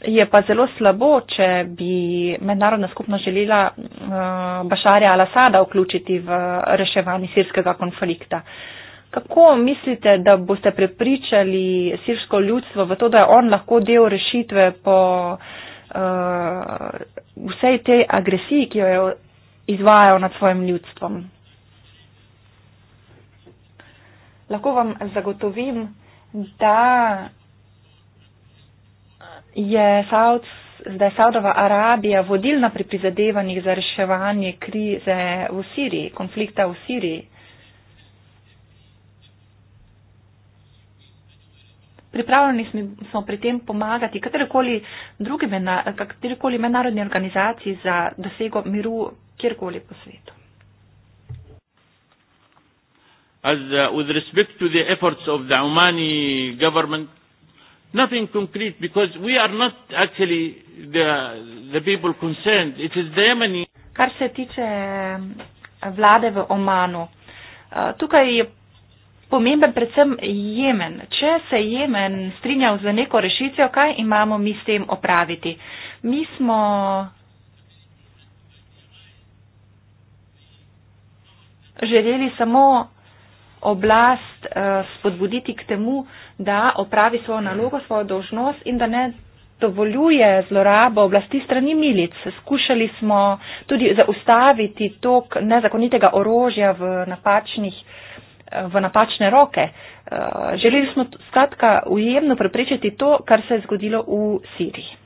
je pa zelo slabo, če bi mednarodna skupnost želela uh, Bašarja Al-Asada vključiti v reševanje sirskega konflikta. Kako mislite, da boste prepričali sirsko ljudstvo v to, da je on lahko del rešitve po uh, vsej tej agresiji, ki jo je izvajal nad svojim ljudstvom? Lahko vam zagotovim, da je Saud, zdaj Saudova Arabija vodilna pri prizadevanjih za reševanje krize v Siriji, konflikta v Siriji. Pripravljeni smo pri tem pomagati katerekoli, mena, katerekoli mednarodni organizaciji za dosego miru kjerkoli po svetu. As, uh, with respect to the efforts of the Omani government, uh, nothing concrete because we are not actually the, the people concerned. It is the Yemeni. Kar se tiče eh, vlade v Omanu, eh, tukaj je pomemben predvsem Jemen. Če se Jemen strinjal za neko rešitev, kaj imamo mi s tem opraviti? Mi smo. Želeli samo oblast eh, spodbuditi k temu, da opravi svojo nalogo, svojo dolžnost in da ne dovoljuje zlorabo oblasti strani milic. Skušali smo tudi zaustaviti tok nezakonitega orožja v, v napačne roke. Eh, želeli smo skratka ujemno preprečiti to, kar se je zgodilo v Siriji.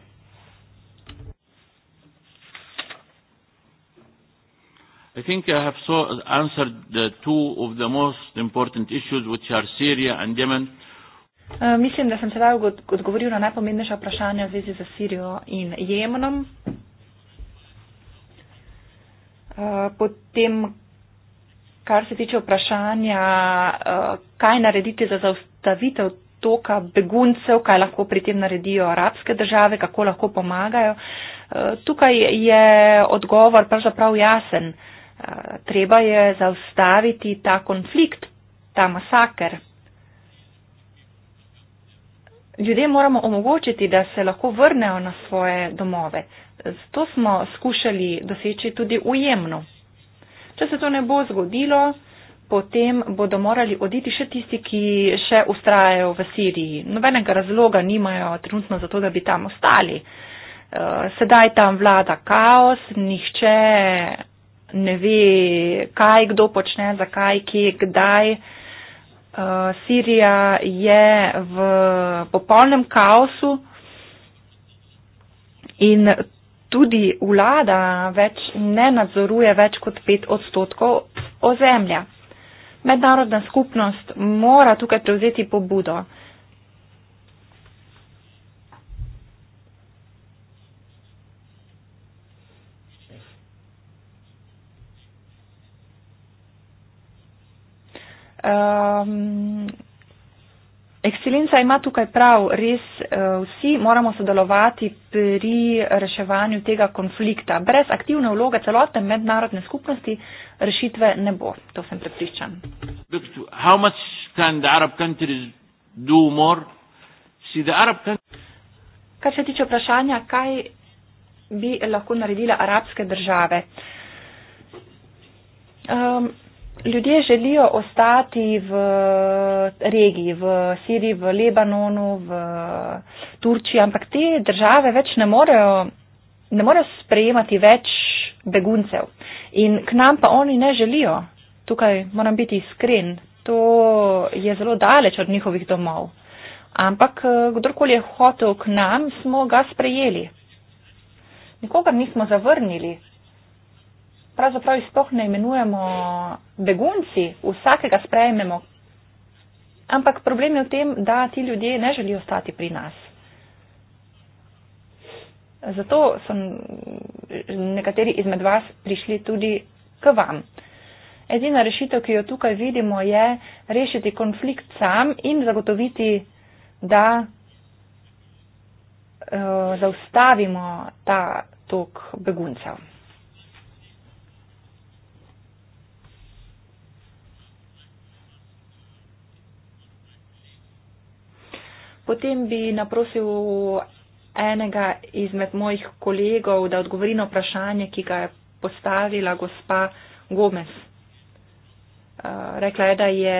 I think I have so answered the two of the most important issues, which are Syria and Yemen. E, mislim, da sem sedaj odgovoril na najpomembnejša vprašanja v zvezi z Sirijo in Jemnom. E, potem, kar se tiče vprašanja, e, kaj narediti za zaustavitev toka beguncev, kaj lahko pri tem naredijo arabske države, kako lahko pomagajo. Tukaj je odgovor pravzaprav jasen treba je zaustaviti ta konflikt, ta masaker. Ljudje moramo omogočiti, da se lahko vrnejo na svoje domove. Zato smo skušali doseči tudi ujemno. Če se to ne bo zgodilo, potem bodo morali oditi še tisti, ki še ustrajajo v Siriji. Nobenega razloga nimajo trenutno za to, da bi tam ostali. Eh, sedaj tam vlada kaos, nihče ne ve, kaj kdo počne, zakaj, kje, kdaj. Uh, Sirija je v popolnem kaosu in tudi vlada več ne nadzoruje več kot pet odstotkov ozemlja. Mednarodna skupnost mora tukaj prevzeti pobudo. um, Ekscelenca ima tukaj prav, res eh, vsi moramo sodelovati pri reševanju tega konflikta. Brez aktivne vloge celotne mednarodne skupnosti rešitve ne bo, to sem prepričan. Kar se tiče vprašanja, kaj bi lahko naredile arabske države. Um, ljudje želijo ostati v regiji, v Siriji, v Lebanonu, v Turčiji, ampak te države več ne morejo, ne morejo sprejemati več beguncev. In k nam pa oni ne želijo. Tukaj moram biti iskren. To je zelo daleč od njihovih domov. Ampak eh, kdorkoli je hotel k nam, smo ga sprejeli. Nikogar nismo zavrnili pravzaprav jih spoh ne imenujemo begunci, vsakega sprejmemo. Ampak problem je v tem, da ti ljudje ne želijo ostati pri nas. Zato so nekateri izmed vas prišli tudi k vam. Edina rešitev, ki jo tukaj vidimo, je rešiti konflikt sam in zagotoviti, da uh, zaustavimo ta tok beguncev. Potem bi naprosil enega izmed mojih kolegov, da odgovori na vprašanje, ki ga je postavila gospa Gomez. Eh, rekla je, da je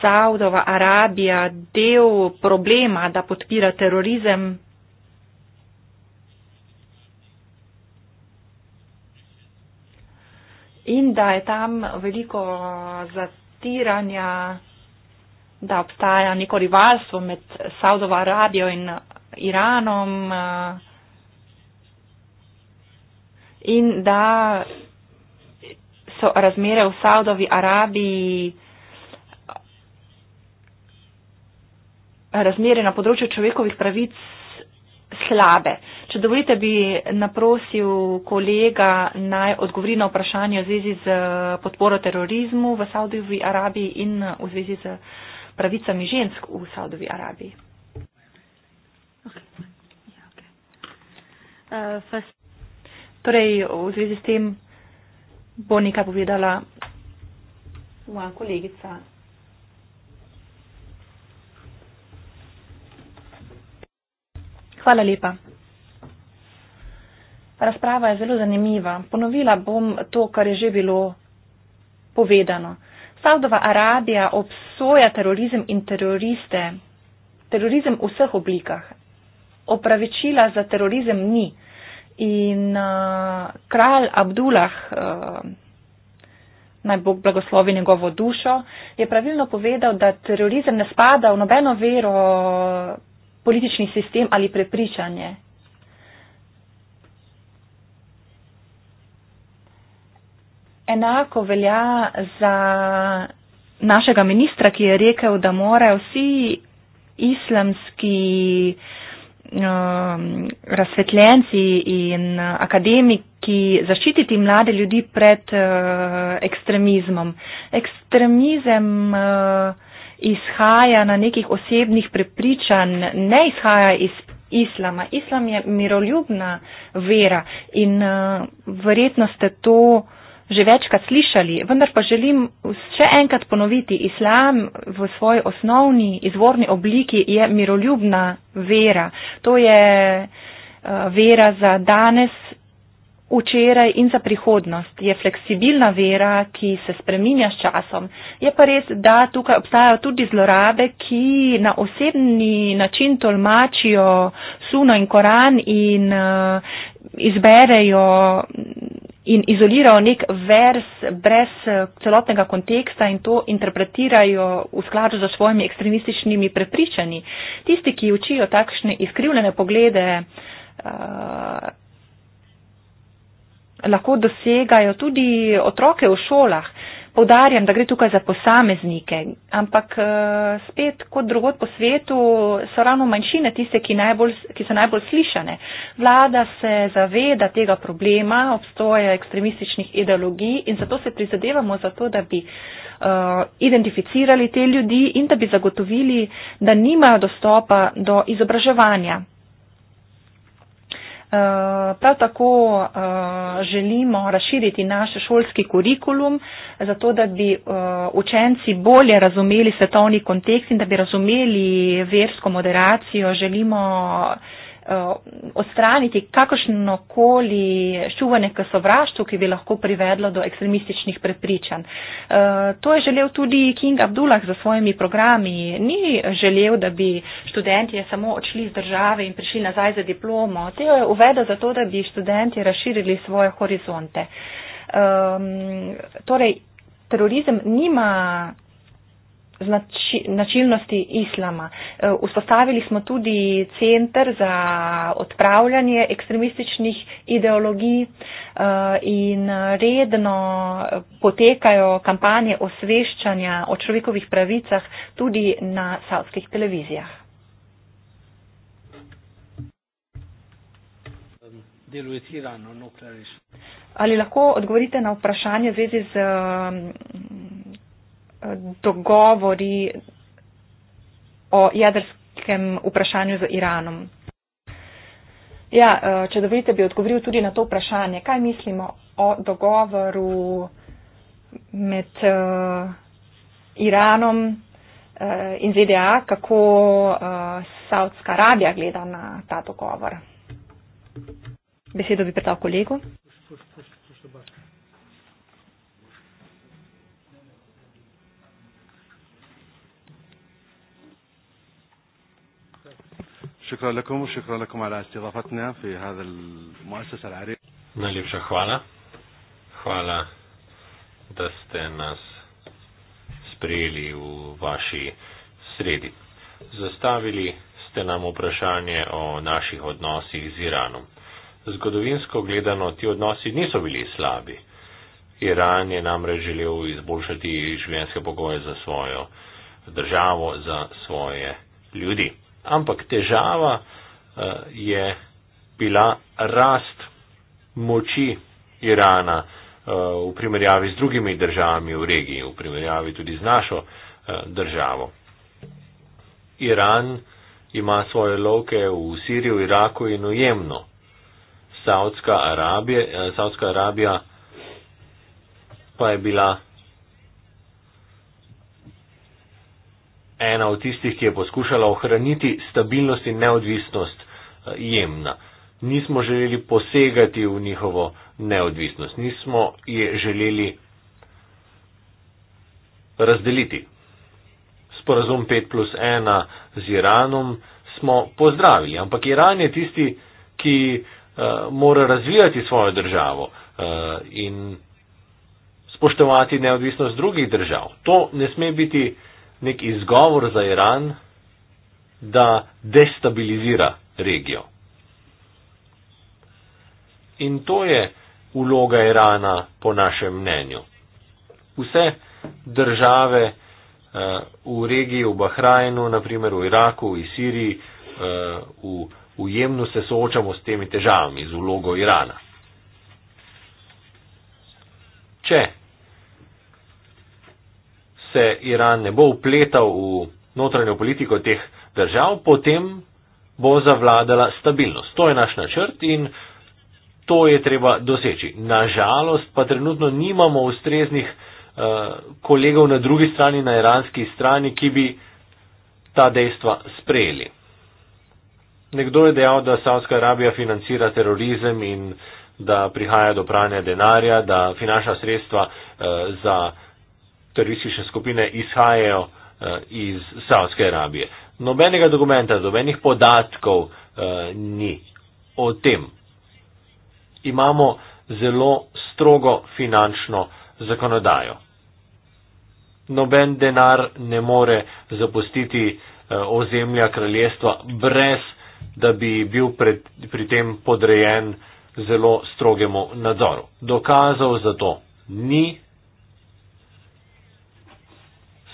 Saudova Arabija del problema, da podpira terorizem. In da je tam veliko zatiranja da obstaja neko rivalstvo med Saudovo Arabijo in uh, Iranom uh, in da so razmere v Saudovi Arabiji, uh, razmere na področju človekovih pravic slabe. Če dovolite, bi naprosil kolega naj odgovori na vprašanje v zvezi z podporo terorizmu v Saudovi Arabiji in v zvezi z pravicami žensk v Saudovi Arabiji. Torej, v zvezi s tem bo nekaj povedala moja kolegica. Hvala lepa. Razprava je zelo zanimiva. Ponovila bom to, kar je že bilo povedano. Saudova Arabija obsoja terorizem in teroriste, terorizem v vseh oblikah. Opravičila za terorizem ni. In uh, kralj Abdullah, uh, naj Bog blagoslovi njegovo dušo, je pravilno povedal, da terorizem ne spada v nobeno vero, politični sistem ali prepričanje. Enako velja za našega ministra, ki je rekel, da morajo vsi islamski um, razsvetljenci in uh, akademiki zaščititi mlade ljudi pred uh, ekstremizmom. Ekstremizem uh, izhaja na nekih osebnih prepričanj, ne izhaja iz. Islama. Islam je miroljubna vera in uh, verjetno ste to uh, že večkrat slišali, vendar pa želim še enkrat ponoviti, islam v svoji osnovni, izvorni obliki je miroljubna vera. To je eh, vera za danes, včeraj in za prihodnost. Je fleksibilna vera, ki se spreminja s časom. Je pa res, da tukaj obstajajo tudi zlorabe, ki na osebni način tolmačijo suno in koran in eh, izberejo in izolirajo nek vers brez eh, celotnega konteksta in to interpretirajo v skladu za svojimi ekstremističnimi prepričani. Tisti, ki učijo takšne izkrivljene poglede, uh, lahko dosegajo tudi otroke v šolah, Povdarjam, da gre tukaj za posameznike, ampak eh, spet kot drugot po svetu so ravno manjšine tiste, ki, najbolj, ki so najbolj slišane. Vlada se zaveda tega problema, obstoja ekstremističnih ideologij in zato se prizadevamo za to, da bi eh, identificirali te ljudi in da bi zagotovili, da nimajo dostopa do izobraževanja. Eh, prav tako eh, želimo razširiti naš šolski kurikulum, zato da bi eh, učenci bolje razumeli svetovni kontekst in da bi razumeli versko moderacijo. Želimo Eh, odstraniti kakršno koli ščuvanje k sovraštvu, ki bi lahko privedlo do ekstremističnih prepričanj. Eh, to je želel tudi King Abdullah za svojimi programi. Ni želel, da bi študenti samo odšli iz države in prišli nazaj za diplomo. Te je uvedel zato, da bi študenti razširili svoje horizonte. Um, torej, terorizem nima znači, načilnosti islama. E, vzpostavili smo tudi centr za odpravljanje ekstremističnih ideologij e, in redno potekajo kampanje osveščanja o človekovih pravicah tudi na savskih televizijah. Ali lahko odgovorite na vprašanje v zvezi z dogovori o jedrskem vprašanju z Iranom. Ja, e, če dovolite, bi odgovoril tudi na to vprašanje. Kaj mislimo o dogovoru med e, Iranom e, in ZDA, kako Saudska Arabija gleda na ta dogovor? Besedo bi predal kolegu. شكرا لكم وشكرا لكم على استضافتنا في هذا المؤسسة العريقة نليب شخوالة خوالة دستناس sprejeli v vaši sredi. Zastavili ste nam vprašanje o naših odnosih z Iranom. Zgodovinsko gledano ti odnosi niso bili slabi. Iran je namreč želel izboljšati življenjske pogoje za svojo državo, za svoje ljudi ampak težava eh, je bila rast moči Irana eh, v primerjavi z drugimi državami v regiji, v primerjavi tudi z našo eh, državo. Iran ima svoje lovke v Siriji, v Iraku in v Jemnu. Saudska Arabija, Saudska Arabija pa je bila ena od tistih, ki je poskušala ohraniti stabilnost in neodvisnost eh, jemna. Nismo želeli posegati v njihovo neodvisnost, nismo je želeli razdeliti. Sporazum 5 plus 1 z Iranom smo pozdravili, ampak Iran je tisti, ki uh, mora razvijati svojo državo uh, in spoštovati neodvisnost drugih držav. To ne sme biti uh, nek izgovor za Iran, da destabilizira regijo. In to je uloga Irana, po našem mnenju. Vse države eh, v regiji, v Bahrajnu, naprimer v Iraku, v Siriji, eh, v, v Jemnu se soočamo s temi težavami, z ulogo Irana. Če se Iran ne bo upletal v notranjo politiko teh držav, potem bo zavladala stabilnost. To je naš načrt in to je treba doseči. Nažalost pa trenutno nimamo ustreznih uh, kolegov na drugi strani, na iranski strani, ki bi ta dejstva sprejeli. Nekdo je dejal, da Saudska Arabija financira terorizem in da prihaja do pranja denarja, da finančna sredstva uh, za teroristične skupine izhajajo eh, iz Saudske Arabije. Nobenega dokumenta, nobenih podatkov eh, ni o tem. Imamo zelo strogo finančno zakonodajo. Noben denar ne more zapustiti eh, ozemlja kraljestva brez, da bi bil pred, pri tem podrejen zelo strogemu nadzoru. Dokazov za to ni,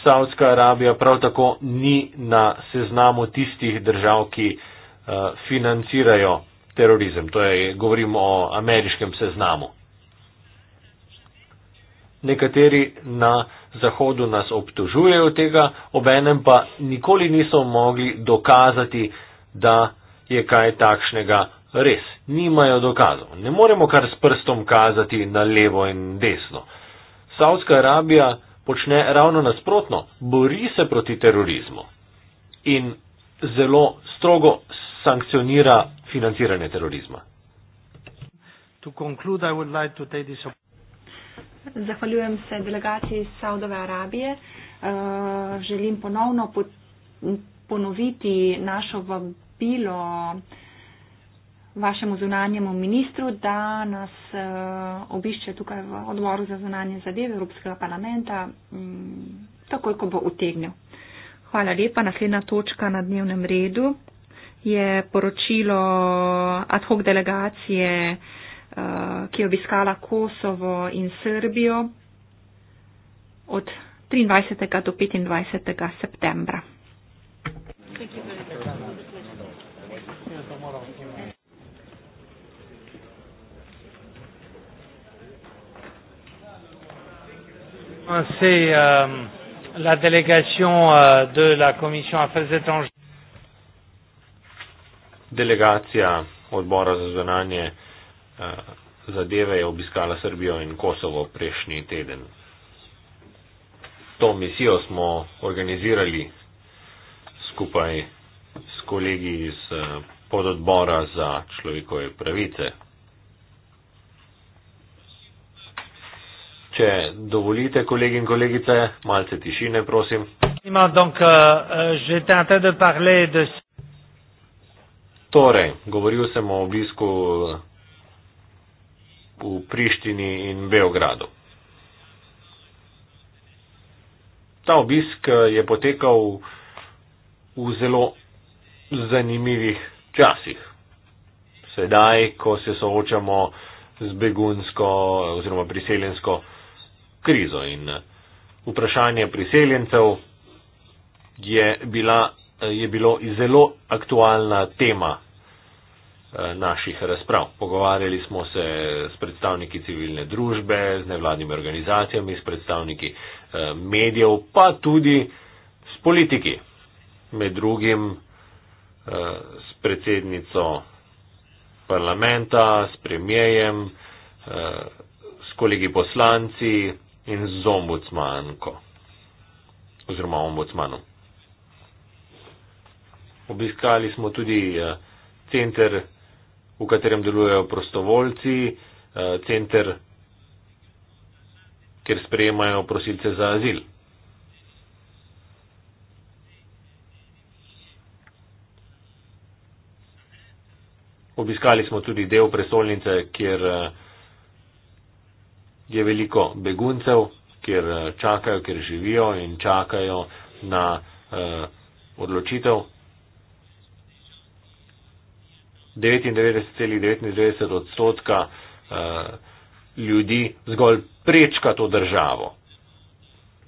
Saudska Arabija prav tako ni na seznamu tistih držav, ki eh, financirajo terorizem. To je, govorimo o ameriškem seznamu. Nekateri na Zahodu nas obtožujejo tega, obenem pa nikoli niso mogli dokazati, da je kaj takšnega res. Nimajo dokazov. Ne moremo kar s prstom kazati na levo in desno. Saudska Arabija počne ravno nasprotno, bori se proti terorizmu in zelo strogo sankcionira financiranje terorizma. Zahvaljujem se delegaciji iz Saudove Arabije. Eh, želim ponovno ponoviti našo vabilo vašemu zunanjemu ministru, da nas eh, obišče tukaj v odboru za zunanje zadeve Evropskega parlamenta, mm, takoj, ko bo utegnil. Hvala lepa. Naslednja točka na dnevnem redu je poročilo ad hoc delegacije, eh, ki je obiskala Kosovo in Srbijo od 23. do 25. septembra. Thank you. commencer euh, la délégation euh, de la Commission Affaires étrangères. Delegacija odbora za zvonanje eh, zadeve je obiskala Srbijo in Kosovo prejšnji teden. To misijo smo organizirali skupaj s kolegi iz eh, pododbora za človekove pravice Če dovolite, kolegi in kolegice, malce tišine, prosim. Euh, euh, torej, govoril sem o obisku v Prištini in Beogradu. Ta obisk eh, je potekal v zelo zanimivih časih. Sedaj, ko se soočamo z begunsko oziroma priseljensko krizo in eh, vprašanje priseljencev je, bila, eh, je bilo zelo aktualna tema eh, naših razprav. Pogovarjali smo se s predstavniki civilne družbe, z nevladnimi organizacijami, s predstavniki medijev, pa tudi s politiki, med drugim s predsednico parlamenta, s premijejem, s kolegi poslanci, in z ombudsmanko oziroma ombudsmanom. Obiskali smo tudi eh, center, v katerem delujejo prostovoljci, eh, center, kjer sprejemajo prosilce za azil. Obiskali smo tudi del prestolnice, kjer uh, je veliko beguncev, kjer eh, čakajo, kjer živijo in čakajo na eh, odločitev. 99,99 odstotka eh, ljudi zgolj prečka to državo.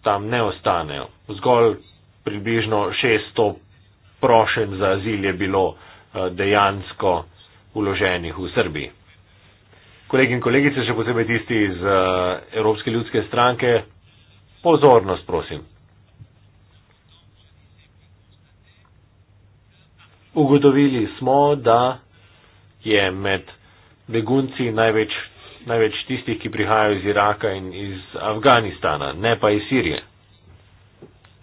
Tam ne ostanejo. Zgolj približno 600 prošen za azil je bilo eh, dejansko uloženih v Srbiji kolegi in kolegice, še posebej tisti iz uh, Evropske ljudske stranke, pozornost prosim. Ugotovili smo, da je med begunci največ, največ tistih, ki prihajajo iz Iraka in iz Afganistana, ne pa iz Sirije.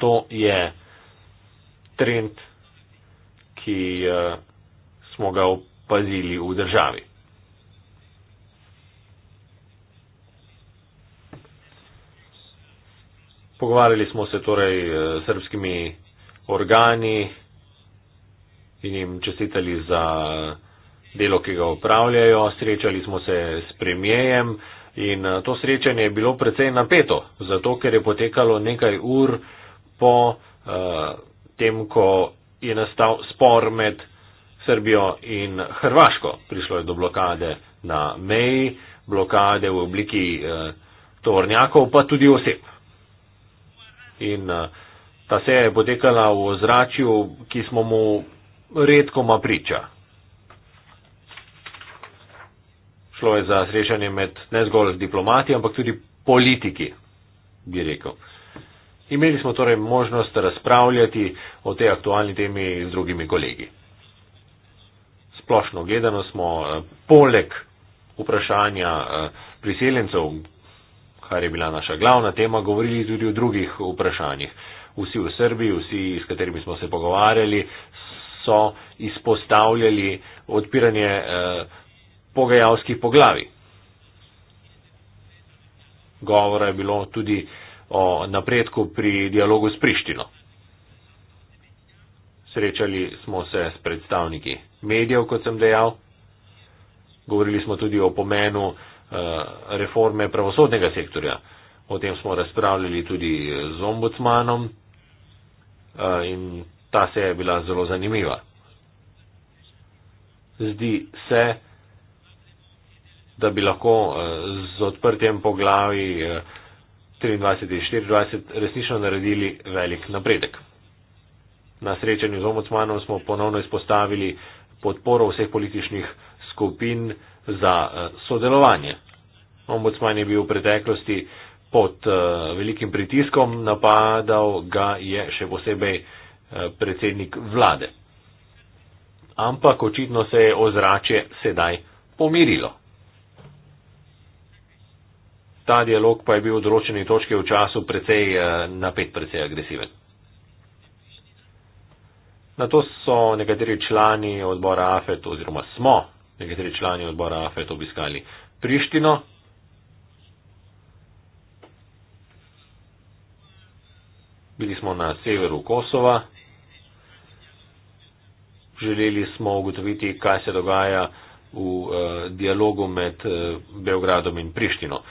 To je trend, ki uh, smo ga opazili v državi. Pogovarjali smo se torej eh, s srpskimi organi in jim čestitali za delo, ki ga upravljajo. Srečali smo se s premijejem in eh, to srečanje je bilo precej napeto, zato ker je potekalo nekaj ur po eh, tem, ko je nastal spor med Srbijo in Hrvaško. Prišlo je do blokade na meji, blokade v obliki tovornjakov, pa tudi oseb. In eh, ta seja je potekala v ozračju, ki smo mu redkoma priča. Šlo je za srečanje med ne zgolj diplomati, ampak tudi politiki, bi rekel. Imeli smo torej možnost razpravljati o tej aktualni temi z drugimi kolegi. Splošno gledano smo eh, poleg vprašanja eh, priseljencev, kar je bila naša glavna tema, govorili tudi o drugih vprašanjih. Vsi v Srbiji, vsi, s katerimi smo se pogovarjali, so izpostavljali odpiranje eh, pogajalskih poglavi. Govora je bilo tudi o napredku pri dialogu s Prištino. Srečali smo se s predstavniki medijev, kot sem dejal. Govorili smo tudi o pomenu Eh, reforme pravosodnega sektorja. O tem smo razpravljali tudi z ombudsmanom eh, in ta se je bila zelo zanimiva. Zdi se, da bi lahko eh, z odprtjem poglavi 23 in 24 resnično naredili velik napredek. Na srečanju z ombudsmanom smo ponovno izpostavili podporo vseh političnih skupin, za eh, sodelovanje. Ombudsman je bil v preteklosti pod eh, velikim pritiskom, napadal ga je še posebej eh, predsednik vlade. Ampak očitno se je ozračje sedaj pomirilo. Ta dialog pa je bil v določeni točki v času precej napet, precej agresiven. Na to so nekateri člani odbora AFET oziroma smo nekateri člani odbora AFET obiskali Prištino. Bili smo na severu Kosova. Želeli smo ugotoviti, kaj se dogaja v eh, dialogu med eh, Beogradom in Prištino,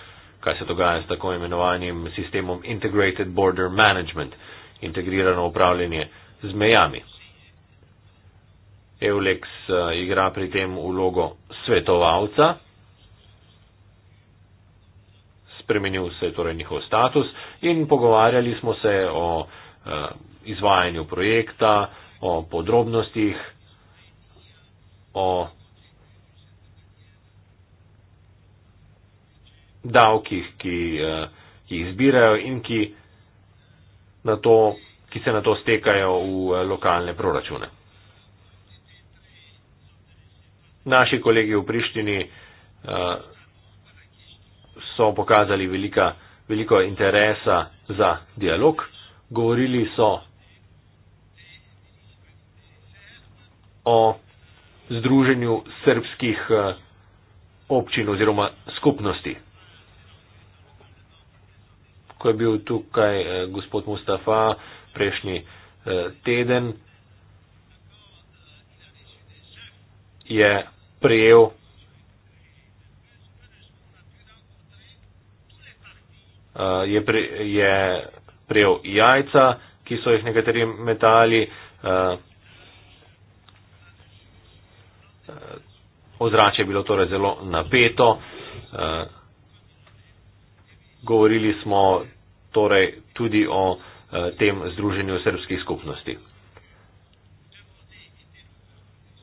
kaj se dogaja s tako imenovanim sistemom Integrated Border Management, integrirano upravljanje z mejami. Eulex eh, igra pri tem vlogo svetovalca. Spremenil se je torej njihov status in pogovarjali smo se o eh, izvajanju projekta, o podrobnostih, o davkih, ki eh, jih zbirajo in ki, na to, ki se na to stekajo v lokalne proračune. naši kolegi v Prištini uh, so pokazali velika, veliko interesa za dialog. Govorili so o združenju srpskih uh, eh, občin oziroma skupnosti. Ko je bil tukaj uh, gospod Mustafa prejšnji uh, teden, je prejel. Uh, eh, je, pre, je prejel jajca, ki so jih nekateri metali, uh, ozračje je bilo torej zelo napeto. Uh, govorili smo torej tudi o uh, tem združenju srpskih skupnosti.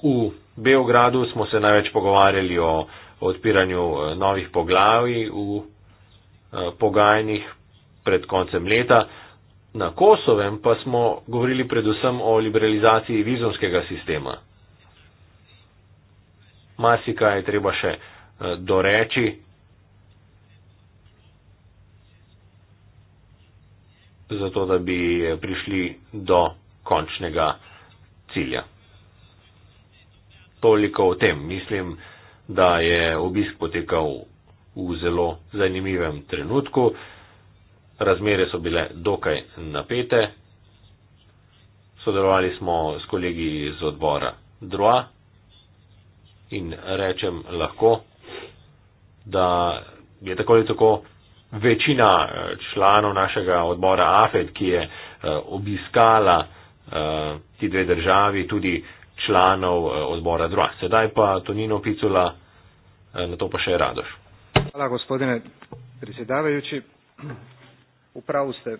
U Beogradu smo se največ pogovarjali o odpiranju eh, novih poglavij v eh, pogajanjih pred koncem leta. Na Kosovem pa smo govorili predvsem o liberalizaciji vizumskega sistema. Masika je treba še eh, doreči. zato da bi prišli do končnega cilja toliko o tem. Mislim, da je obisk potekal v zelo zanimivem trenutku. Razmere so bile dokaj napete. Sodelovali smo s kolegi iz odbora DROA in rečem lahko, da je tako ali tako večina eh, članov našega odbora AFED, ki je eh, obiskala eh, ti dve državi, tudi uh, članov eh, odbora DRUA. Sedaj pa Tonino Picula, eh, na to pa še Radoš. Hvala gospodine predsjedavajući. Upravu ste,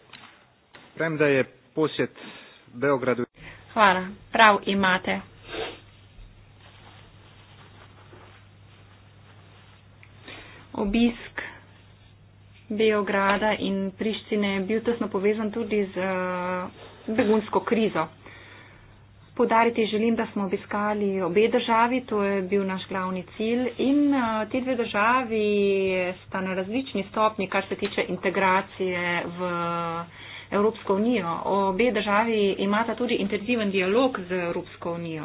premda je posjet Beogradu. Hvala, prav imate. Obisk Beograda in Prištine je bil tesno povezan tudi z eh, begunsko krizo. Podariti želim, da smo obiskali obe državi, to je bil naš glavni cilj in eh, te dve državi sta na različni stopni, kar se tiče integracije v Evropsko unijo. Obe državi imata tudi intenziven dialog z Evropsko unijo.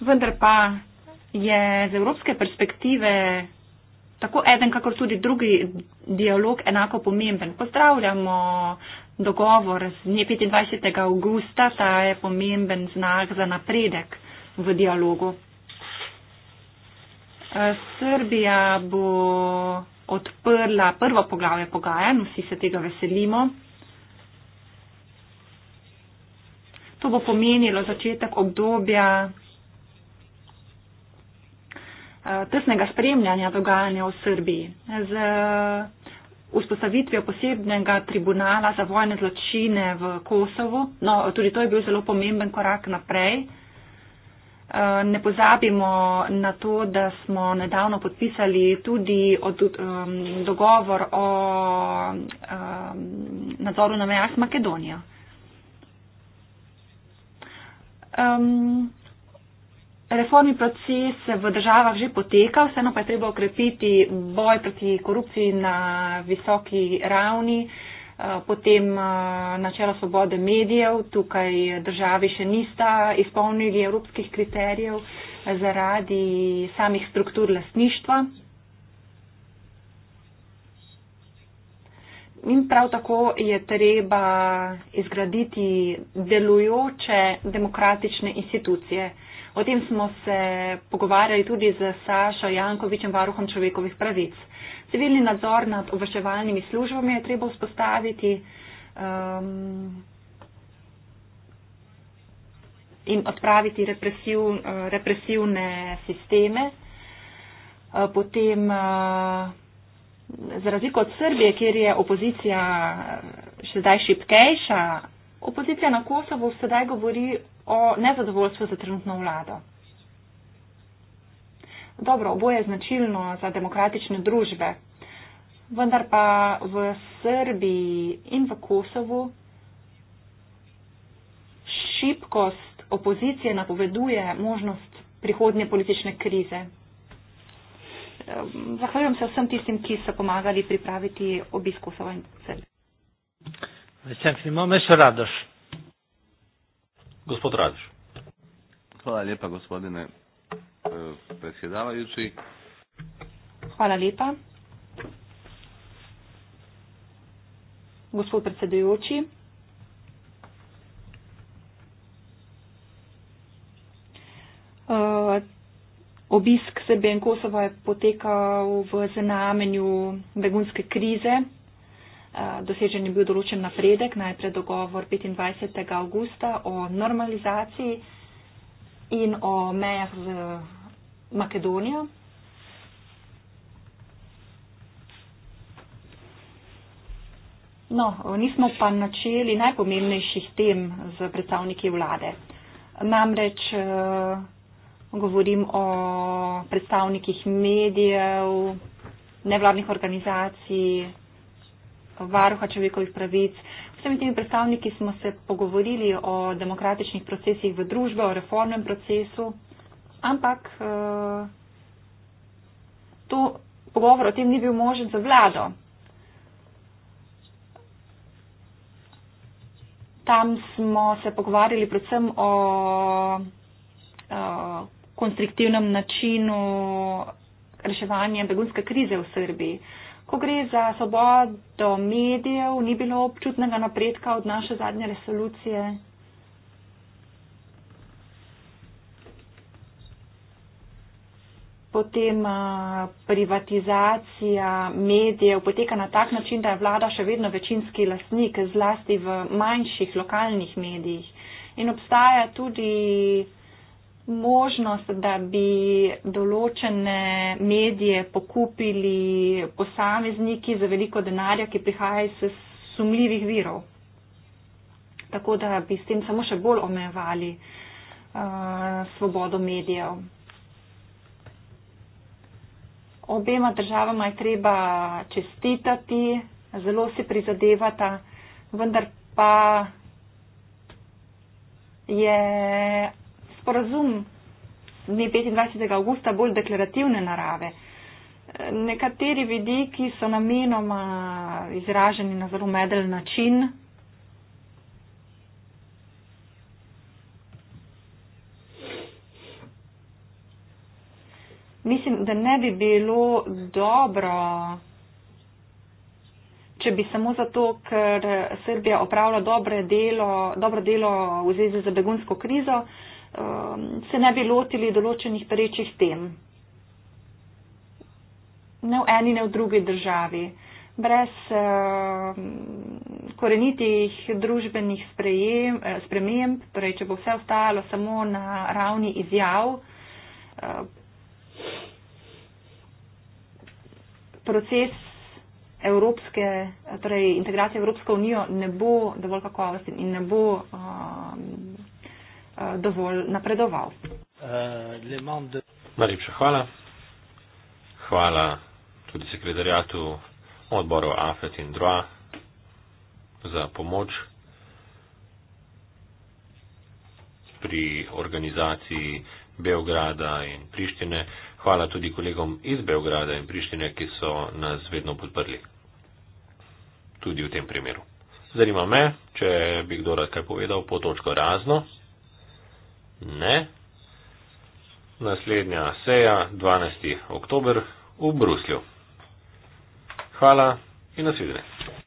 Vendar pa je z evropske perspektive tako eden, kakor tudi drugi dialog enako pomemben. Pozdravljamo dogovor z dne 25. augusta, ta je pomemben znak za napredek v dialogu. Eh, Srbija bo odprla prvo poglavje pogajanj, vsi se tega veselimo. To bo pomenilo začetek obdobja Eh, tesnega spremljanja dogajanja v Srbiji. Z eh, vzpostavitvijo posebnega tribunala za vojne zločine v Kosovo, no, tudi to je bil zelo pomemben korak naprej. Eh, ne pozabimo na to, da smo nedavno podpisali tudi od, um, dogovor o um, nadzoru na mejah s Makedonijo. Um, Reformni proces v državah že poteka, vseeno pa je treba okrepiti boj proti korupciji na visoki ravni, eh, potem eh, načelo svobode medijev, tukaj državi še nista izpolnili evropskih kriterijev eh, zaradi samih struktur lasništva. In prav tako je treba izgraditi delujoče demokratične institucije. O tem smo se pogovarjali tudi z Sašo Jankovičem, varuhom človekovih pravic. Civilni nadzor nad obveščevalnimi službami je treba vzpostaviti um, in odpraviti represiv, represivne sisteme. Uh, potem, uh, za razliko od Srbije, kjer je opozicija še zdaj šipkejša, opozicija na Kosovo sedaj govori o nezadovoljstvu za trenutno vlado. Dobro, oboje je značilno za demokratične družbe, vendar pa v Srbiji in v Kosovu šibkost opozicije napoveduje možnost prihodnje politične krize. Ehm, zahvaljujem se vsem tistim, ki so pomagali pripraviti obisk Kosova in Srbije. Vesel sem, imamo še radošt. Gospod Radiš. Hvala lepa, gospodine eh, predsjedavajući. Hvala lepa. Gospod predsedujoči. Uh, obisk Srbije in Kosova je potekal v znamenju begunske krize. Eh, dosežen je bil določen napredek, najprej dogovor 25. augusta o normalizaciji in o mejah z Makedonijo. No, nismo pa načeli najpomembnejših tem z predstavniki vlade. Namreč eh, govorim o predstavnikih medijev, nevladnih organizacij, varuha človekovih pravic. Vsemi temi predstavniki smo se pogovorili o demokratičnih procesih v družbi, o reformnem procesu, ampak uh, to pogovor o tem ni bil možen za vlado. Tam smo se pogovarjali predvsem o, o eh, konstruktivnem načinu reševanja begunske krize v Srbiji. Uh, Ko gre za svobodo medijev, ni bilo občutnega napredka od naše zadnje resolucije. Potem privatizacija medijev poteka na tak način, da je vlada še vedno večinski lasnik, zlasti v manjših lokalnih medijih. In obstaja tudi možnost, da bi določene medije pokupili posamezniki za veliko denarja, ki prihaja iz sumljivih virov. Tako da bi s tem samo še bolj omejevali uh, svobodo medijev. Obema državama je treba čestitati, zelo si prizadevata, vendar pa je sporazum dne 25. augusta bolj deklarativne narave. Nekateri vidiki so namenoma izraženi na zelo medel način. Mislim, da ne bi bilo dobro, če bi samo zato, ker Srbija opravlja dobro delo, dobro delo v zvezi z begunsko krizo, eh, um, se ne bi lotili določenih perečih tem. Ne v eni, ne v drugi državi. Brez uh, korenitih družbenih sprejem, eh, sprememb, torej če bo vse ostalo samo na ravni izjav, uh, proces. Evropske, torej integracije Evropsko unijo ne bo dovolj kakovosten in ne bo um, Eh, dovolj napredoval. Najlepša hvala. Hvala tudi sekretarjatu odboru AFET in DROA za pomoč pri organizaciji Beograda in Prištine. Hvala tudi kolegom iz Beograda in Prištine, ki so nas vedno podprli. Tudi v tem primeru. Zanima me, če bi kdo rad kaj povedal po točko razno. Ne. Naslednja seja 12. oktober v Bruslju. Hvala in nasvidenje.